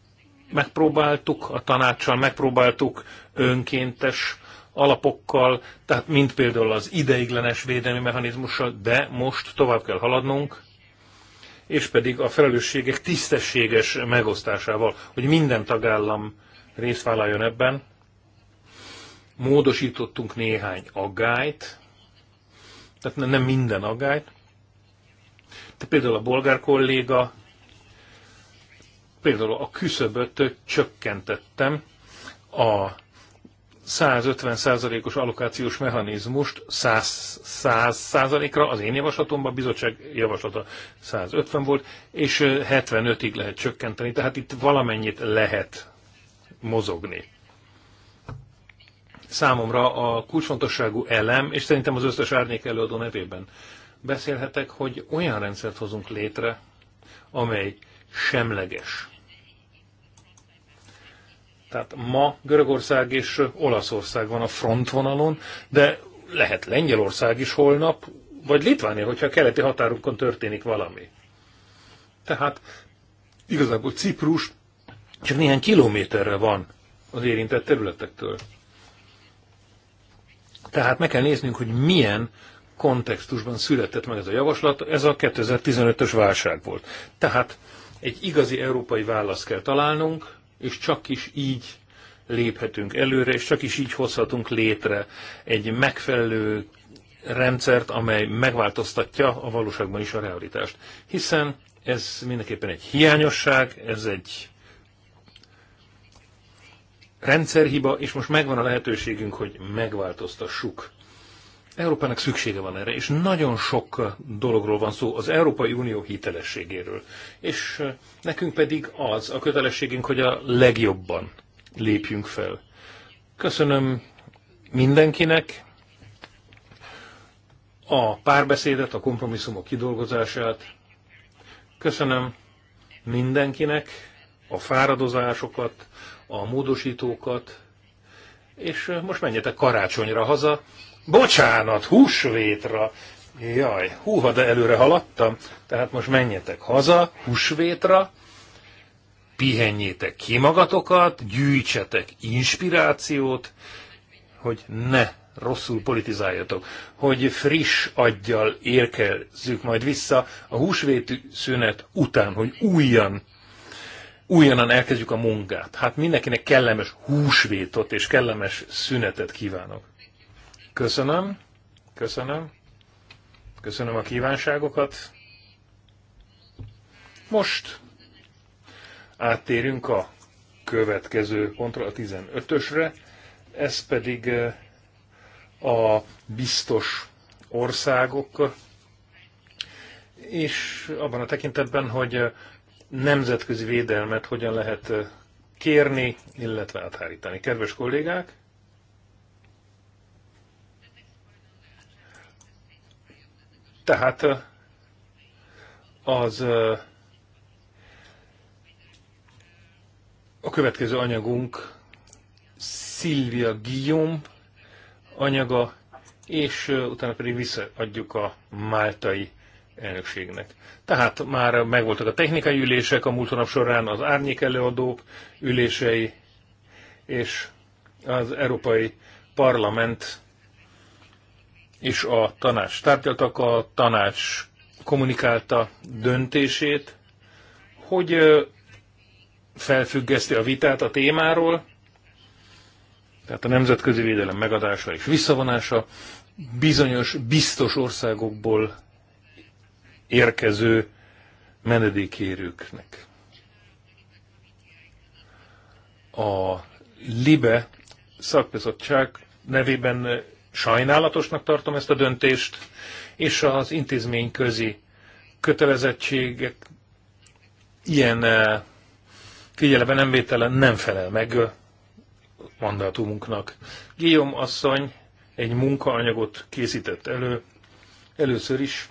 megpróbáltuk a tanácssal, megpróbáltuk önkéntes alapokkal, tehát mint például az ideiglenes védelmi mechanizmussal, de most tovább kell haladnunk, és pedig a felelősségek tisztességes megosztásával, hogy minden tagállam részt vállaljon ebben. Módosítottunk néhány aggályt, tehát nem minden aggályt. Te például a bolgár kolléga, például a küszöböt csökkentettem a 150%-os allokációs mechanizmust 100%-ra, az én javaslatomban, a bizottság javaslata 150 volt, és 75-ig lehet csökkenteni, tehát itt valamennyit lehet mozogni. Számomra a kulcsfontosságú elem, és szerintem az összes árnyék előadó nevében beszélhetek, hogy olyan rendszert hozunk létre, amely semleges tehát ma Görögország és Olaszország van a frontvonalon, de lehet Lengyelország is holnap, vagy Litvánia, hogyha a keleti határokon történik valami. Tehát igazából Ciprus csak néhány kilométerre van az érintett területektől. Tehát meg kell néznünk, hogy milyen kontextusban született meg ez a javaslat, ez a 2015-ös válság volt. Tehát egy igazi európai választ kell találnunk, és csak is így léphetünk előre, és csak is így hozhatunk létre egy megfelelő rendszert, amely megváltoztatja a valóságban is a realitást. Hiszen ez mindenképpen egy hiányosság, ez egy rendszerhiba, és most megvan a lehetőségünk, hogy megváltoztassuk Európának szüksége van erre, és nagyon sok dologról van szó, az Európai Unió hitelességéről. És nekünk pedig az a kötelességünk, hogy a legjobban lépjünk fel. Köszönöm mindenkinek a párbeszédet, a kompromisszumok kidolgozását. Köszönöm mindenkinek a fáradozásokat, a módosítókat, és most menjetek karácsonyra haza, Bocsánat, húsvétra. Jaj, húha, de előre haladtam. Tehát most menjetek haza, húsvétra, pihenjétek ki magatokat, gyűjtsetek inspirációt, hogy ne rosszul politizáljatok, hogy friss aggyal érkezzük majd vissza a húsvéti szünet után, hogy újjan, újonnan elkezdjük a munkát. Hát mindenkinek kellemes húsvétot és kellemes szünetet kívánok. Köszönöm, köszönöm, köszönöm a kívánságokat. Most áttérünk a következő pontra, a 15-ösre, ez pedig eh, a biztos országok, és abban a tekintetben, hogy eh, nemzetközi védelmet hogyan lehet eh, kérni, illetve áthárítani. Kedves kollégák, Tehát az a következő anyagunk Szilvia Guillaume anyaga, és utána pedig visszaadjuk a máltai elnökségnek. Tehát már megvoltak a technikai ülések a múlt hónap során, az árnyék előadók ülései, és az Európai Parlament és a tanács tárgyaltak, a tanács kommunikálta döntését, hogy felfüggeszti a vitát a témáról, tehát a nemzetközi védelem megadása és visszavonása bizonyos biztos országokból érkező menedékérőknek. A LIBE szakbizottság nevében Sajnálatosnak tartom ezt a döntést, és az intézmény közi kötelezettségek ilyen eh, figyelembe nem vétele nem felel meg mandátumunknak. Guillaume asszony egy munkaanyagot készített elő. Először is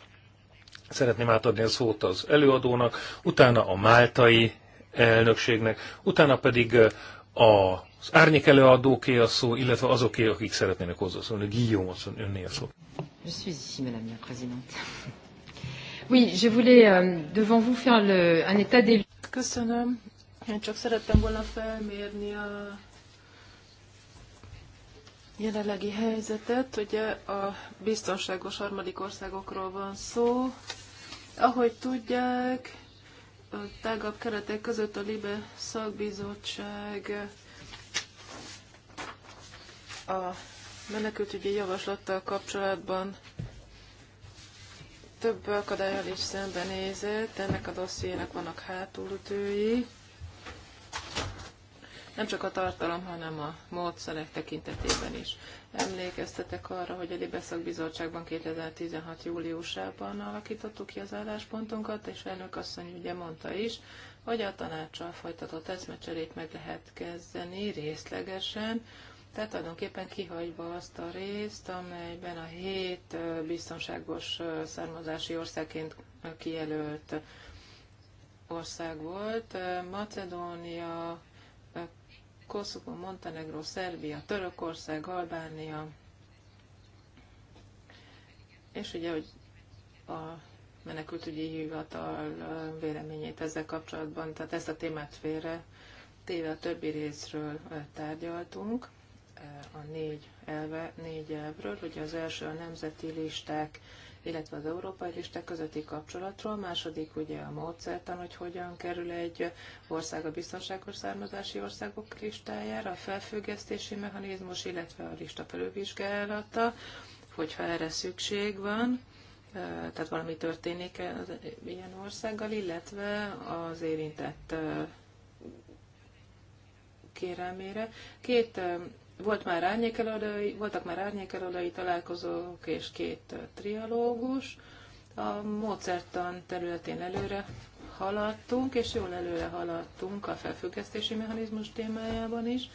szeretném átadni a szót az előadónak, utána a máltai elnökségnek, utána pedig eh, az árnyék előadóké a szó, illetve azoké, akik szeretnének hozzászólni. Guillaume, azt önné
a szó. Je suis ici, madame la présidente. Oui, je voulais euh, devant vous faire le, un état des... lieux.
Köszönöm. Én csak szerettem volna felmérni a jelenlegi helyzetet. Ugye a biztonságos harmadik országokról van szó. Ahogy tudják, tágabb keretek között a LIBE szakbizottság a menekültügyi javaslattal kapcsolatban több akadályal is szembenézett. Ennek a dossziének vannak hátulütői nem csak a tartalom, hanem a módszerek tekintetében is. Emlékeztetek arra, hogy a Libeszak Bizottságban 2016. júliusában alakítottuk ki az álláspontunkat, és elnök asszony ugye mondta is, hogy a tanácssal folytatott eszmecserét meg lehet kezdeni részlegesen, tehát tulajdonképpen kihagyva azt a részt, amelyben a hét biztonságos származási országként kijelölt ország volt. Macedónia, Koszovó, Montenegro, Szerbia, Törökország, Albánia, és ugye, hogy a menekültügyi hivatal véleményét ezzel kapcsolatban, tehát ezt a témát félre téve a többi részről tárgyaltunk, a négy, elve, négy elvről, hogy az első a nemzeti listák illetve az európai listák közötti kapcsolatról. Második ugye a módszertan, hogy hogyan kerül egy ország a biztonságos származási országok listájára, a felfüggesztési mechanizmus, illetve a lista felülvizsgálata, hogyha erre szükség van e, tehát valami történik e, az ilyen országgal, illetve az érintett e, kérelmére. Két volt már árnyékelődői, voltak már árnyékelődői találkozók és két trialógus. A módszertan területén előre haladtunk, és jól előre haladtunk a felfüggesztési mechanizmus témájában is.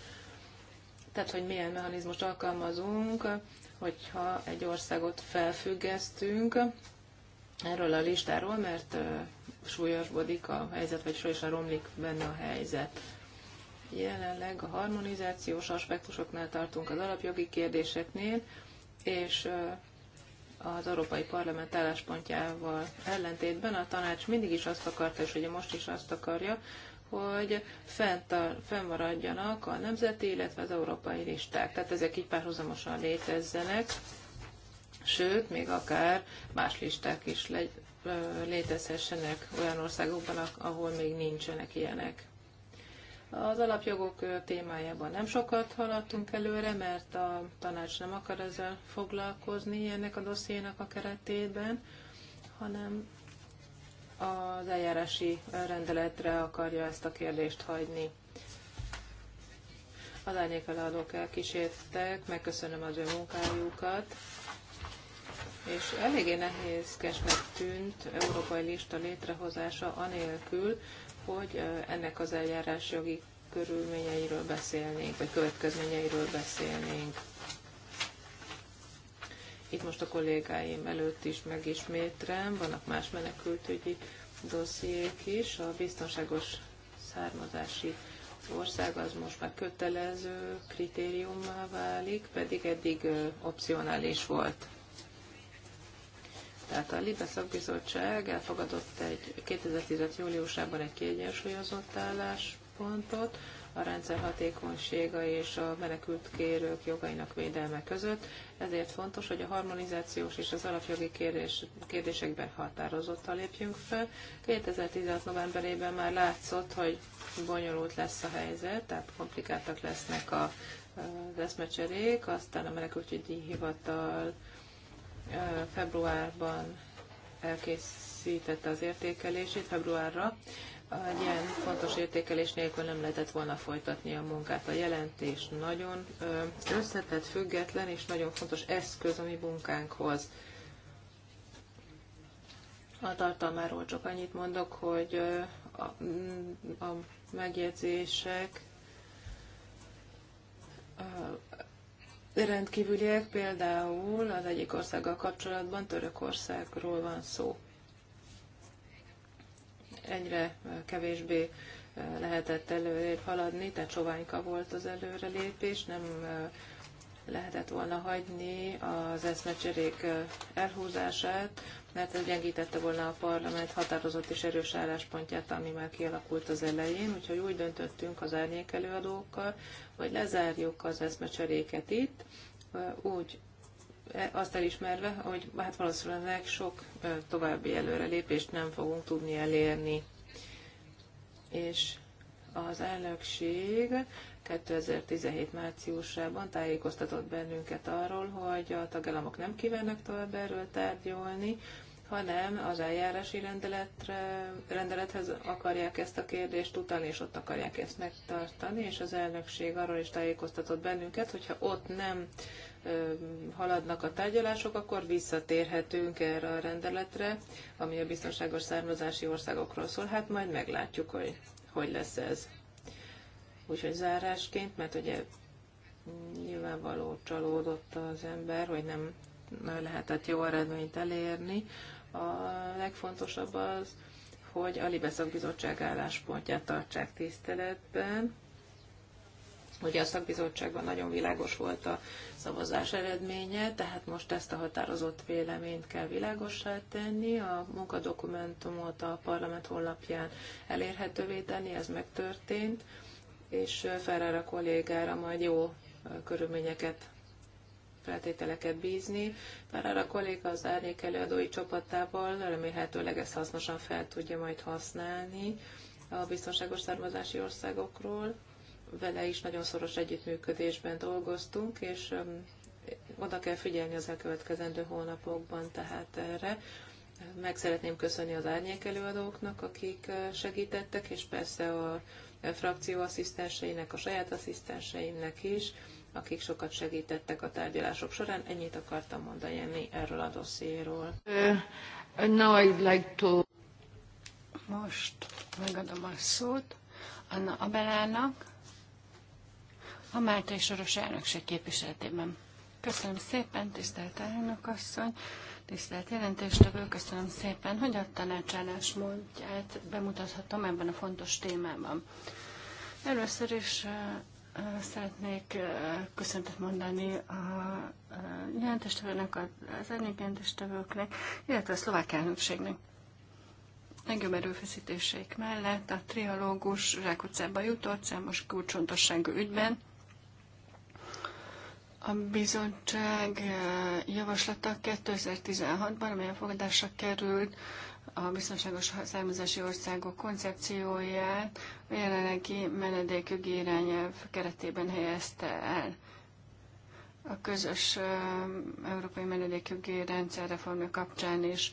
Tehát, hogy milyen mechanizmust alkalmazunk, hogyha egy országot felfüggesztünk erről a listáról, mert súlyosbodik a helyzet, vagy súlyosan romlik benne a helyzet jelenleg a harmonizációs aspektusoknál tartunk az alapjogi kérdéseknél, és az Európai Parlament álláspontjával ellentétben a tanács mindig is azt akarta, és ugye most is azt akarja, hogy fennmaradjanak a nemzeti, illetve az európai listák. Tehát ezek így párhuzamosan létezzenek, sőt, még akár más listák is le, létezhessenek olyan országokban, ahol még nincsenek ilyenek. Az alapjogok témájában nem sokat haladtunk előre, mert a tanács nem akar ezzel foglalkozni ennek a dossziénak a keretében, hanem az eljárási rendeletre akarja ezt a kérdést hagyni. Az árnyékeladók elkísértek, megköszönöm az ő munkájukat, és eléggé nehézkesnek tűnt európai lista létrehozása anélkül, hogy ennek az eljárás jogi körülményeiről beszélnénk, vagy következményeiről beszélnénk. Itt most a kollégáim előtt is megismétrem, vannak más menekültügyi dossziék is. A biztonságos származási ország az most már kötelező kritériummá válik, pedig eddig opcionális volt. Tehát a Libe szakbizottság elfogadott egy 2015. júliusában egy kiegyensúlyozott álláspontot a rendszer hatékonysága és a menekült kérők jogainak védelme között. Ezért fontos, hogy a harmonizációs és az alapjogi kérdés, kérdésekben határozottan lépjünk fel. 2016. novemberében már látszott, hogy bonyolult lesz a helyzet, tehát komplikáltak lesznek a, az eszmecserék, aztán a menekültügyi hivatal februárban elkészítette az értékelését februárra. Egy ilyen fontos értékelés nélkül nem lehetett volna folytatni a munkát. A jelentés nagyon összetett, független és nagyon fontos eszköz a mi munkánkhoz. A tartalmáról csak annyit mondok, hogy a, a megjegyzések rendkívüliek, például az egyik országgal kapcsolatban Törökországról van szó. Egyre kevésbé eh, lehetett előrébb haladni, tehát soványka volt az előrelépés, nem eh, lehetett volna hagyni az eszmecserék elhúzását, mert ez gyengítette volna a parlament határozott és erős álláspontját, ami már kialakult az elején, úgyhogy úgy döntöttünk az árnyék előadókkal, hogy lezárjuk az eszmecseréket itt, úgy e, azt elismerve, hogy hát valószínűleg sok további előrelépést nem fogunk tudni elérni. És az elnökség 2017 márciusában tájékoztatott bennünket arról, hogy a tagállamok nem kívánnak tovább erről tárgyalni, hanem az eljárási rendeletre, rendelethez akarják ezt a kérdést utalni, és ott akarják ezt megtartani, és az elnökség arról is tájékoztatott bennünket, hogyha ott nem haladnak a tárgyalások, akkor visszatérhetünk erre a rendeletre, ami a biztonságos származási országokról szól. Hát majd meglátjuk, hogy hogy lesz ez. Úgyhogy zárásként, mert ugye nyilvánvaló csalódott az ember, hogy nem lehetett jó eredményt elérni. A legfontosabb az, hogy a Libeszak Bizottság álláspontját tartsák tiszteletben. Ugye a szakbizottságban nagyon világos volt a szavazás eredménye, tehát most ezt a határozott véleményt kell világossá tenni, a munkadokumentumot a parlament honlapján elérhetővé tenni, ez megtörtént és Ferrara kollégára majd jó körülményeket, feltételeket bízni. Ferrara kolléga az árnyék előadói csapatával remélhetőleg ezt hasznosan fel tudja majd használni a biztonságos származási országokról. Vele is nagyon szoros együttműködésben dolgoztunk, és oda kell figyelni az elkövetkezendő hónapokban tehát erre. Meg szeretném köszönni az árnyék előadóknak, akik segítettek, és persze a frakcióasszisztenseinek, a saját asszisztenseimnek is, akik sokat segítettek a tárgyalások során. Ennyit akartam mondani
erről a dossziéról. Uh, now I'd like to... Most megadom a szót Anna Abelának, a Máltai Soros elnökség képviseletében. Köszönöm szépen, tisztelt elnök asszony! Tisztelt jelentéstevő, köszönöm szépen, hogy a tanácsállás módját bemutathatom ebben a fontos témában. Először is szeretnék köszöntet mondani a jelentéstevőnek, az elnök jelentéstevőknek, illetve a szlovák elnökségnek. Legjobb erőfeszítéseik mellett a trialógus Rákóczába jutott számos kulcsontosságú ügyben, a bizottság eh, javaslata 2016-ban, amely a fogadásra került, a biztonságos származási országok koncepcióját a jelenlegi menedékügyi irányelv keretében helyezte el. A közös eh, európai menedékügyi rendszer reformja kapcsán is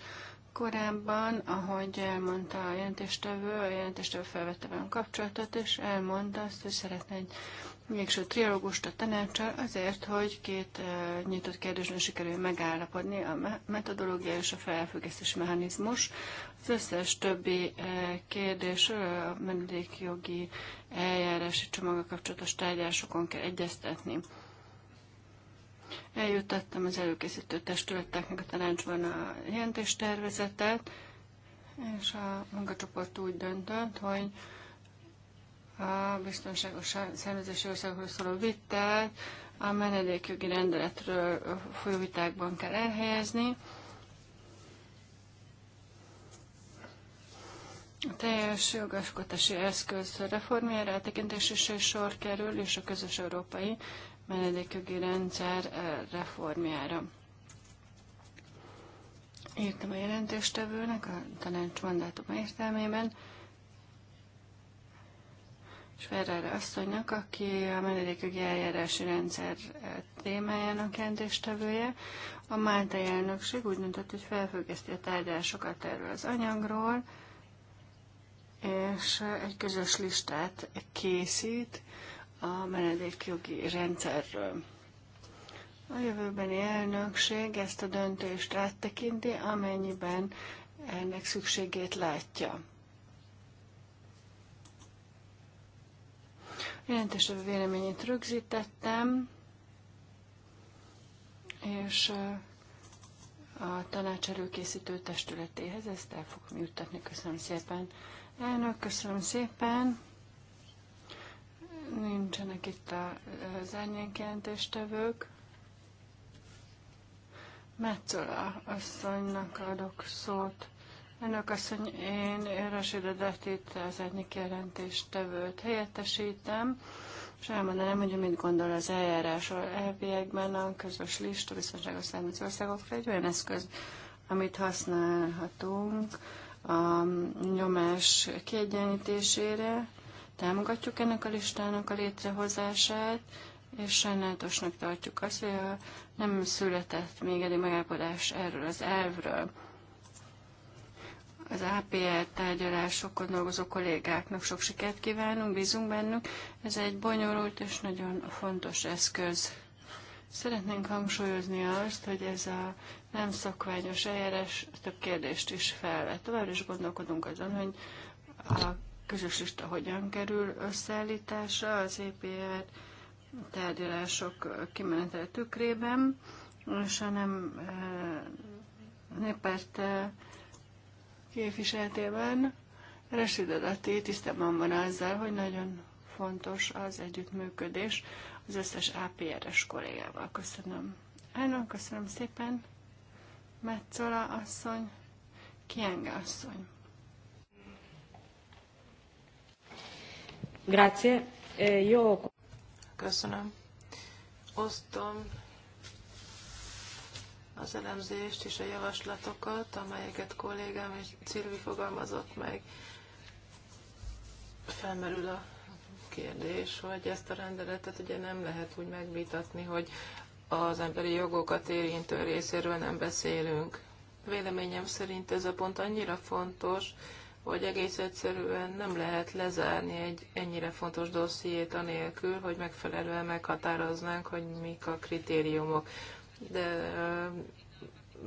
korábban, ahogy elmondta a jelentéstevő, a jelentéstevő felvette velem kapcsolatot, és elmondta azt, hogy szeretne egy végső trialógust a tanácsal azért, hogy két eh, nyitott kérdésben sikerül megállapodni a metodológia és a felfüggesztés mechanizmus. Az összes többi eh, kérdés eh, a menedékjogi eljárási csomaga kapcsolatos tárgyásokon kell egyeztetni. eljutottam az előkészítő testületeknek a tanácsban a jelentéstervezetet, és a munkacsoport úgy döntött, hogy a biztonságos származási országokról szóló vittel a menedékjogi rendeletről folyóvitákban kell elhelyezni. A teljes jogaskotási eszköz reformjára eltekintésre sor kerül, és a közös európai menedékjogi rendszer eh, reformjára. Írtam a jelentéstevőnek a tanács mandátum értelmében, és Ferrara asszonynak, aki a menedékügyi eljárási rendszer témájának jelentéstevője. A Málta elnökség úgy döntött, hogy felfüggeszti a tárgyalásokat erről az anyagról, és egy közös listát készít a menedékjogi rendszerről. A jövőbeni elnökség ezt a döntést áttekinti, amennyiben ennek szükségét látja. Jelentésebb véleményét rögzítettem, és a tanács előkészítő testületéhez ezt el fogom juttatni. Köszönöm szépen. Elnök, köszönöm szépen. Nincsenek itt a az árnyékjelentéstevők. Metzola asszonynak adok szót. Önök asszony, én Rasida Detit, az egyik jelentéstevőt helyettesítem, és elmondanám, hogy mit gondol az a elviekben a közös lista biztonságos származó országokra egy olyan eszköz, amit használhatunk a nyomás kiegyenlítésére, támogatjuk ennek a listának a létrehozását, és sajnálatosnak tartjuk azt, hogy nem született még eddig megállapodás erről az elvről az APL tárgyalásokon dolgozó kollégáknak sok sikert kívánunk, bízunk bennük. Ez egy bonyolult és nagyon fontos eszköz. Szeretnénk hangsúlyozni azt, hogy ez a nem szokványos eljárás több kérdést is felvet. Továbbra is gondolkodunk azon, hogy a közös lista hogyan kerül összeállításra az EPR tárgyalások kimenetel tükrében, és a nem eh, néppárt eh, képviseletében Resid Adati tisztában van azzal, hogy nagyon fontos az együttműködés az összes APR-es kollégával. Köszönöm. Elnök, köszönöm szépen. Metzola asszony, Kienge asszony.
Grazie. Jó. Eh, köszönöm. Osztom az elemzést és a javaslatokat, amelyeket kollégám és Cilvi fogalmazott meg. Felmerül a kérdés, hogy ezt a rendeletet ugye nem lehet úgy megvitatni, hogy az emberi jogokat érintő részéről nem beszélünk. Véleményem szerint ez a pont annyira fontos, hogy egész egyszerűen nem lehet lezárni egy ennyire fontos dossziét anélkül, hogy megfelelően meghatároznánk, hogy mik a kritériumok de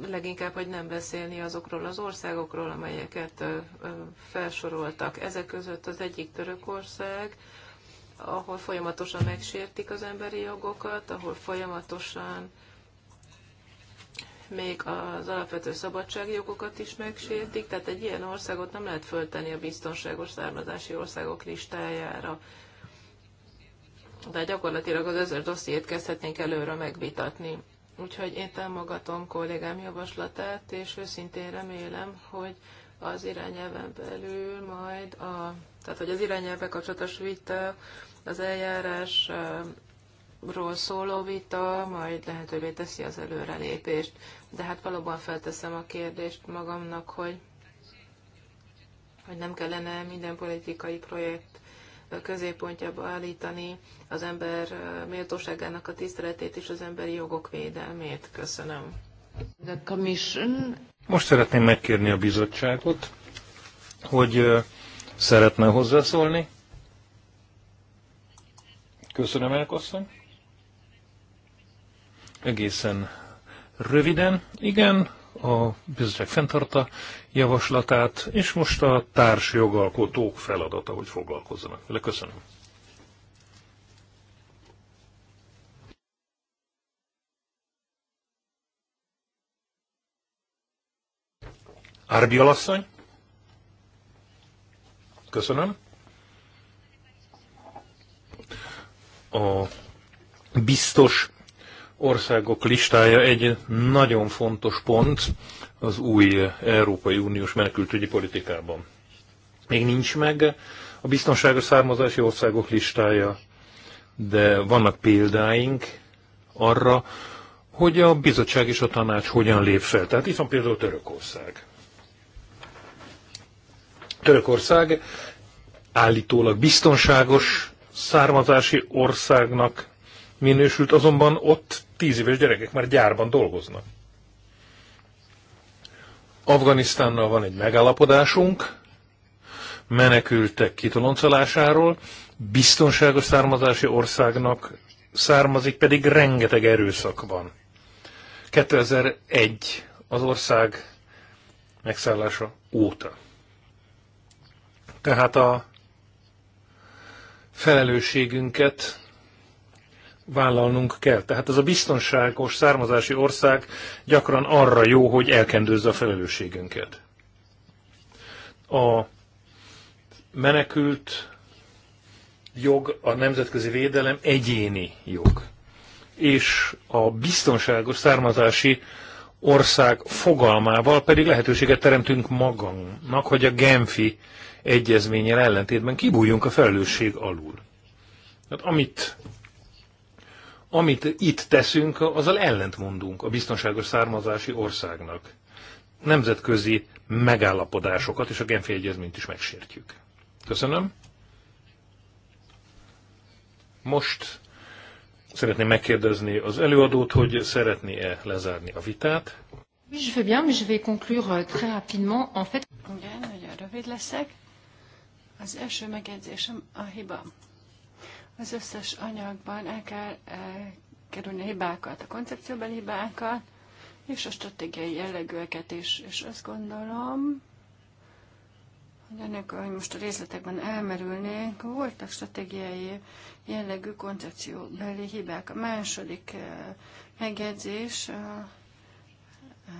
leginkább, hogy nem beszélni azokról az országokról, amelyeket felsoroltak. Ezek között az egyik Törökország, ahol folyamatosan megsértik az emberi jogokat, ahol folyamatosan még az alapvető szabadságjogokat is megsértik, tehát egy ilyen országot nem lehet föltenni a biztonságos származási országok listájára. De gyakorlatilag az ezer dossziét kezdhetnénk előre megvitatni. Úgyhogy én támogatom kollégám javaslatát, és őszintén remélem, hogy az irányelven belül majd a, tehát hogy az irányelve kapcsolatos vita, az eljárás ról szóló vita majd lehetővé teszi az előrelépést. De hát valóban felteszem a kérdést magamnak, hogy, hogy nem kellene minden politikai projekt középpontjába állítani az ember méltóságának a tiszteletét és az emberi jogok védelmét. Köszönöm. The commission.
Most szeretném megkérni a bizottságot, hogy szeretne hozzászólni. Köszönöm, elkasszony. Egészen röviden, igen, a bizottság fenntarta, javaslatát, és most a társjogalkotók feladata, hogy foglalkozzanak vele. Köszönöm. Árbial asszony? Köszönöm. A biztos országok listája egy nagyon fontos pont az új Európai Uniós menekültügyi politikában. Még nincs meg a biztonságos származási országok listája, de vannak példáink arra, hogy a bizottság és a tanács hogyan lép fel. Tehát itt van például Törökország. Törökország állítólag biztonságos származási országnak minősült, azonban ott tíz éves gyerekek már gyárban dolgoznak. Afganisztánnal van egy megállapodásunk, menekültek kitoloncolásáról, biztonságos származási országnak származik, pedig rengeteg erőszak van. 2001 az ország megszállása óta. Tehát a felelősségünket vállalnunk kell. Tehát ez a biztonságos származási ország gyakran arra jó, hogy elkendőzze a felelősségünket. A menekült jog, a nemzetközi védelem egyéni jog. És a biztonságos származási ország fogalmával pedig lehetőséget teremtünk magunknak, hogy a Genfi egyezménnyel ellentétben kibújjunk a felelősség alul. Tehát amit amit itt teszünk, azzal ellentmondunk a biztonságos származási országnak. Nemzetközi megállapodásokat és a Genfi Egyezményt is megsértjük. Köszönöm. Most szeretném megkérdezni az előadót, hogy szeretné-e lezárni a vitát.
Je vais bien, mais je vais conclure euh, très rapidement. En fait... Igen, nagyon rövid leszek. Az első megjegyzésem a hiba. Az összes anyagban el kell eh, kerülni a hibákat, a koncepcióbeli hibákat, és a stratégiai jellegűeket is. És azt gondolom, hogy ennek, hogy most a részletekben elmerülnénk, voltak stratégiai jellegű koncepcióbeli hibák. A második eh, megjegyzés, a eh,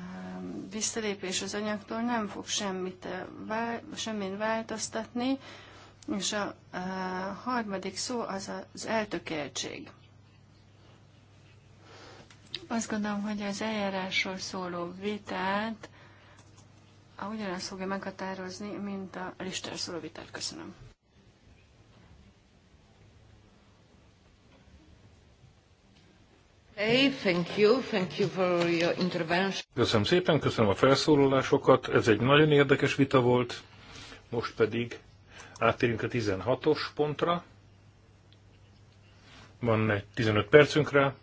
visszalépés az anyagtól nem fog semmit, vál, semmit változtatni, és a, a harmadik szó az az eltökéltség. Azt gondolom, hogy az eljárásról szóló vitát ugyanazt fogja meghatározni, mint a listáról szóló vitát. Köszönöm.
Hey, thank you. Thank you for your intervention.
Köszönöm szépen, köszönöm a felszólalásokat. Ez egy nagyon érdekes vita volt. Most pedig Áttérünk a 16-os pontra. Van egy 15 percünk rá.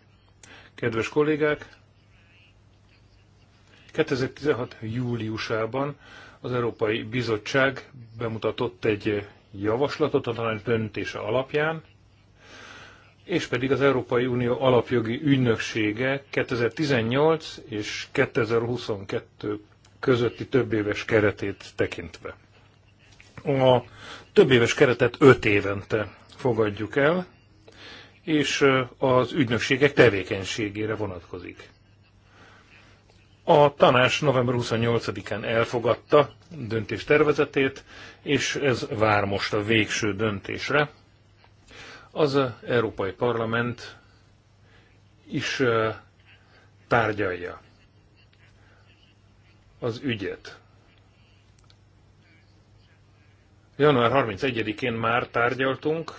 Kedves kollégák, 2016. júliusában az Európai Bizottság bemutatott egy javaslatot a tanács döntése alapján, és pedig az Európai Unió alapjogi ügynöksége 2018 és 2022 közötti többéves keretét tekintve. A több éves keretet öt évente fogadjuk el, és az ügynökségek tevékenységére vonatkozik. A tanás november 28-án elfogadta döntés tervezetét, és ez vár most a végső döntésre. Az Európai Parlament is tárgyalja az ügyet. Január 31-én már tárgyaltunk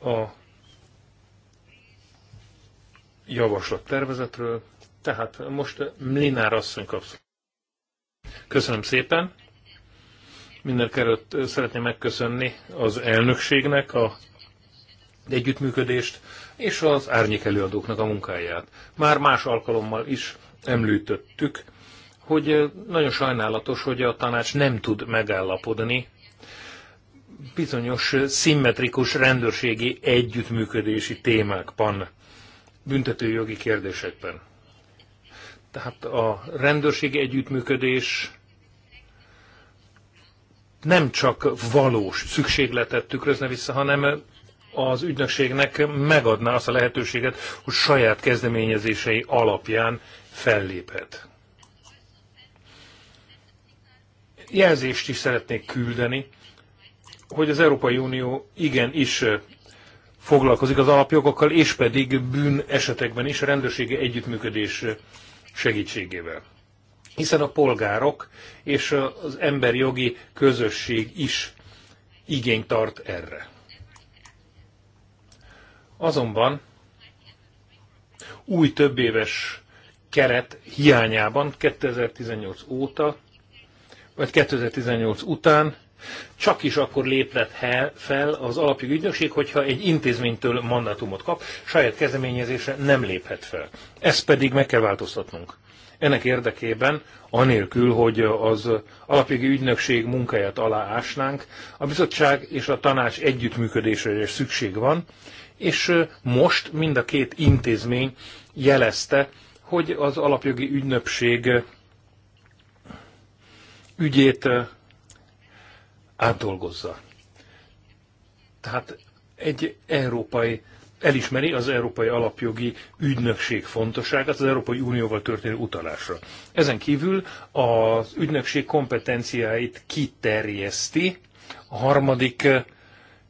a javaslat tervezetről, tehát most Mlinár asszony kapsz. Köszönöm szépen. Minden előtt szeretném megköszönni az elnökségnek a együttműködést és az árnyék előadóknak a munkáját. Már más alkalommal is említettük, hogy nagyon sajnálatos, hogy a tanács nem tud megállapodni bizonyos szimmetrikus rendőrségi együttműködési témákban, büntetőjogi kérdésekben. Tehát a rendőrségi együttműködés nem csak valós szükségletet tükrözne vissza, hanem az ügynökségnek megadná azt a lehetőséget, hogy saját kezdeményezései alapján felléphet. jelzést is szeretnék küldeni, hogy az Európai Unió igen is foglalkozik az alapjogokkal, és pedig bűn esetekben is a rendőrségi együttműködés segítségével. Hiszen a polgárok és az emberjogi közösség is igényt tart erre. Azonban új többéves keret hiányában 2018 óta vagy 2018 után csak is akkor léphet fel az alapjogi ügynökség, hogyha egy intézménytől mandátumot kap, saját kezdeményezésre nem léphet fel. Ezt pedig meg kell változtatnunk. Ennek érdekében, anélkül, hogy az alapjogi ügynökség munkáját aláásnánk, a bizottság és a tanács együttműködésre is szükség van, és most mind a két intézmény jelezte, hogy az alapjogi ügynökség ügyét átdolgozza. Tehát egy európai elismeri az Európai Alapjogi Ügynökség fontosságát az Európai Unióval történő utalásra. Ezen kívül az ügynökség kompetenciáit kiterjeszti a harmadik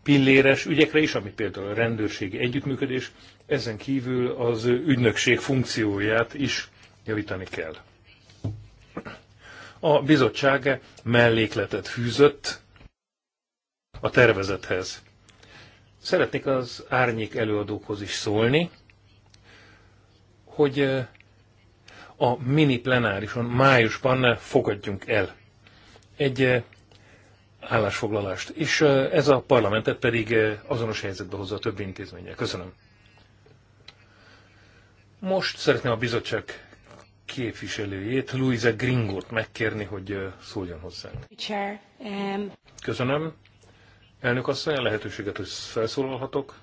pilléres ügyekre is, ami például a rendőrségi együttműködés, ezen kívül az ügynökség funkcióját is javítani kell. A bizottság mellékletet fűzött a tervezethez. Szeretnék az árnyék előadókhoz is szólni, hogy eh, a mini plenárison májusban eh, fogadjunk el egy eh, állásfoglalást, és ez a parlamentet pedig azonos helyzetbe hozza a többi intézménye. Köszönöm. Most szeretném a bizottság képviselőjét, Luisa Gringot megkérni, hogy szóljon hozzánk. Um, Köszönöm. Elnök asszony, a lehetőséget, hogy felszólalhatok.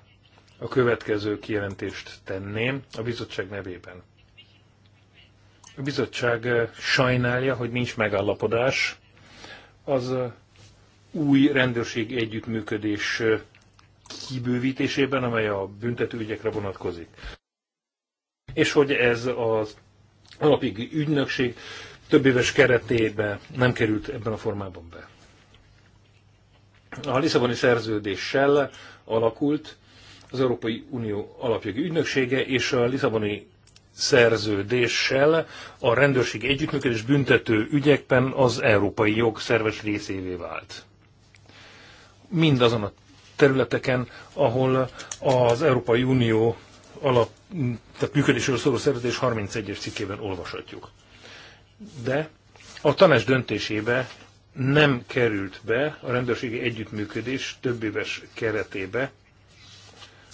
A következő kijelentést tenném a bizottság nevében. A bizottság sajnálja, hogy nincs megállapodás az új rendőrség együttműködés kibővítésében, amely a büntetőügyekre vonatkozik. És hogy ez az alapig ügynökség több éves keretébe nem került ebben a formában be. A Lisszaboni szerződéssel alakult az Európai Unió alapjogi ügynöksége, és a Lisszaboni szerződéssel a rendőrség együttműködés büntető ügyekben az európai jog szerves részévé vált. Mindazon a területeken, ahol az Európai Unió alap tehát működésről szóló szerződés 31-es cikkében olvashatjuk. De a tanács döntésébe nem került be a rendőrségi együttműködés több éves keretébe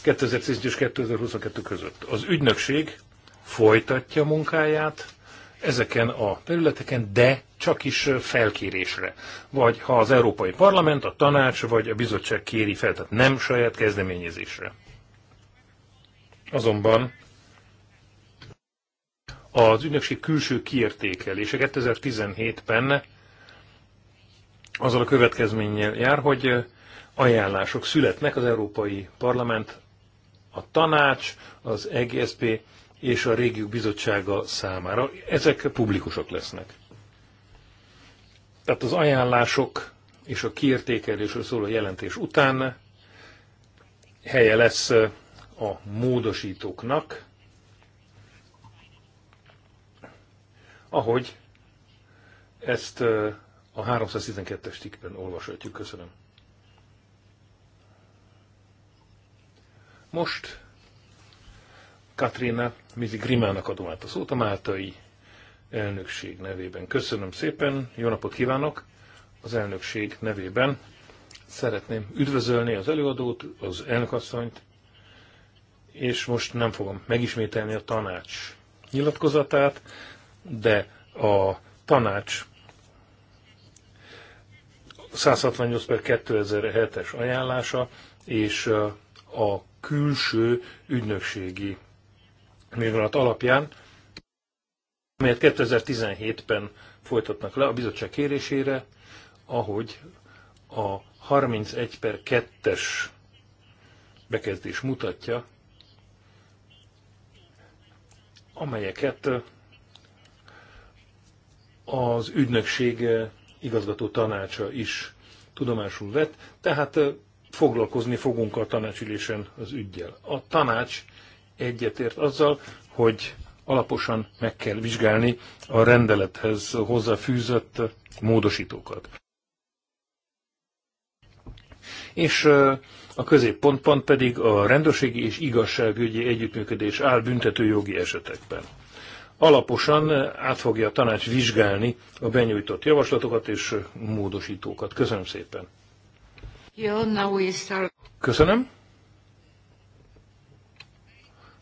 2010 és 2022 között. Az ügynökség folytatja munkáját ezeken a területeken, de csak is felkérésre. Vagy ha az Európai Parlament, a tanács vagy a bizottság kéri fel, tehát nem saját kezdeményezésre. Azonban az ünnepség külső kiértékelése 2017-ben azzal a következménnyel jár, hogy ajánlások születnek az Európai Parlament, a tanács, az EGSP és a régiók bizottsága számára. Ezek publikusok lesznek. Tehát az ajánlások és a kiértékelésről szóló jelentés után helye lesz a módosítóknak, ahogy ezt a 312-es tikben olvashatjuk. Köszönöm. Most Katrina Mizi Grimának adom át a szót a Máltai elnökség nevében. Köszönöm szépen, jó napot kívánok! Az elnökség nevében szeretném üdvözölni az előadót, az elnökasszonyt és most nem fogom megismételni a tanács nyilatkozatát, de a tanács 168 per 2007-es ajánlása és a külső ügynökségi művelet alapján,
amelyet 2017-ben
folytatnak le a bizottság kérésére, ahogy a 31 per 2-es bekezdés mutatja, amelyeket az ügynökség igazgató tanácsa is tudomásul vett, tehát foglalkozni fogunk a tanácsülésen az ügyjel. A tanács egyetért azzal, hogy alaposan meg kell vizsgálni a rendelethez hozzáfűzött módosítókat. És a középpontban pedig a rendőrségi és igazságügyi együttműködés áll büntetőjogi esetekben. Alaposan át fogja a tanács vizsgálni a benyújtott javaslatokat és módosítókat. Köszönöm szépen.
now we start.
Köszönöm.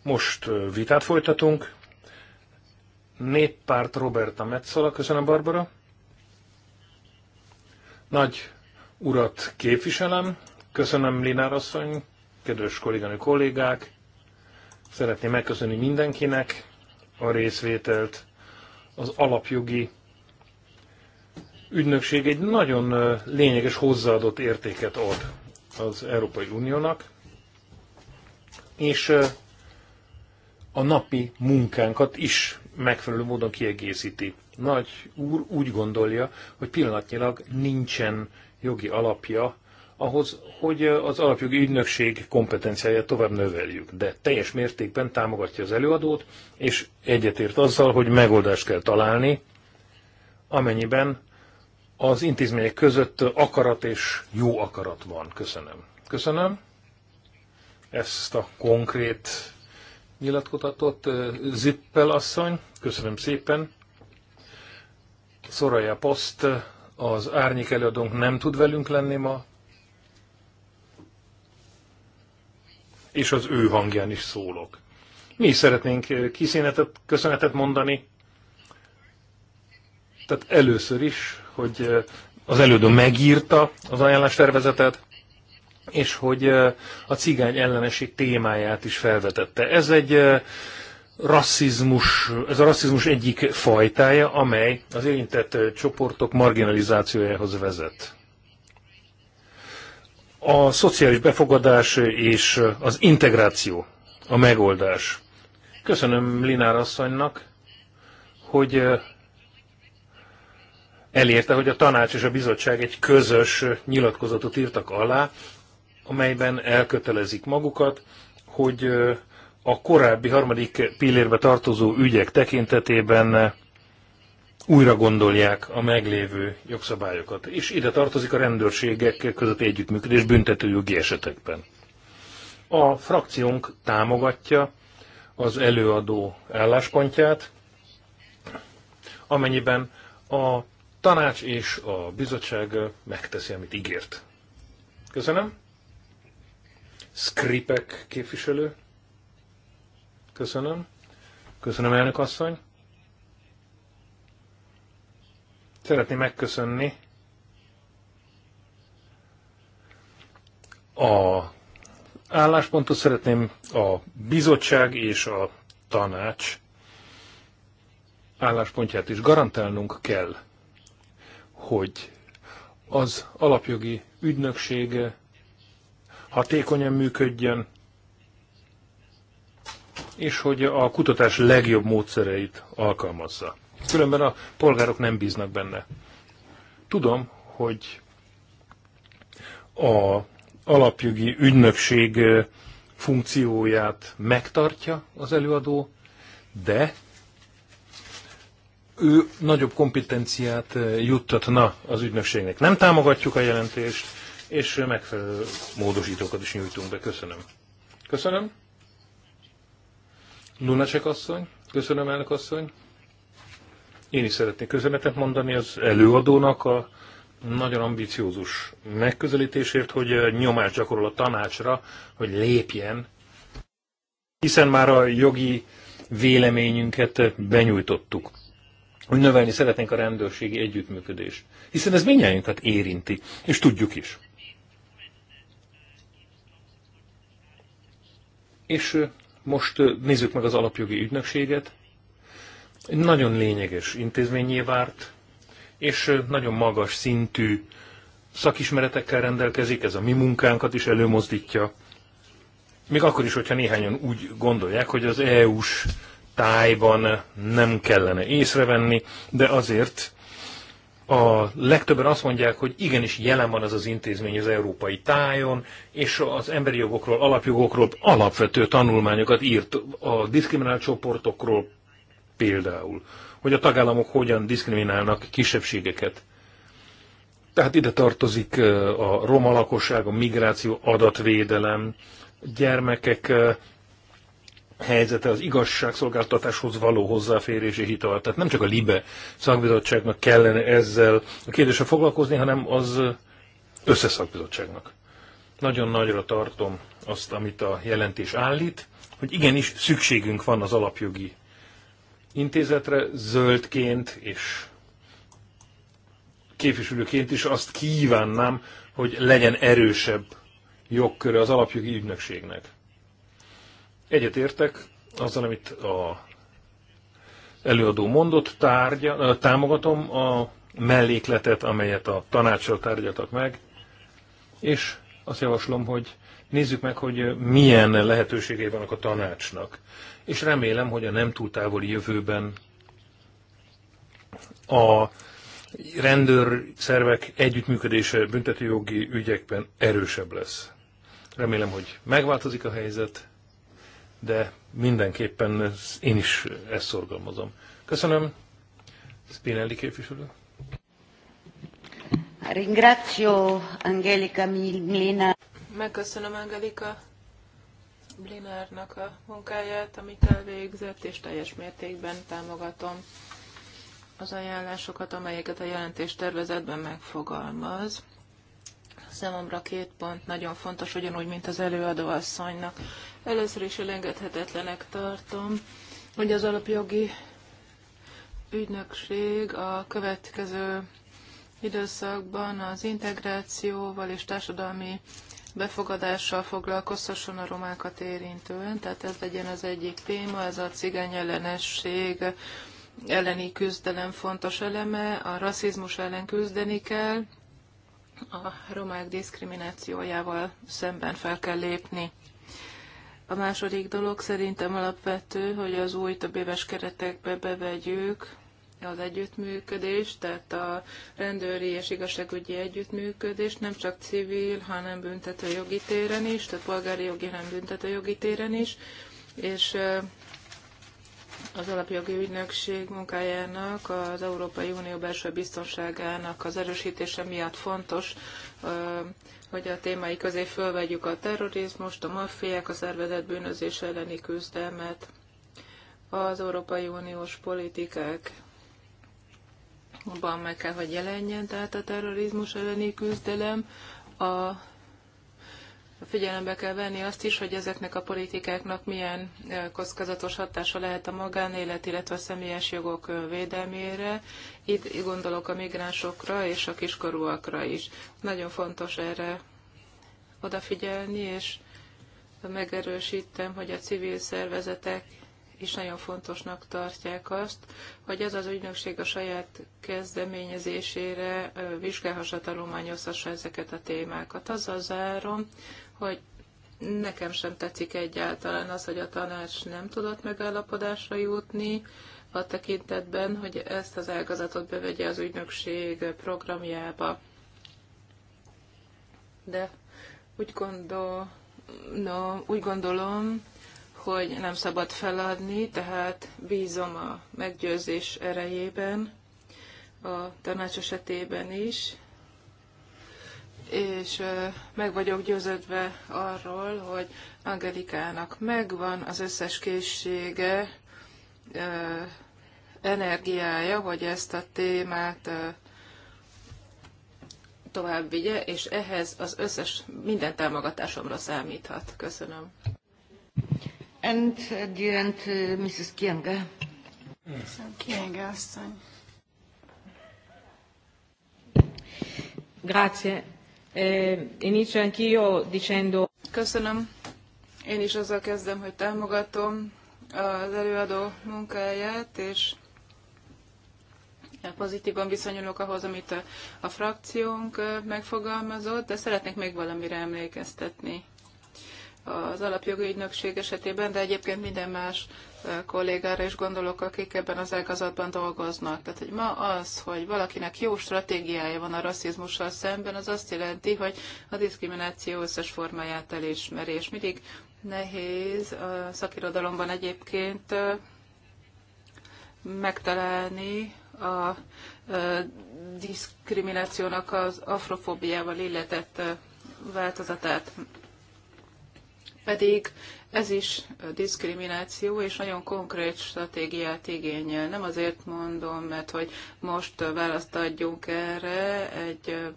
Most vitát folytatunk. Néppárt Roberta Metzola. Köszönöm, Barbara. Nagy urat képviselem, Köszönöm, Linár asszony, kedves kolléganő kollégák. Szeretném megköszönni mindenkinek a részvételt. Az alapjogi ügynökség egy nagyon lényeges hozzáadott értéket ad az Európai Uniónak, és a napi munkánkat is megfelelő módon kiegészíti. Nagy úr úgy gondolja, hogy pillanatnyilag nincsen jogi alapja ahhoz, hogy az alapjogi ügynökség kompetenciáját tovább növeljük, de teljes mértékben támogatja az előadót, és egyetért azzal, hogy megoldást kell találni, amennyiben az intézmények között akarat és jó akarat van. Köszönöm. Köszönöm ezt a konkrét nyilatkozatot Zippel asszony. Köszönöm szépen. Szoraja Post, az árnyék előadónk nem tud velünk lenni ma, és az ő hangján is szólok. Mi is szeretnénk eh, kiszínetet, köszönetet mondani. Tehát először is, hogy eh, az elődő megírta az tervezetet, és hogy eh, a cigány ellenesség témáját is felvetette. Ez egy rasszizmus, ez a rasszizmus egyik fajtája, amely az érintett csoportok marginalizációjához vezet. A szociális befogadás és az integráció a megoldás. Köszönöm Linár asszonynak, hogy elérte, hogy a tanács és a bizottság egy közös nyilatkozatot írtak alá, amelyben elkötelezik magukat, hogy a korábbi harmadik pillérbe tartozó ügyek tekintetében újra gondolják a meglévő jogszabályokat, és ide tartozik a rendőrségek között együttműködés büntetőjogi esetekben. A frakciónk támogatja az előadó álláspontját, amennyiben a tanács és a bizottság megteszi, amit ígért. Köszönöm. Skripek képviselő. Köszönöm. Köszönöm, elnök asszony. Szeretném megköszönni a álláspontot, szeretném a bizottság és a tanács álláspontját is garantálnunk kell, hogy az alapjogi ügynökség hatékonyan működjön, és hogy a kutatás legjobb módszereit alkalmazza. Különben a polgárok nem bíznak benne. Tudom, hogy a alapjogi ügynökség funkcióját megtartja az előadó, de ő nagyobb kompetenciát juttatna az ügynökségnek. Nem támogatjuk a jelentést, és megfelelő módosítókat is nyújtunk be. Köszönöm. Köszönöm. Lunacek asszony. Köszönöm, elnök asszony. Én is szeretnék köszönetet mondani az előadónak a nagyon ambiciózus megközelítésért, hogy nyomást gyakorol a tanácsra, hogy lépjen, hiszen már a jogi véleményünket benyújtottuk hogy növelni szeretnénk a rendőrségi együttműködést. Hiszen ez mindjártunkat érinti, és tudjuk is. És most nézzük meg az alapjogi ügynökséget egy nagyon lényeges intézményé várt, és nagyon magas szintű szakismeretekkel rendelkezik, ez a mi munkánkat is előmozdítja. Még akkor is, hogyha néhányan úgy gondolják, hogy az EU-s tájban nem kellene észrevenni, de azért a legtöbben azt mondják, hogy igenis jelen van az az intézmény az európai tájon, és az emberi jogokról, alapjogokról alapvető tanulmányokat írt a diszkriminált csoportokról, például, hogy a tagállamok hogyan diszkriminálnak kisebbségeket. Tehát ide tartozik a roma lakosság, a migráció, adatvédelem, gyermekek helyzete, az igazságszolgáltatáshoz való hozzáférési hitel. Tehát nem csak a LIBE szakbizottságnak kellene ezzel a kérdéssel foglalkozni, hanem az összeszakbizottságnak. Nagyon nagyra tartom azt, amit a jelentés állít, hogy igenis szükségünk van az alapjogi intézetre zöldként és képviselőként is azt kívánnám, hogy legyen erősebb jogköre az alapjogi ügynökségnek. Egyetértek azzal, amit a előadó mondott, tárgya, támogatom a mellékletet, amelyet a tanácsra tárgyaltak meg, és azt javaslom, hogy nézzük meg, hogy milyen lehetőségei vannak a tanácsnak, és remélem, hogy a nem túl távoli jövőben a rendőrszervek együttműködése büntetőjogi ügyekben erősebb lesz. Remélem, hogy megváltozik a helyzet, de mindenképpen én is ezt szorgalmazom. Köszönöm.
Spinelli képviselő.
Ringrazio Angelica Milina.
Megköszönöm Angelika Blinárnak a munkáját, amit elvégzett, és teljes mértékben támogatom az ajánlásokat, amelyeket a jelentés tervezetben megfogalmaz. Számomra két pont nagyon fontos, ugyanúgy, mint az előadó asszonynak. Először is elengedhetetlenek tartom, hogy az alapjogi ügynökség a következő időszakban az integrációval és társadalmi befogadással foglalkoztasson a romákat érintően, tehát ez legyen az egyik téma, ez a cigány ellenesség elleni küzdelem fontos eleme, a rasszizmus ellen küzdeni kell, a romák diszkriminációjával szemben fel kell lépni. A második dolog szerintem alapvető, hogy az új több éves keretekbe bevegyük az együttműködés, tehát a rendőri és igazságügyi együttműködés nem csak civil, hanem büntető jogi téren is, tehát polgári jogi, hanem büntető jogi téren is, és az alapjogi ügynökség munkájának, az Európai Unió belső biztonságának az erősítése miatt fontos, hogy a témai közé fölvegyük a terrorizmust, a maffiák, a szervezett bűnözés elleni küzdelmet, az Európai Uniós politikák abban meg kell, hogy jelenjen, tehát a terrorizmus elleni küzdelem a figyelembe kell venni azt is, hogy ezeknek a politikáknak milyen kockázatos hatása lehet a magánélet, illetve a személyes jogok védelmére. Itt gondolok a migránsokra és a kiskorúakra is. Nagyon fontos erre odafigyelni, és megerősítem, hogy a civil szervezetek is nagyon fontosnak tartják azt, hogy ez az ügynökség a saját kezdeményezésére vizsgálhassa, tanulmányozhassa ezeket a témákat. Azzal zárom, hogy nekem sem tetszik egyáltalán az, hogy a tanács nem tudott megállapodásra jutni, a tekintetben, hogy ezt az ágazatot bevegye az ügynökség programjába. De úgy, gondol, no, úgy gondolom, hogy nem szabad feladni, tehát bízom a meggyőzés erejében, a tanács esetében is, és meg vagyok győződve arról, hogy Angelikának megvan az összes készsége, energiája, hogy ezt a témát tovább vigye, és ehhez az összes minden támogatásomra számíthat. Köszönöm.
And at the end, uh, uh Mrs. Kienge. Köszönöm, Kienge asszony.
Grazie. Eh, inizio anch'io dicendo... Köszönöm. Én is azzal kezdem, hogy támogatom az előadó munkáját, és pozitívan viszonyulok ahhoz, amit a, a frakciónk eh, megfogalmazott, de szeretnék még valamire emlékeztetni az alapjogi ügynökség esetében, de egyébként minden más kollégára is gondolok, akik ebben az ágazatban dolgoznak. Tehát, hogy ma az, hogy valakinek jó stratégiája van a rasszizmussal szemben, az azt jelenti, hogy a diszkrimináció összes formáját elismeri, és mindig nehéz a szakirodalomban egyébként megtalálni a diszkriminációnak az afrofóbiával illetett változatát pedig ez is diszkrimináció, és nagyon konkrét stratégiát igényel. Nem azért mondom, mert hogy most választ adjunk erre egy,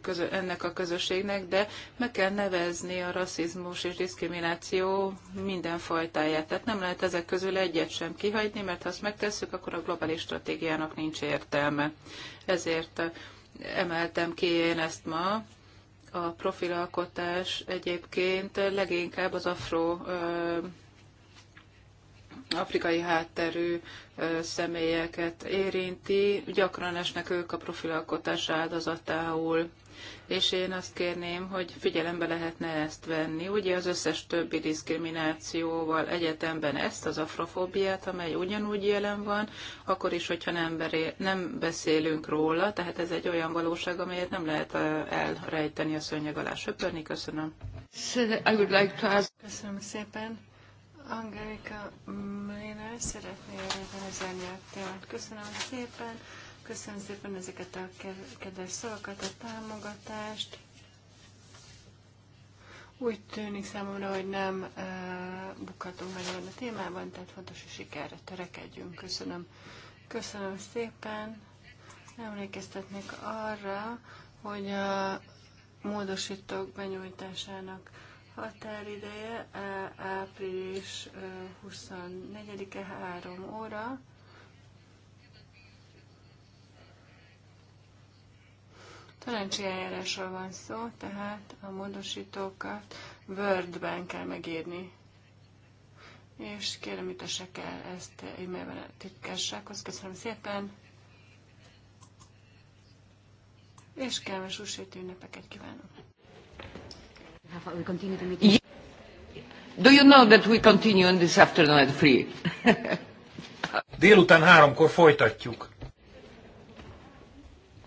közö, ennek a közösségnek, de meg kell nevezni a rasszizmus és diszkrimináció minden fajtáját. Tehát nem lehet ezek közül egyet sem kihagyni, mert ha azt megtesszük, akkor a globális stratégiának nincs értelme. Ezért emeltem ki én ezt ma, a profilalkotás egyébként leginkább az afro afrikai hátterű személyeket érinti, gyakran esnek ők a profilalkotás áldozatául és én azt kérném, hogy figyelembe lehetne ezt venni. Ugye az összes többi diszkriminációval egyetemben ezt, az afrofóbiát, amely ugyanúgy jelen van, akkor is, hogyha nem, beré, nem beszélünk róla, tehát ez egy olyan valóság, amelyet nem lehet elrejteni a szőnyeg alá söpörni. Köszönöm.
Köszönöm szépen. Angelika Mléner szeretné röviden zárni a Köszönöm szépen. Köszönöm szépen ezeket a kedves szavakat, a támogatást. Úgy tűnik számomra, hogy nem e, bukhatunk meg ebben a témában, tehát fontos, hogy sikerre törekedjünk. Köszönöm. Köszönöm szépen. Emlékeztetnék arra, hogy a módosítók benyújtásának határideje eh, április 24-e eh, 3 óra. Tanácsi eljárásról van szó, tehát a módosítókat ben kell megírni. És kérem, ütessek el ezt e-mailben a titkársághoz. Köszönöm szépen! És kellemes húsvéti ünnepeket kívánok! Do you know that we continue on this afternoon at three?
Délután háromkor folytatjuk.